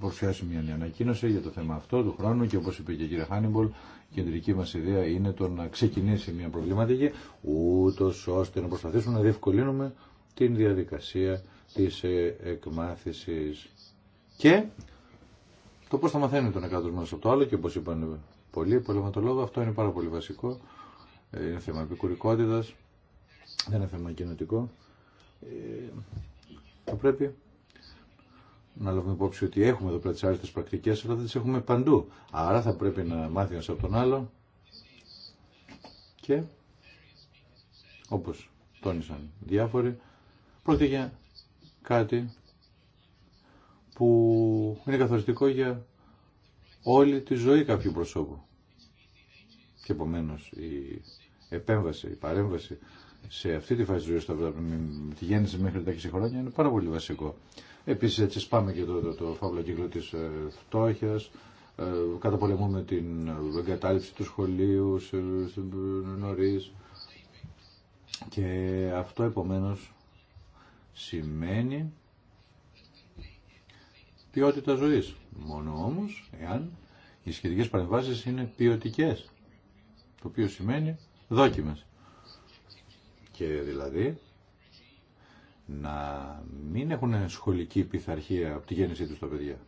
S3: προσφιάσει μια νέα ανακοίνωση για το θέμα αυτό του χρόνου και όπως είπε και η κυρία Χάνιμπολ η κεντρική μας ιδέα είναι το να ξεκινήσει μια προβληματική ούτω ώστε να προσπαθήσουμε να διευκολύνουμε την διαδικασία της ε, εκμάθησης και το πώς θα μαθαίνει τον εκάτος μας από το άλλο και όπως είπαν πολλοί πολεματολόγοι αυτό είναι πάρα πολύ βασικό είναι θέμα επικουρικότητας, δεν είναι θέμα κοινωτικό. Ε, θα πρέπει να λάβουμε υπόψη ότι έχουμε εδώ πέρα τις πρακτικές, αλλά δεν τις έχουμε παντού. Άρα θα πρέπει να μάθει ένας από τον άλλο και όπως τόνισαν διάφοροι, πρόκειται για κάτι που είναι καθοριστικό για όλη τη ζωή κάποιου προσώπου. Και επομένω η επέμβαση, η παρέμβαση σε αυτή τη φάση τη ζωή τη γέννηση μέχρι τα 6 χρόνια είναι πάρα πολύ βασικό. Επίση έτσι σπάμε και το, το, το φαύλο κύκλο τη ε, φτώχεια, ε, καταπολεμούμε την εγκατάλειψη του σχολείου νωρί. Και αυτό επομένως σημαίνει ποιότητα ζωής. Μόνο όμως εάν οι σχετικές παρεμβάσεις είναι ποιοτικέ το οποίο σημαίνει δόκιμες. Και δηλαδή να μην έχουν σχολική πειθαρχία από τη γέννησή τους τα παιδιά.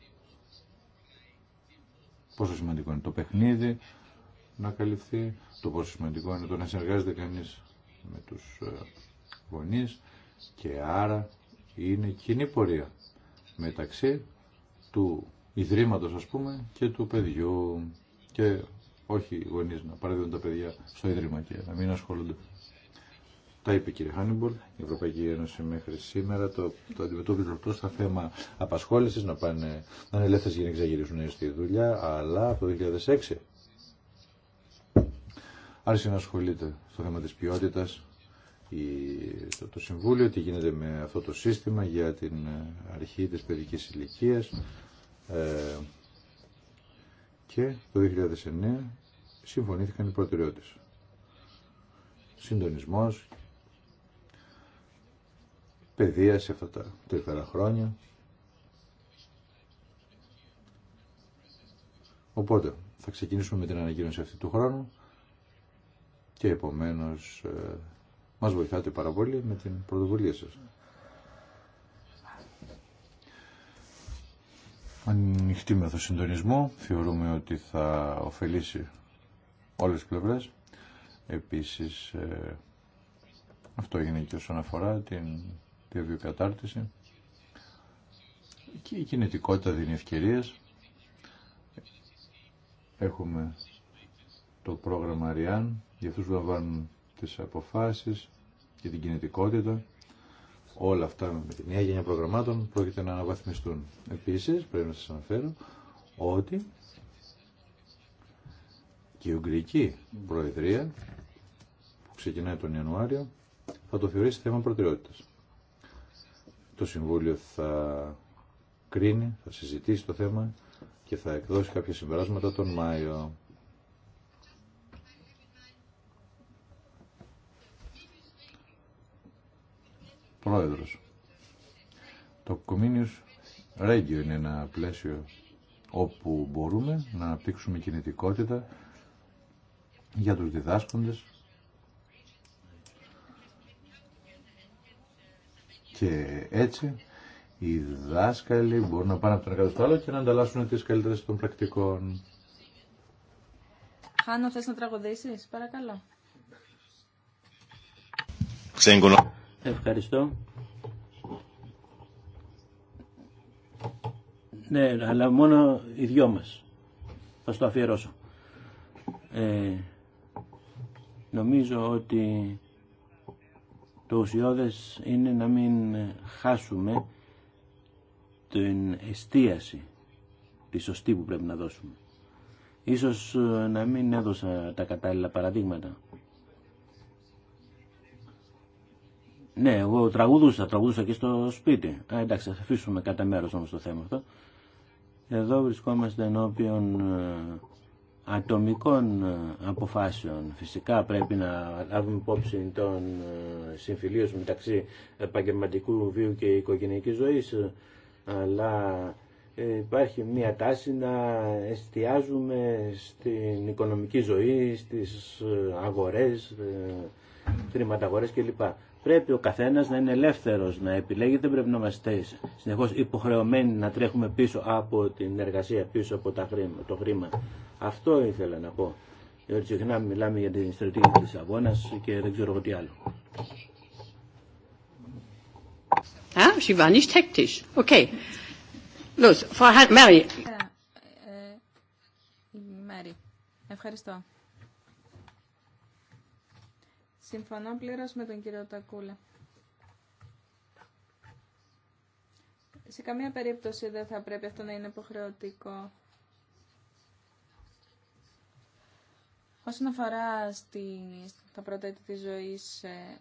S3: Πόσο σημαντικό είναι το παιχνίδι να καλυφθεί, το πόσο σημαντικό είναι το να συνεργάζεται κανείς με τους ε, γονείς και άρα είναι κοινή πορεία μεταξύ του ιδρύματος ας πούμε και του παιδιού και όχι οι γονεί να παραδίδουν τα παιδιά στο Ίδρυμα και να μην ασχολούνται. Τα είπε κύριε Χάνιμπολ, η Ευρωπαϊκή Ένωση μέχρι σήμερα το, το αντιμετώπιζε αυτό στα θέμα απασχόλησης, να, πάνε, να είναι ελεύθερε γυναίκε να γυρίσουν στη δουλειά, αλλά από το 2006 άρχισε να ασχολείται στο θέμα της ποιότητα η, το, το Συμβούλιο, τι γίνεται με αυτό το σύστημα για την αρχή της παιδικής ηλικίας, ε, και το 2009 συμφωνήθηκαν οι προτεραιότητες. Συντονισμός, παιδεία σε αυτά τα τέσσερα χρόνια. Οπότε θα ξεκινήσουμε με την ανακοίνωση αυτή του χρόνου και επομένως ε, μας βοηθάτε πάρα πολύ με την πρωτοβουλία σας. ανοιχτή το συντονισμό. Θεωρούμε ότι θα ωφελήσει όλες τις πλευρές. Επίσης, ε, αυτό έγινε και όσον αφορά την διαβιοκατάρτιση. Και η κινητικότητα δίνει ευκαιρίες. Έχουμε το πρόγραμμα Ριάν για αυτούς που λαμβάνουν τις αποφάσεις και την κινητικότητα όλα αυτά με τη νέα γενιά προγραμμάτων πρόκειται να αναβαθμιστούν. Επίσης, πρέπει να σας αναφέρω ότι και η Ουγγρική Προεδρία που ξεκινάει τον Ιανουάριο θα το θεωρήσει θέμα προτεραιότητας. Το Συμβούλιο θα κρίνει, θα συζητήσει το θέμα και θα εκδώσει κάποια συμπεράσματα τον Μάιο. πρόεδρος. Το Comenius ρέγγιο είναι ένα πλαίσιο όπου μπορούμε να αναπτύξουμε κινητικότητα για τους διδάσκοντες και έτσι οι δάσκαλοι μπορούν να πάνε από τον ένα στο άλλο και να ανταλλάσσουν τις καλύτερες των πρακτικών.
S2: Χάνο, θες να τραγουδήσεις, παρακαλώ.
S1: Ευχαριστώ. Ναι, αλλά μόνο οι δυο μας. Θα στο αφιερώσω. Ε, νομίζω ότι το ουσιώδες είναι να μην χάσουμε την εστίαση τη σωστή που πρέπει να δώσουμε. Ίσως ε, να μην έδωσα τα κατάλληλα παραδείγματα. Ναι, εγώ τραγουδούσα, τραγουδούσα και στο σπίτι. Α, εντάξει, θα αφήσουμε κατά μέρο όμω το θέμα αυτό. Εδώ βρισκόμαστε ενώπιον ε, ατομικών ε, αποφάσεων. Φυσικά πρέπει να λάβουμε υπόψη των ε, συμφιλίων μεταξύ επαγγελματικού βίου και οικογενειακή ζωής, αλλά υπάρχει μία τάση να εστιάζουμε στην οικονομική ζωή, στις αγορές, χρηματαγορές κλπ πρέπει ο καθένας να είναι ελεύθερος, να επιλέγει, δεν πρέπει να είμαστε συνεχώς υποχρεωμένοι να τρέχουμε πίσω από την εργασία, πίσω από τα χρήμα, το χρήμα. Αυτό ήθελα να πω. Διότι συχνά μιλάμε για την στρατηγική τη αγώνα και δεν ξέρω τι άλλο. nicht ε,
S2: ε, Ευχαριστώ. Συμφωνώ πλήρως με τον κύριο Τακούλα. Σε καμία περίπτωση δεν θα πρέπει αυτό να είναι υποχρεωτικό. Όσον αφορά στη, τα πρώτα έτη της ζωής, ε,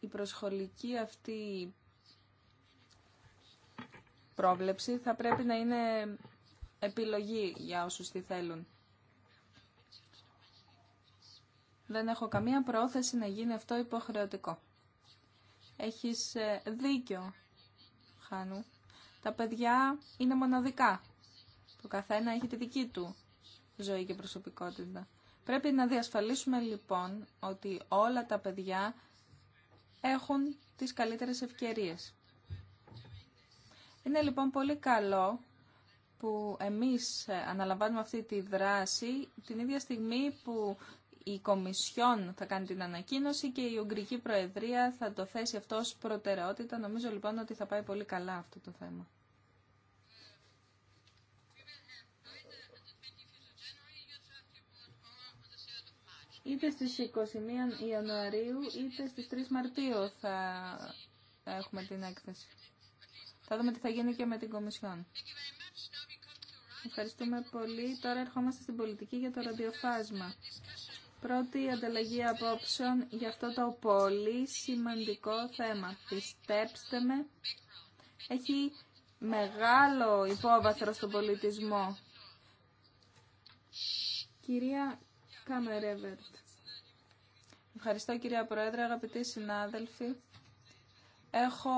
S2: η προσχολική αυτή πρόβλεψη θα πρέπει να είναι επιλογή για όσους τη θέλουν. Δεν έχω καμία πρόθεση να γίνει αυτό υποχρεωτικό. Έχεις ε, δίκιο, Χάνου. Τα παιδιά είναι μοναδικά. Το καθένα έχει τη δική του ζωή και προσωπικότητα. Πρέπει να διασφαλίσουμε λοιπόν ότι όλα τα παιδιά έχουν τις καλύτερες ευκαιρίες. Είναι λοιπόν πολύ καλό που εμείς ε, αναλαμβάνουμε αυτή τη δράση την ίδια στιγμή που η Κομισιόν θα κάνει την ανακοίνωση και η Ουγγρική Προεδρία θα το θέσει αυτό ως προτεραιότητα. Νομίζω λοιπόν ότι θα πάει πολύ καλά αυτό το θέμα. Είτε στις 21 Ιανουαρίου είτε στις 3 Μαρτίου θα έχουμε την έκθεση. Θα δούμε τι θα γίνει και με την Κομισιόν. Ευχαριστούμε πολύ. Τώρα ερχόμαστε στην πολιτική για το ραδιοφάσμα πρώτη ανταλλαγή απόψεων για αυτό το πολύ σημαντικό θέμα. Πιστέψτε με, έχει μεγάλο υπόβαθρο στον πολιτισμό. Κυρία Καμερέβερτ. Ευχαριστώ κυρία Πρόεδρε, αγαπητοί συνάδελφοι. Έχω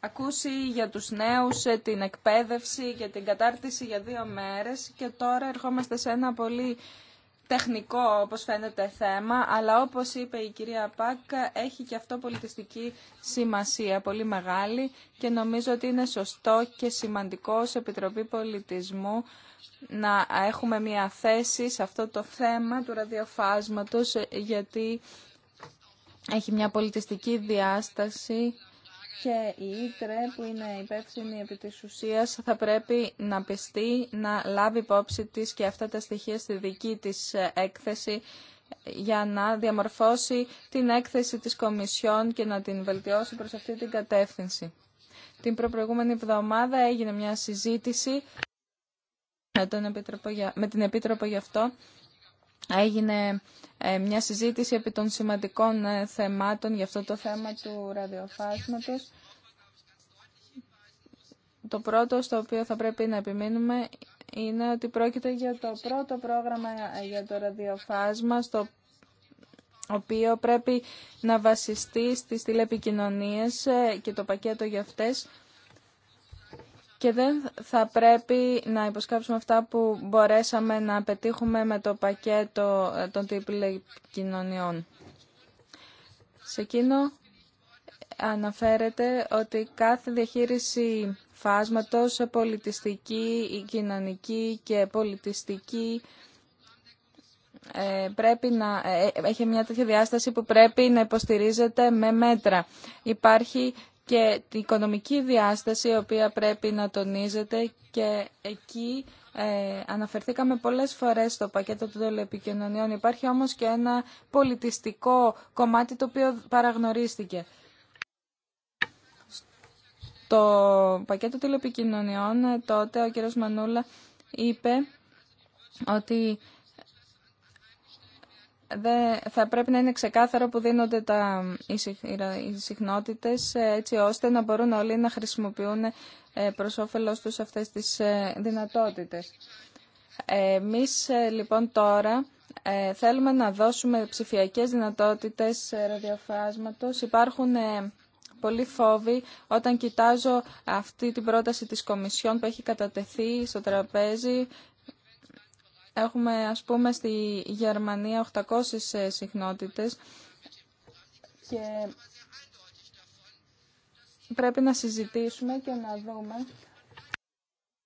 S2: ακούσει για τους νέους ε, την εκπαίδευση και την κατάρτιση για δύο μέρες και τώρα ερχόμαστε σε ένα πολύ τεχνικό όπως φαίνεται θέμα, αλλά όπως είπε η κυρία Πάκ, έχει και αυτό πολιτιστική σημασία πολύ μεγάλη και νομίζω ότι είναι σωστό και σημαντικό ως Επιτροπή Πολιτισμού να έχουμε μια θέση σε αυτό το θέμα του ραδιοφάσματος γιατί έχει μια πολιτιστική διάσταση και η Ήτρε που είναι υπεύθυνη επί της ουσίας θα πρέπει να πιστεί να λάβει υπόψη της και αυτά τα στοιχεία στη δική της ε, έκθεση για να διαμορφώσει την έκθεση της Κομισιόν και να την βελτιώσει προς αυτή την κατεύθυνση. Την προπροηγούμενη εβδομάδα έγινε μια συζήτηση με την Επίτροπο γι' αυτό έγινε ε, μια συζήτηση επί των σημαντικών ε, θεμάτων για αυτό το θέμα του ραδιοφάσματος. Το πρώτο στο οποίο θα πρέπει να επιμείνουμε είναι ότι πρόκειται για το πρώτο πρόγραμμα ε, για το ραδιοφάσμα στο οποίο πρέπει να βασιστεί στις τηλεπικοινωνίες και το πακέτο για αυτές και δεν θα πρέπει να υποσκάψουμε αυτά που μπορέσαμε να πετύχουμε με το πακέτο ε, των κοινωνιών. Σε εκείνο αναφέρεται ότι κάθε διαχείριση φάσματος πολιτιστική, κοινωνική και πολιτιστική ε, πρέπει να ε, έχει μια τέτοια διάσταση που πρέπει να υποστηρίζεται με μέτρα. Υπάρχει και την οικονομική διάσταση η οποία πρέπει να τονίζεται και εκεί ε, αναφερθήκαμε πολλές φορές στο πακέτο των τελεπικοινωνιών. Υπάρχει όμως και ένα πολιτιστικό κομμάτι το οποίο παραγνωρίστηκε. το πακέτο τηλεπικοινωνιών ε, τότε ο κύριος Μανούλα είπε ότι θα πρέπει να είναι ξεκάθαρο που δίνονται τα, οι συχνότητες ε, έτσι ώστε να μπορούν όλοι να χρησιμοποιούν ε, προς όφελος τους αυτές τις ε, δυνατότητες. Εμείς λοιπόν τώρα θέλουμε να δώσουμε ψηφιακές δυνατότητες ραδιοφάσματος. Υπάρχουν πολλοί φόβοι όταν κοιτάζω αυτή την πρόταση της Κομισιόν που έχει κατατεθεί στο τραπέζι Έχουμε ας πούμε στη Γερμανία 800 ε, συχνότητες και πρέπει να συζητήσουμε και να δούμε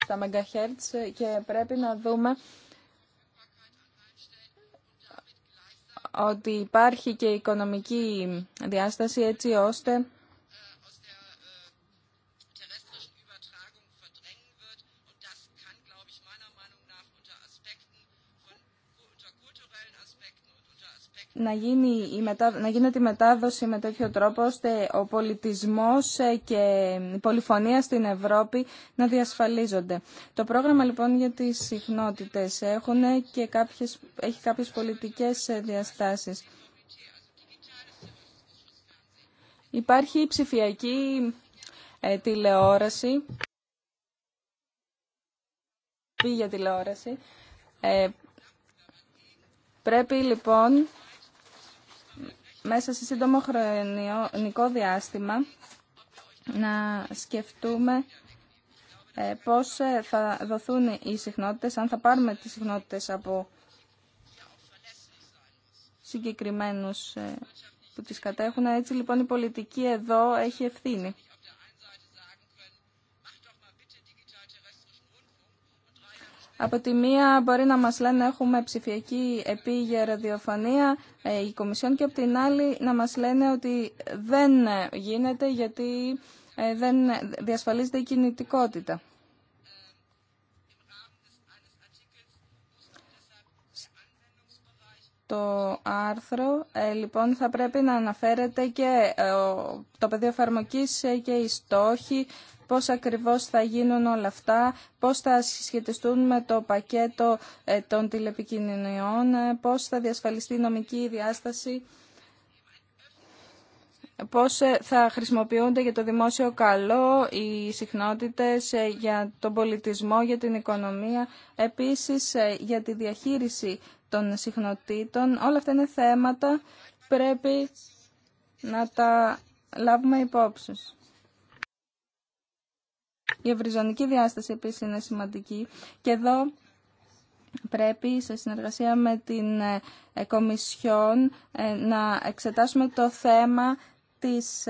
S2: τα Μεγαχέρτς και πρέπει να δούμε ότι υπάρχει και οικονομική διάσταση έτσι ώστε να, γίνει η μετα... να γίνεται η μετάδοση με τέτοιο τρόπο ώστε ο πολιτισμός ε, και η πολυφωνία στην Ευρώπη να διασφαλίζονται. Το πρόγραμμα λοιπόν για τις συχνότητες έχουν ε, και κάποιες... έχει κάποιες πολιτικές ε, διαστάσεις. Υπάρχει η ψηφιακή ε, τηλεόραση, για τηλεόραση. Ε, πρέπει λοιπόν μέσα σε σύντομο χρονικό διάστημα να σκεφτούμε ε, πώς ε, θα δοθούν οι συχνότητες, αν θα πάρουμε τις συχνότητες από συγκεκριμένους ε, που τις κατέχουν. Έτσι λοιπόν η πολιτική εδώ έχει ευθύνη. Από τη μία μπορεί να μας λένε έχουμε ψηφιακή επίγεια ραδιοφωνία ε, η Κομισιόν και από την άλλη να μας λένε ότι δεν γίνεται γιατί ε, δεν διασφαλίζεται η κινητικότητα. Το άρθρο ε, λοιπόν θα πρέπει να αναφέρεται και το πεδίο εφαρμογή και οι στόχοι πώς ακριβώς θα γίνουν όλα αυτά, πώς θα συσχετιστούν με το πακέτο ε, των τηλεπικοινωνιών, ε, πώς θα διασφαλιστεί η νομική διάσταση πώς ε, θα χρησιμοποιούνται για το δημόσιο καλό οι συχνότητες για τον πολιτισμό, για την οικονομία, επίσης για τη διαχείριση των συχνοτήτων. Όλα αυτά είναι θέματα πρέπει να τα λάβουμε υπόψη. Η ευρυζωνική διάσταση επίσης είναι σημαντική και εδώ πρέπει σε συνεργασία με την ε, ε, Κομισιόν ε, να εξετάσουμε το θέμα της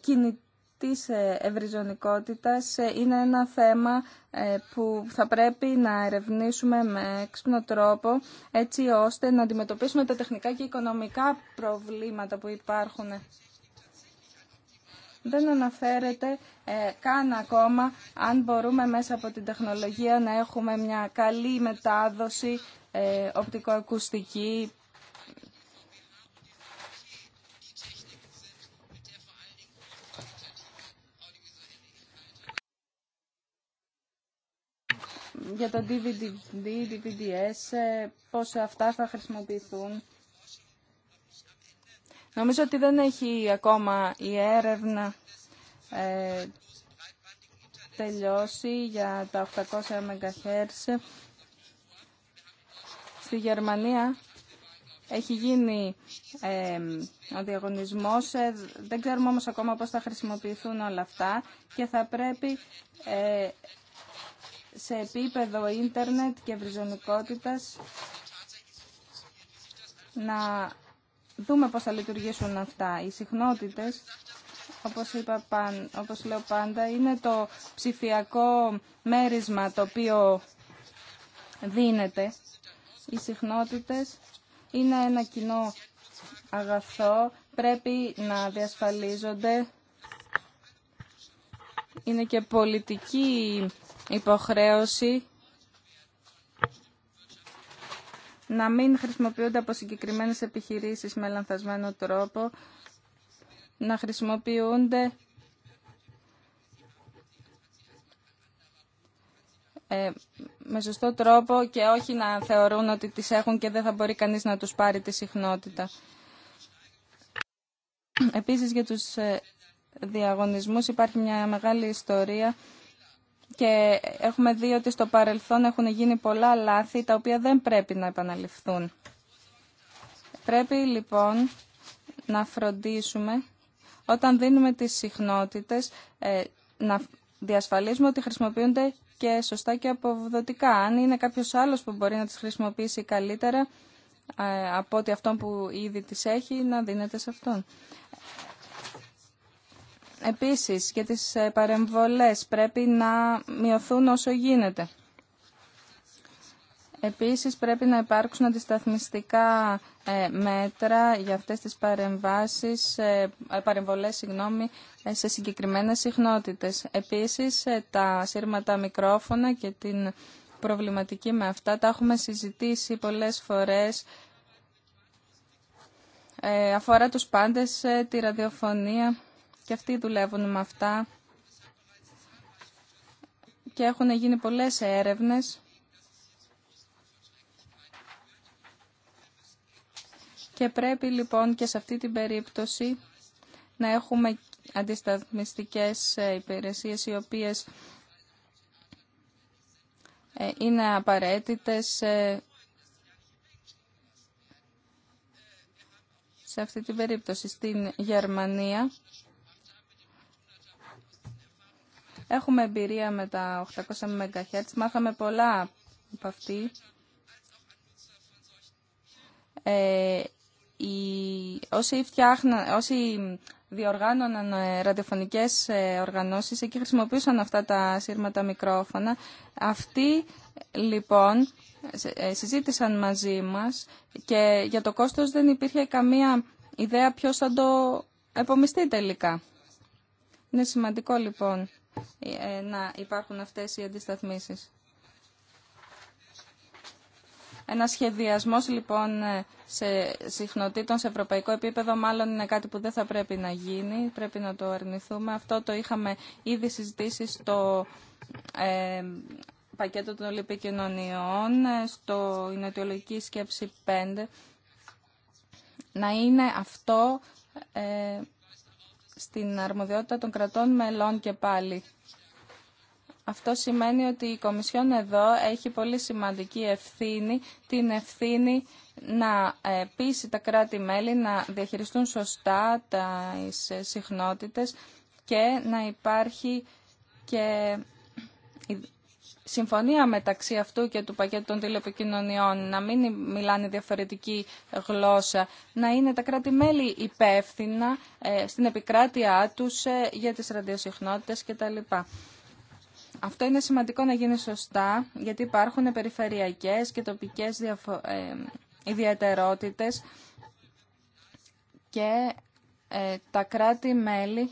S2: κινητής ευρυζωνικότητας. Είναι ένα θέμα που θα πρέπει να ερευνήσουμε με έξυπνο τρόπο έτσι ώστε να αντιμετωπίσουμε τα τεχνικά και οικονομικά προβλήματα που υπάρχουν δεν αναφέρεται ε, καν ακόμα αν μπορούμε μέσα από την τεχνολογία να έχουμε μια καλή μετάδοση ε, οπτικοακουστική για το DVD, DVDs, ε, πώς αυτά θα χρησιμοποιηθούν. Νομίζω ότι δεν έχει ακόμα η έρευνα ε, τελειώσει για τα 800 MHz. Στη Γερμανία έχει γίνει ε, ο διαγωνισμός, ε, δεν ξέρουμε όμως ακόμα πώς θα χρησιμοποιηθούν όλα αυτά και θα πρέπει σε επίπεδο ίντερνετ και βριζονικότητας να δούμε πώς θα λειτουργήσουν αυτά. Οι συχνότητες, όπως, είπα, όπως λέω πάντα, είναι το ψηφιακό μέρισμα το οποίο δίνεται. Οι συχνότητες είναι ένα κοινό αγαθό, πρέπει να διασφαλίζονται. Είναι και πολιτική υποχρέωση να μην χρησιμοποιούνται από συγκεκριμένες επιχειρήσεις με λανθασμένο τρόπο, να χρησιμοποιούνται ε, με σωστό τρόπο και όχι να θεωρούν ότι τις έχουν και δεν θα μπορεί κανείς να τους πάρει τη συχνότητα. Επίσης για τους ε, διαγωνισμούς υπάρχει μια μεγάλη ιστορία και έχουμε δει ότι στο παρελθόν έχουν γίνει πολλά λάθη τα οποία δεν πρέπει να επαναληφθούν. Πρέπει λοιπόν να φροντίσουμε όταν δίνουμε τις συχνότητες ε, να διασφαλίσουμε ότι χρησιμοποιούνται και σωστά και αποδοτικά. Αν είναι κάποιος άλλος που μπορεί να τις χρησιμοποιήσει καλύτερα ε, από ότι αυτόν που ήδη τις έχει να δίνεται σε αυτόν. Επίσης, και τις ε, παρεμβολές πρέπει να μειωθούν όσο γίνεται. Επίσης, πρέπει να υπάρξουν αντισταθμιστικά ε, μέτρα για αυτές τις παρεμβάσεις, ε, παρεμβολές συγγνώμη, σε συγκεκριμένες συχνότητες. Επίσης, τα σύρματα μικρόφωνα και την προβληματική με αυτά τα έχουμε συζητήσει πολλές φορές αφορά τους πάντες, τη ραδιοφωνία και αυτοί δουλεύουν με αυτά και έχουν γίνει πολλές έρευνες και πρέπει λοιπόν και σε αυτή την περίπτωση να έχουμε αντισταθμιστικές ε, υπηρεσίες οι οποίες ε, είναι απαραίτητες ε, σε αυτή την περίπτωση στην Γερμανία. Έχουμε εμπειρία με τα 800 MHz, μάθαμε πολλά από αυτή. Ε, όσοι, όσοι διοργάνωναν ε, ραδιοφωνικές ε, οργανώσεις, εκεί χρησιμοποιούσαν αυτά τα σύρματα μικρόφωνα. Αυτοί λοιπόν ε, συζήτησαν μαζί μας και για το κόστος δεν υπήρχε καμία ιδέα ποιος θα το επομιστεί τελικά. Είναι σημαντικό λοιπόν ε, να υπάρχουν αυτές οι αντισταθμίσεις. Ένα σχεδιασμός λοιπόν ε, σε συχνοτήτων σε ευρωπαϊκό επίπεδο μάλλον είναι κάτι που δεν θα πρέπει να γίνει, πρέπει να το αρνηθούμε. Αυτό το είχαμε ήδη συζητήσει στο ε, πακέτο των Ολυμπικοινωνιών, στο Ινωτιολογική Σκέψη 5. Να είναι αυτό στην αρμοδιότητα των κρατών μελών και πάλι. Αυτό σημαίνει ότι η Κομισιόν εδώ έχει πολύ σημαντική ευθύνη, την ευθύνη να ε, πείσει τα κράτη-μέλη να διαχειριστούν σωστά τα ε, συχνότητες και να υπάρχει και συμφωνία μεταξύ αυτού και του πακέτου των τηλεπικοινωνιών, να μην μιλάνε διαφορετική γλώσσα, να είναι τα κράτη-μέλη υπεύθυνα ε, στην επικράτειά τους ε, για τις ραδιοσυχνότητες κτλ. Αυτό είναι σημαντικό να γίνει σωστά, γιατί υπάρχουν περιφερειακές και τοπικές διαφο... Ε, ιδιαιτερότητες και τα κράτη-μέλη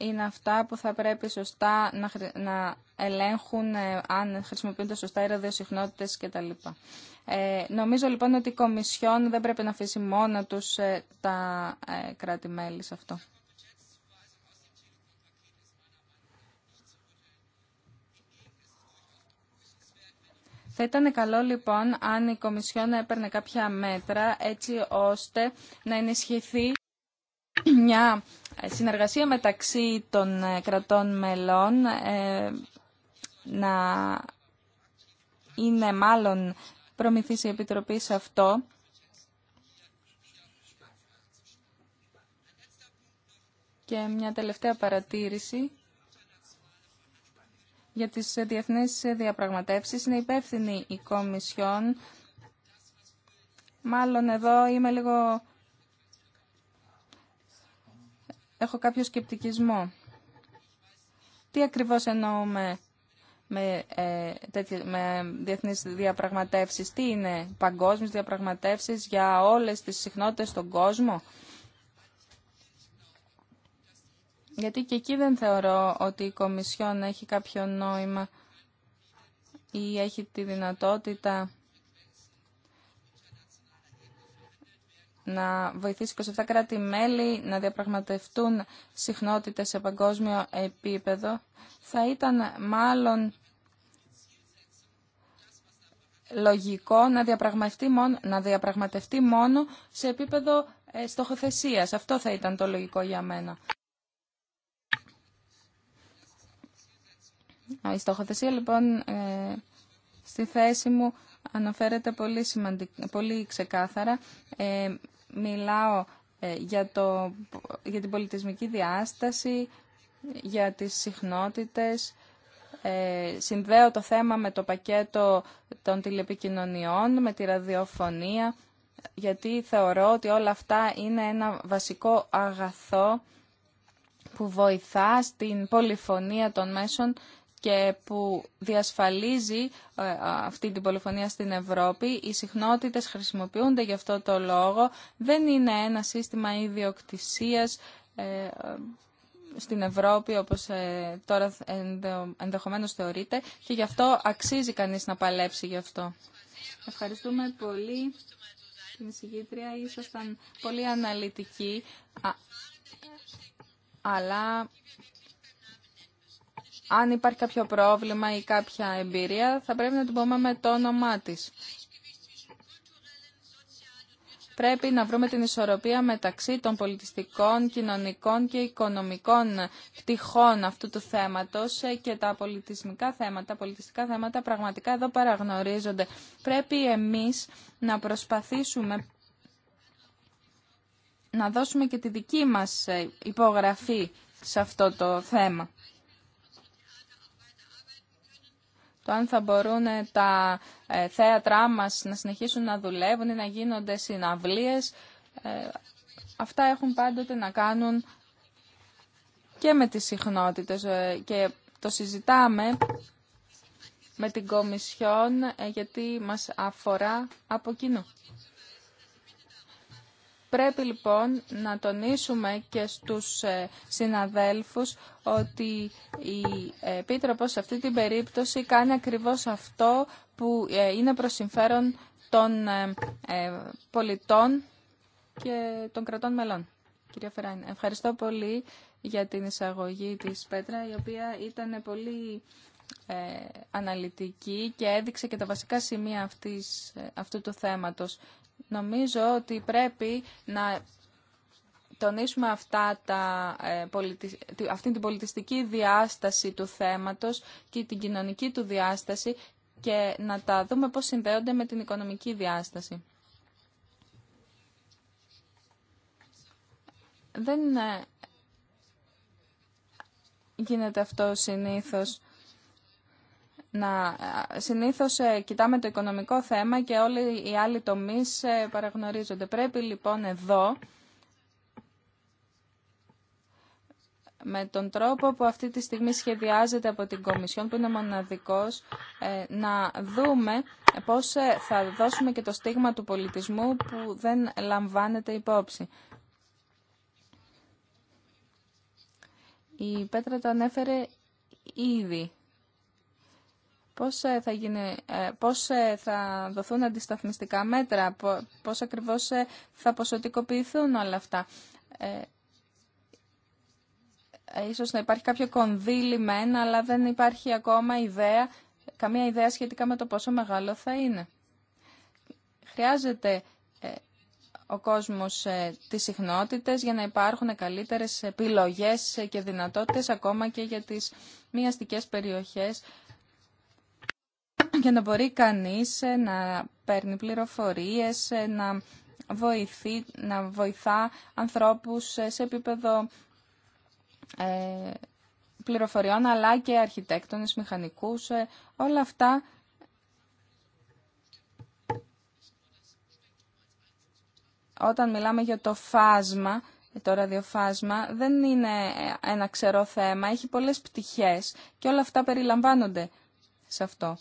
S2: είναι αυτά που θα πρέπει σωστά να, ελέγχουν ε, αν χρησιμοποιούνται σωστά οι ραδιοσυχνότητες κτλ. Ε, νομίζω λοιπόν ότι η Κομισιόν δεν πρέπει να αφήσει μόνο τους ε, τα ε, κράτη-μέλη σε αυτό. Θα ήταν καλό λοιπόν αν η Κομισιόν έπαιρνε κάποια μέτρα έτσι ώστε να ενισχυθεί μια συνεργασία μεταξύ των ε, κρατών μελών ε, να είναι μάλλον προμηθής η Επιτροπή σε αυτό. Και μια τελευταία παρατήρηση για τις διεθνείς διαπραγματεύσεις. Είναι υπεύθυνη η Κομισιόν. Μάλλον εδώ είμαι λίγο έχω κάποιο σκεπτικισμό. Τι ακριβώς εννοούμε με, ε, τέτοι, με διεθνείς διαπραγματεύσεις. Τι είναι παγκόσμιες διαπραγματεύσεις για όλες τις συχνότητες στον κόσμο. Γιατί και εκεί δεν θεωρώ ότι η Κομισιόν έχει κάποιο νόημα ή έχει τη δυνατότητα να βοηθήσει 27 κράτη-μέλη να διαπραγματευτούν συχνότητες σε παγκόσμιο επίπεδο θα ήταν μάλλον λογικό να διαπραγματευτεί μόνο, να διαπραγματευτεί μόνο σε επίπεδο ε, στοχοθεσίας. Αυτό θα ήταν το λογικό για μένα. Η στοχοθεσία λοιπόν ε, στη θέση μου αναφέρεται πολύ, πολύ ξεκάθαρα. Ε, μιλάω ε, για, το, για την πολιτισμική διάσταση, για τις συχνότητες, ε, συνδέω το θέμα με το πακέτο των τηλεπικοινωνιών, με τη ραδιοφωνία, γιατί θεωρώ ότι όλα αυτά είναι ένα βασικό αγαθό που βοηθά στην πολυφωνία των μέσων και που διασφαλίζει ε, αυτή την πολυφωνία στην Ευρώπη. Οι συχνότητες χρησιμοποιούνται γι' αυτό το λόγο. Δεν είναι ένα σύστημα ιδιοκτησίας ε, στην Ευρώπη όπως ε, τώρα ενδεχομένως θεωρείται και γι' αυτό αξίζει κανείς να παλέψει γι' αυτό. Ευχαριστούμε πολύ την εισηγήτρια. Ήσασταν πολύ αναλυτική, αλλά αν υπάρχει κάποιο πρόβλημα ή κάποια εμπειρία, θα πρέπει να την πούμε με το όνομά της. Πρέπει να βρούμε την ισορροπία μεταξύ των πολιτιστικών, κοινωνικών και οικονομικών πτυχών αυτού του θέματος ε, και τα πολιτισμικά θέματα, πολιτιστικά θέματα πραγματικά εδώ παραγνωρίζονται. Πρέπει εμείς να προσπαθήσουμε να δώσουμε και τη δική μας ε, υπογραφή σε αυτό το θέμα. το αν θα μπορούν ε, τα ε, θέατρά μας να συνεχίσουν να δουλεύουν ή να γίνονται συναυλίες. Ε, αυτά έχουν πάντοτε να κάνουν και με τις συχνότητες και το συζητάμε με την Κομισιόν γιατί μας αφορά από κοινού. Πρέπει λοιπόν να τονίσουμε και στους ε, συναδέλφους ότι η Επίτροπος σε αυτή την περίπτωση κάνει ακριβώς αυτό που ε, είναι προς συμφέρον των ε, πολιτών και των κρατών μελών. Κυρία Φεράνη, ευχαριστώ πολύ για την εισαγωγή της Πέτρα, η οποία ήταν πολύ ε, αναλυτική και έδειξε και τα βασικά σημεία αυτού του θέματος. Νομίζω ότι πρέπει να τονίσουμε αυτά τα, ε, αυτή την πολιτιστική διάσταση του θέματος και την κοινωνική του διάσταση και να τα δούμε πώς συνδέονται με την οικονομική διάσταση. Δεν ε, γίνεται αυτό συνήθως να ε, συνήθως ε, κοιτάμε το οικονομικό θέμα και όλοι οι άλλοι τομείς ε, παραγνωρίζονται. Πρέπει λοιπόν εδώ με τον τρόπο που αυτή τη στιγμή σχεδιάζεται από την Κομισιόν που είναι μοναδικός να δούμε πώς θα δώσουμε και το στίγμα του πολιτισμού που δεν λαμβάνεται υπόψη. Η Πέτρα το ανέφερε ήδη πώς ε, θα, γίνει, ε, πώς ε, θα δοθούν αντισταθμιστικά μέτρα, πώς ακριβώς θα ποσοτικοποιηθούν όλα αυτά. Ίσως να υπάρχει κάποιο κονδύλι ένα, αλλά δεν υπάρχει ακόμα ιδέα, καμία ιδέα σχετικά με το πόσο μεγάλο θα είναι. Χρειάζεται ο κόσμος τις συχνότητες για να υπάρχουν καλύτερες επιλογές και δυνατότητες ακόμα και για τις μοιαστικές περιοχές για να μπορεί κανείς ε, να παίρνει πληροφορίες, ε, να, βοηθεί, να βοηθά ανθρώπους ε, σε επίπεδο πληροφοριών, αλλά και αρχιτέκτονες, μηχανικούς, όλα αυτά όταν μιλάμε για το φάσμα, το ραδιοφάσμα, δεν είναι ένα ξερό θέμα, έχει πολλές πτυχές και όλα αυτά περιλαμβάνονται σε αυτό.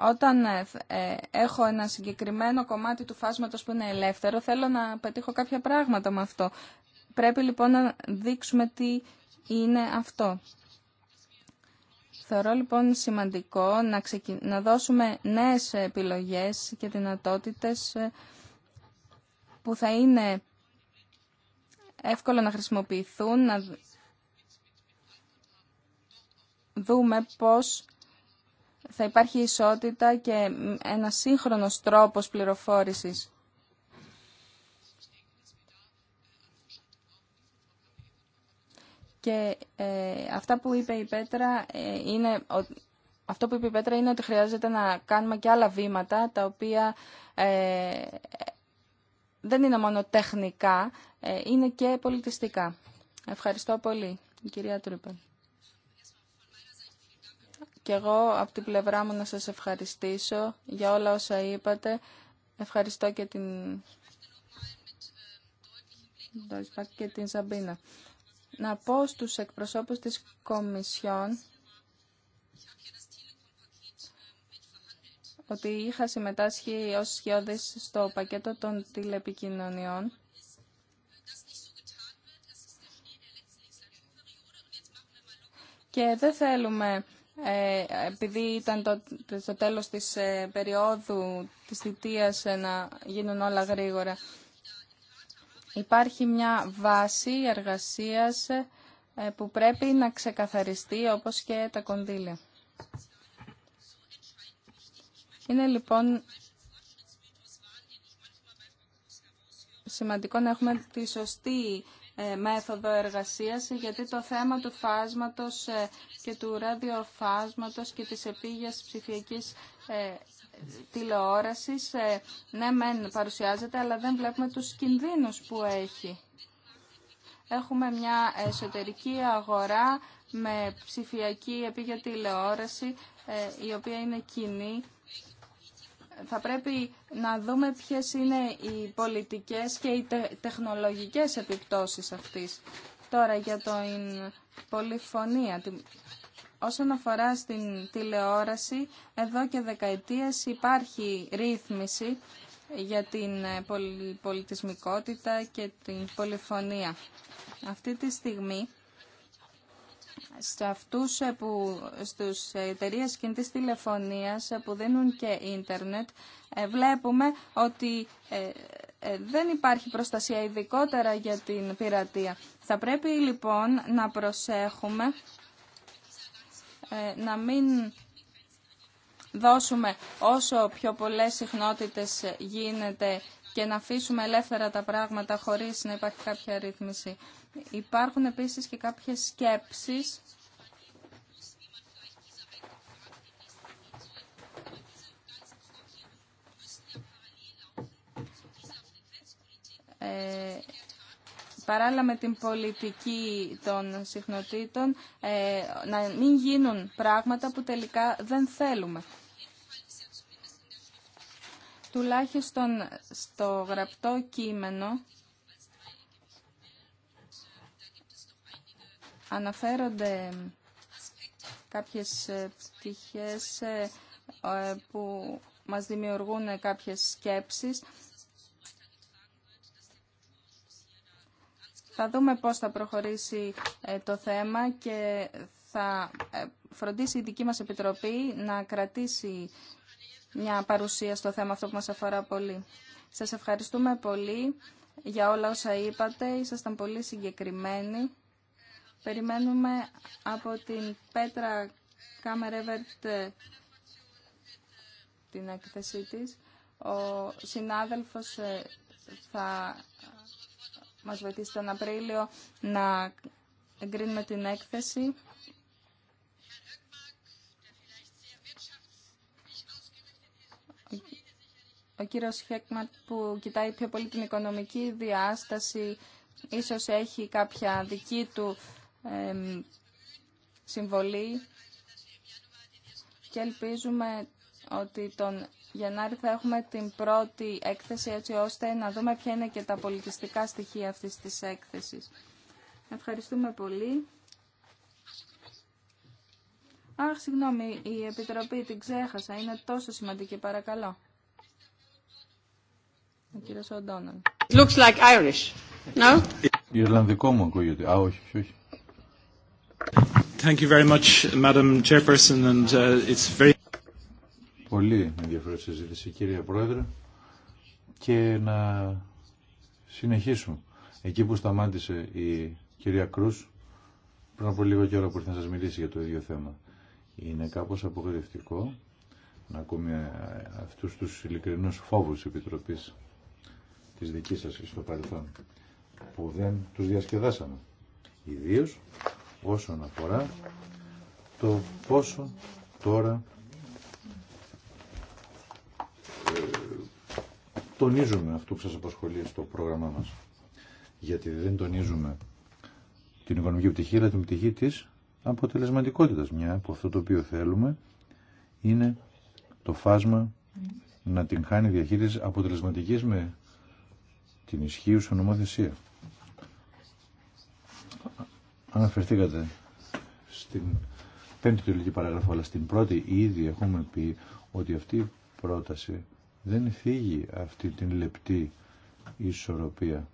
S2: Όταν ε, ε, έχω ένα συγκεκριμένο κομμάτι του φάσματος που είναι ελεύθερο, θέλω να πετύχω κάποια πράγματα με αυτό. Πρέπει λοιπόν να δείξουμε τι είναι αυτό. Θεωρώ λοιπόν σημαντικό να, να δώσουμε νέες επιλογές και δυνατότητες ε, που θα είναι εύκολο να χρησιμοποιηθούν, να δούμε πώς θα υπάρχει ισότητα και ένα σύγχρονος τρόπος πληροφόρησης. Και ε, αυτά που είπε η Πέτρα ε, είναι αυτό που είπε η Πέτρα είναι ότι χρειάζεται να κάνουμε και άλλα βήματα τα οποία ε, δεν είναι μόνο τεχνικά, είναι και πολιτιστικά. Ευχαριστώ πολύ, κυρία Τρούπελ. Και εγώ από την πλευρά μου να σας ευχαριστήσω για όλα όσα είπατε. Ευχαριστώ και την και την Ζαμπίνα. Να πω στους εκπροσώπους της Κομισιόν ότι είχα συμμετάσχει ως σχεδόν στο πακέτο των τηλεπικοινωνιών και δεν θέλουμε ε, επειδή ήταν το, το τέλος της ε, περίοδου της θητείας ε, να γίνουν όλα γρήγορα. Υπάρχει μια βάση εργασίας που πρέπει να ξεκαθαριστεί όπως και τα κονδύλια. Είναι λοιπόν σημαντικό να έχουμε τη σωστή ε, μέθοδο εργασίας γιατί το θέμα του φάσματος ε, και του ραδιοφάσματος και της επίγειας ψηφιακής ε, τηλεόρασης ναι μεν παρουσιάζεται αλλά δεν βλέπουμε τους κινδύνους που έχει. Έχουμε μια εσωτερική αγορά με ψηφιακή επίγεια τηλεόραση η οποία είναι κοινή θα πρέπει να δούμε ποιες είναι οι πολιτικές και οι τεχνολογικές επιπτώσεις αυτής. Τώρα για την πολυφωνία. Όσον αφορά στην τηλεόραση, εδώ και δεκαετίες υπάρχει ρύθμιση για την ε, πολιτισμικότητα και την πολυφωνία. Αυτή τη στιγμή σε αυτούς ε, που, στους εταιρείε κινητής τηλεφωνίας ε, που δίνουν και ίντερνετ ε, βλέπουμε ότι δεν υπάρχει προστασία ειδικότερα για την πειρατεία. Θα πρέπει λοιπόν να προσέχουμε να μην δώσουμε όσο πιο πολλές συχνότητες γίνεται και να αφήσουμε ελεύθερα τα πράγματα χωρίς να υπάρχει κάποια ρύθμιση. Υπάρχουν επίσης και κάποιες σκέψεις ε, παράλληλα με την πολιτική των συχνοτήτων ε, να μην γίνουν πράγματα που τελικά δεν θέλουμε τουλάχιστον στο γραπτό κείμενο αναφέρονται κάποιες ε, πτυχές ε, ε, που μας δημιουργούν κάποιες σκέψεις. Θα δούμε πώς θα προχωρήσει το θέμα και θα φροντίσει η δική μας Επιτροπή να κρατήσει μια παρουσία στο θέμα αυτό που μας αφορά πολύ. Σας ευχαριστούμε πολύ για όλα όσα είπατε. Ήσασταν πολύ συγκεκριμένοι. Περιμένουμε από την Πέτρα Κάμερεβερτ την έκθεσή της. Ο συνάδελφος ε, θα μας βοηθήσει τον Απρίλιο να εγκρίνουμε την έκθεση. ο κύριος Χέκματ που κοιτάει πιο πολύ την οικονομική διάσταση, ίσως έχει κάποια δική του συμβολή και ελπίζουμε ότι τον Γενάρη θα έχουμε την πρώτη έκθεση έτσι ώστε να δούμε ποια είναι και τα πολιτιστικά στοιχεία αυτής της έκθεσης. Ευχαριστούμε πολύ. Αχ, συγγνώμη, η Επιτροπή την ξέχασα. Είναι τόσο σημαντική, παρακαλώ. Ο κύριο Οντόναλ. Looks like Irish.
S3: No? Ιρλανδικό μου ακούγεται. Α, όχι, όχι. Thank you very much, Madam Chairperson, and uh, it's very... Πολύ ενδιαφέρον συζήτηση, κύριε Πρόεδρε, και να συνεχίσουμε. Εκεί που σταμάτησε η κυρία Κρούς, πριν από λίγο καιρό που ήρθε να σας μιλήσει για το ίδιο θέμα, είναι κάπως απογοητευτικό να ακούμε αυτούς τους ειλικρινούς φόβους της Επιτροπής δική σα σας στο παρελθόν που δεν τους διασκεδάσαμε. Ιδίω όσον αφορά το πόσο τώρα ε, τονίζουμε αυτό που σας απασχολεί στο πρόγραμμά μας. Γιατί δεν τονίζουμε την οικονομική πτυχή, αλλά την πτυχή της αποτελεσματικότητας. Μια από αυτό το οποίο θέλουμε είναι το φάσμα να την χάνει διαχείριση αποτελεσματικής με την ισχύουσα νομοθεσία. Αναφερθήκατε στην πέμπτη τελική παράγραφο, αλλά στην πρώτη ήδη έχουμε πει ότι αυτή η πρόταση δεν φύγει αυτή την λεπτή ισορροπία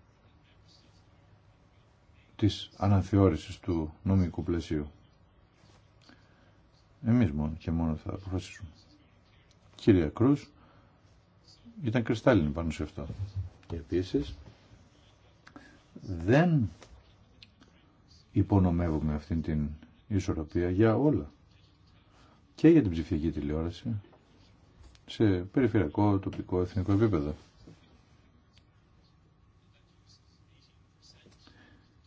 S3: της αναθεώρησης του νομικού πλαισίου. Εμείς μόνο και μόνο θα αποφασίσουμε. Κύριε Κρούς, ήταν κρυστάλλινη πάνω σε αυτό. Επίσης, δεν υπονομεύουμε αυτήν την ισορροπία για όλα. Και για την ψηφιακή τηλεόραση σε περιφερειακό, τοπικό, εθνικό επίπεδο.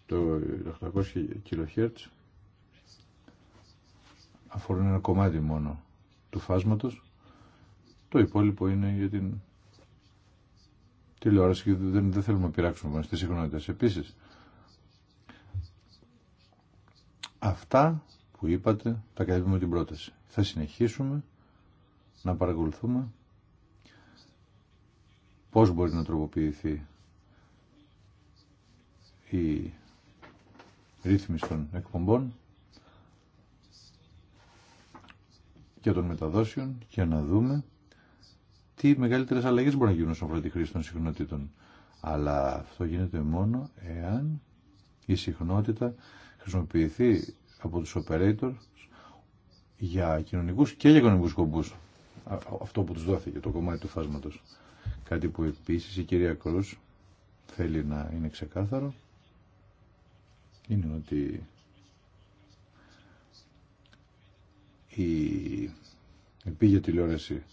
S3: Το 800 kHz αφορούν ένα κομμάτι μόνο του φάσματος. Το υπόλοιπο είναι για την τηλεόραση και δεν, δεν θέλουμε να πειράξουμε μας τις συγχρονότητες. Επίσης, αυτά που είπατε τα καλύπτουμε την πρόταση. Θα συνεχίσουμε να παρακολουθούμε πώς μπορεί να τροποποιηθεί η ρύθμιση των εκπομπών και των μεταδόσεων και να δούμε τι μεγαλύτερε αλλαγέ μπορεί να γίνουν στον αφορά τη χρήση των συχνοτήτων. Αλλά αυτό γίνεται μόνο εάν η συχνότητα χρησιμοποιηθεί από τους operators για κοινωνικού και για οικονομικού σκοπούς. Αυτό που του δόθηκε, το κομμάτι του φάσματο. Κάτι που επίσης η κυρία Κρού θέλει να είναι ξεκάθαρο είναι ότι η επίγεια τηλεόραση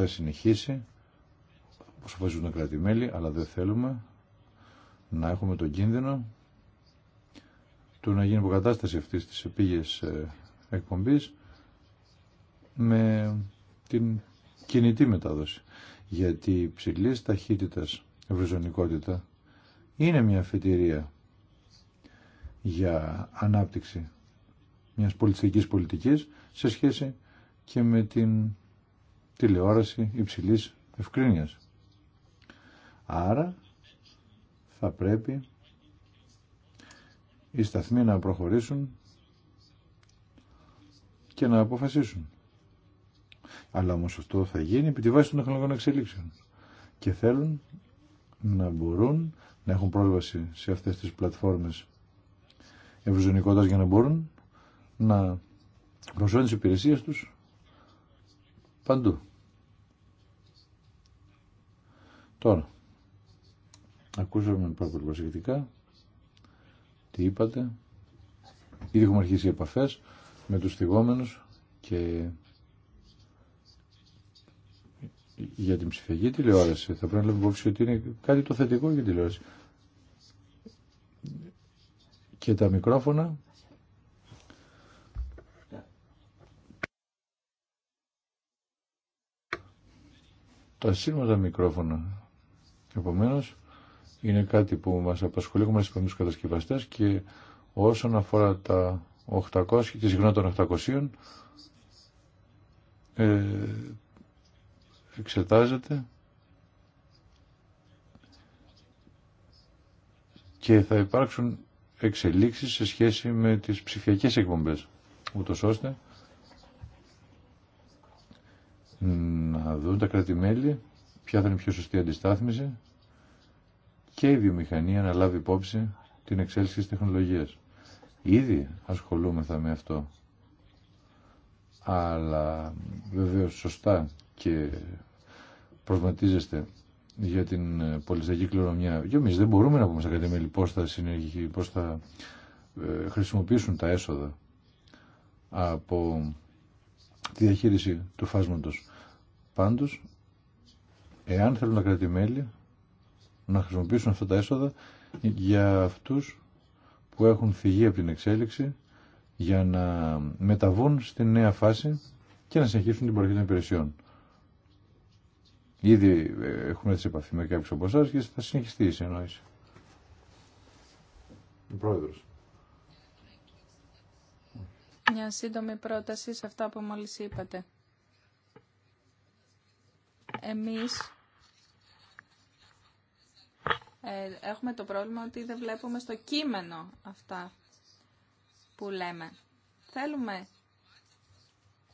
S3: θα συνεχίσει όπως αποφασίζουν τα κράτη-μέλη, αλλά δεν θέλουμε να έχουμε τον κίνδυνο του να γίνει υποκατάσταση αυτής της επίγειας ε, εκπομπής με την κινητή μετάδοση. Γιατί η ταχύτητας ταχύτητα ευρυζωνικότητα είναι μια φετηρία για ανάπτυξη μιας πολιτιστικής πολιτικής σε σχέση και με την τηλεόραση υψηλής ευκρίνειας. Άρα θα πρέπει οι σταθμοί να προχωρήσουν και να αποφασίσουν. Αλλά όμως αυτό θα γίνει επί τη βάση των τεχνολογικών εξελίξεων. Και θέλουν να μπορούν να έχουν πρόσβαση σε αυτές τις πλατφόρμες ευρωζωνικότητας για να μπορούν να προσφέρουν τις υπηρεσίες τους παντού. Τώρα, ακούσαμε πάρα πολύ προσεκτικά τι είπατε. Ήδη έχουμε αρχίσει επαφές με τους θυγόμενους και για την ψηφιακή τηλεόραση. Θα πρέπει να λέμε υπόψη ότι είναι κάτι το θετικό για τη τηλεόραση. Και τα μικρόφωνα τα σύρματα μικρόφωνα Επομένως, είναι κάτι που μας απασχολεί, έχουμε τους κατασκευαστές και όσον αφορά τα 800, τη συγγνώμη των 800, ε, εξετάζεται και θα υπάρξουν εξελίξεις σε σχέση με τις ψηφιακές εκπομπές, ούτως ώστε να δουν τα κράτη-μέλη ποια θα είναι η πιο σωστή αντιστάθμιση και η βιομηχανία να λάβει υπόψη την εξέλιξη της τεχνολογίας. Ήδη ασχολούμεθα με αυτό, αλλά βεβαίως σωστά και προσματίζεστε για την πολυσταγική κληρονομιά. Και εμείς δεν μπορούμε να πούμε στα κατεμέλη μελη θα, πώς θα ε, χρησιμοποιήσουν τα έσοδα από τη διαχείριση του φάσματος. Πάντως, εάν θέλουν τα κράτη-μέλη να χρησιμοποιήσουν αυτά τα έσοδα για αυτούς που έχουν φυγεί από την εξέλιξη για να μεταβούν στη νέα φάση και να συνεχίσουν την παροχή των υπηρεσιών. Ήδη ε, έχουμε σε επαφή με κάποιους από εσάς και θα συνεχιστεί η συνεννόηση. Πρόεδρος.
S2: Μια σύντομη πρόταση σε αυτά που μόλις είπατε. Εμείς ε, έχουμε το πρόβλημα ότι δεν βλέπουμε στο κείμενο αυτά που λέμε. Θέλουμε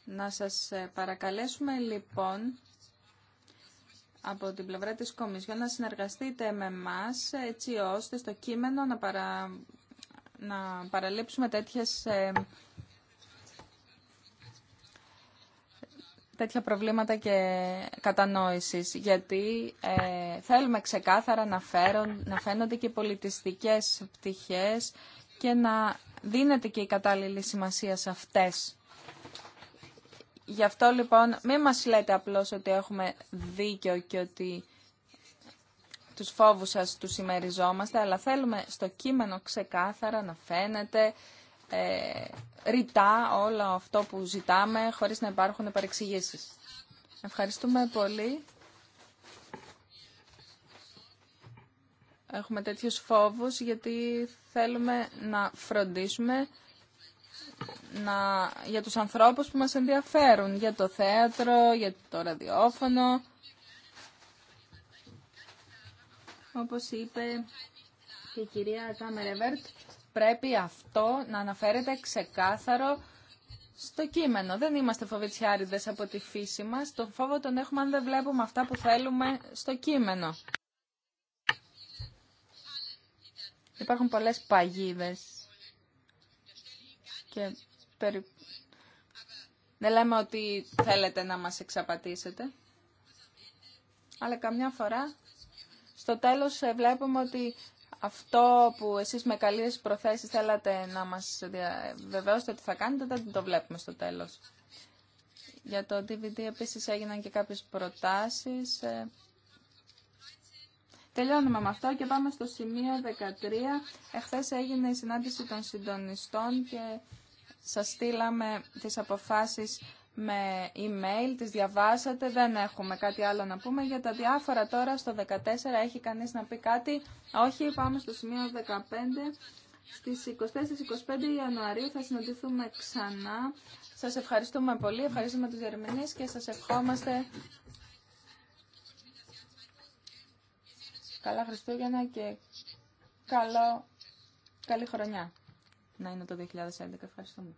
S2: να σας ε, παρακαλέσουμε λοιπόν από την πλευρά της Κομισιόν να συνεργαστείτε με μας έτσι ώστε στο κείμενο να, να παραλείψουμε τέτοιες ε, τέτοια προβλήματα και κατανόησης, γιατί ε, θέλουμε ξεκάθαρα να, φέρον, να φαίνονται και οι πολιτιστικές πτυχές και να δίνεται και η κατάλληλη σημασία σε αυτές. Γι' αυτό λοιπόν μην μας λέτε απλώς ότι έχουμε δίκιο και ότι τους φόβους σας τους ημεριζόμαστε, αλλά θέλουμε στο κείμενο ξεκάθαρα να φαίνεται ε, ρητά όλο αυτό που ζητάμε χωρίς να υπάρχουν παρεξηγήσεις. Ευχαριστούμε πολύ. Έχουμε τέτοιους φόβους γιατί θέλουμε να φροντίσουμε να, για τους ανθρώπους που μας ενδιαφέρουν, για το θέατρο, για το ραδιόφωνο. Όπως είπε και η κυρία Κάμερεβερτ, πρέπει αυτό να αναφέρεται ξεκάθαρο στο κείμενο. Δεν είμαστε φοβετσιάριδες από τη φύση μας. Τον φόβο τον έχουμε αν δεν βλέπουμε αυτά που θέλουμε στο κείμενο. Υπάρχουν πολλές παγίδες και δεν λέμε ότι θέλετε να μας εξαπατήσετε, αλλά καμιά φορά στο τέλος ε, βλέπουμε ότι αυτό που εσείς με καλές προθέσεις θέλατε να μας βεβαιώσετε ότι θα κάνετε, δεν το βλέπουμε στο τέλος. Για το DVD επίσης έγιναν και κάποιες προτάσεις. Ε, τελειώνουμε με αυτό και πάμε στο σημείο 13. Εχθές έγινε η συνάντηση των συντονιστών και σας στείλαμε τις αποφάσεις με email, τις διαβάσατε, δεν έχουμε κάτι άλλο να πούμε. Για τα διάφορα τώρα στο 14 έχει κανείς να πει κάτι. Όχι, πάμε στο σημείο 15. Στις 24-25 Ιανουαρίου θα συναντηθούμε ξανά. Σας ευχαριστούμε πολύ, ευχαριστούμε τους διερμηνείς και σας ευχόμαστε καλά Χριστούγεννα και καλό, καλή χρονιά να είναι το 2011. Ευχαριστούμε.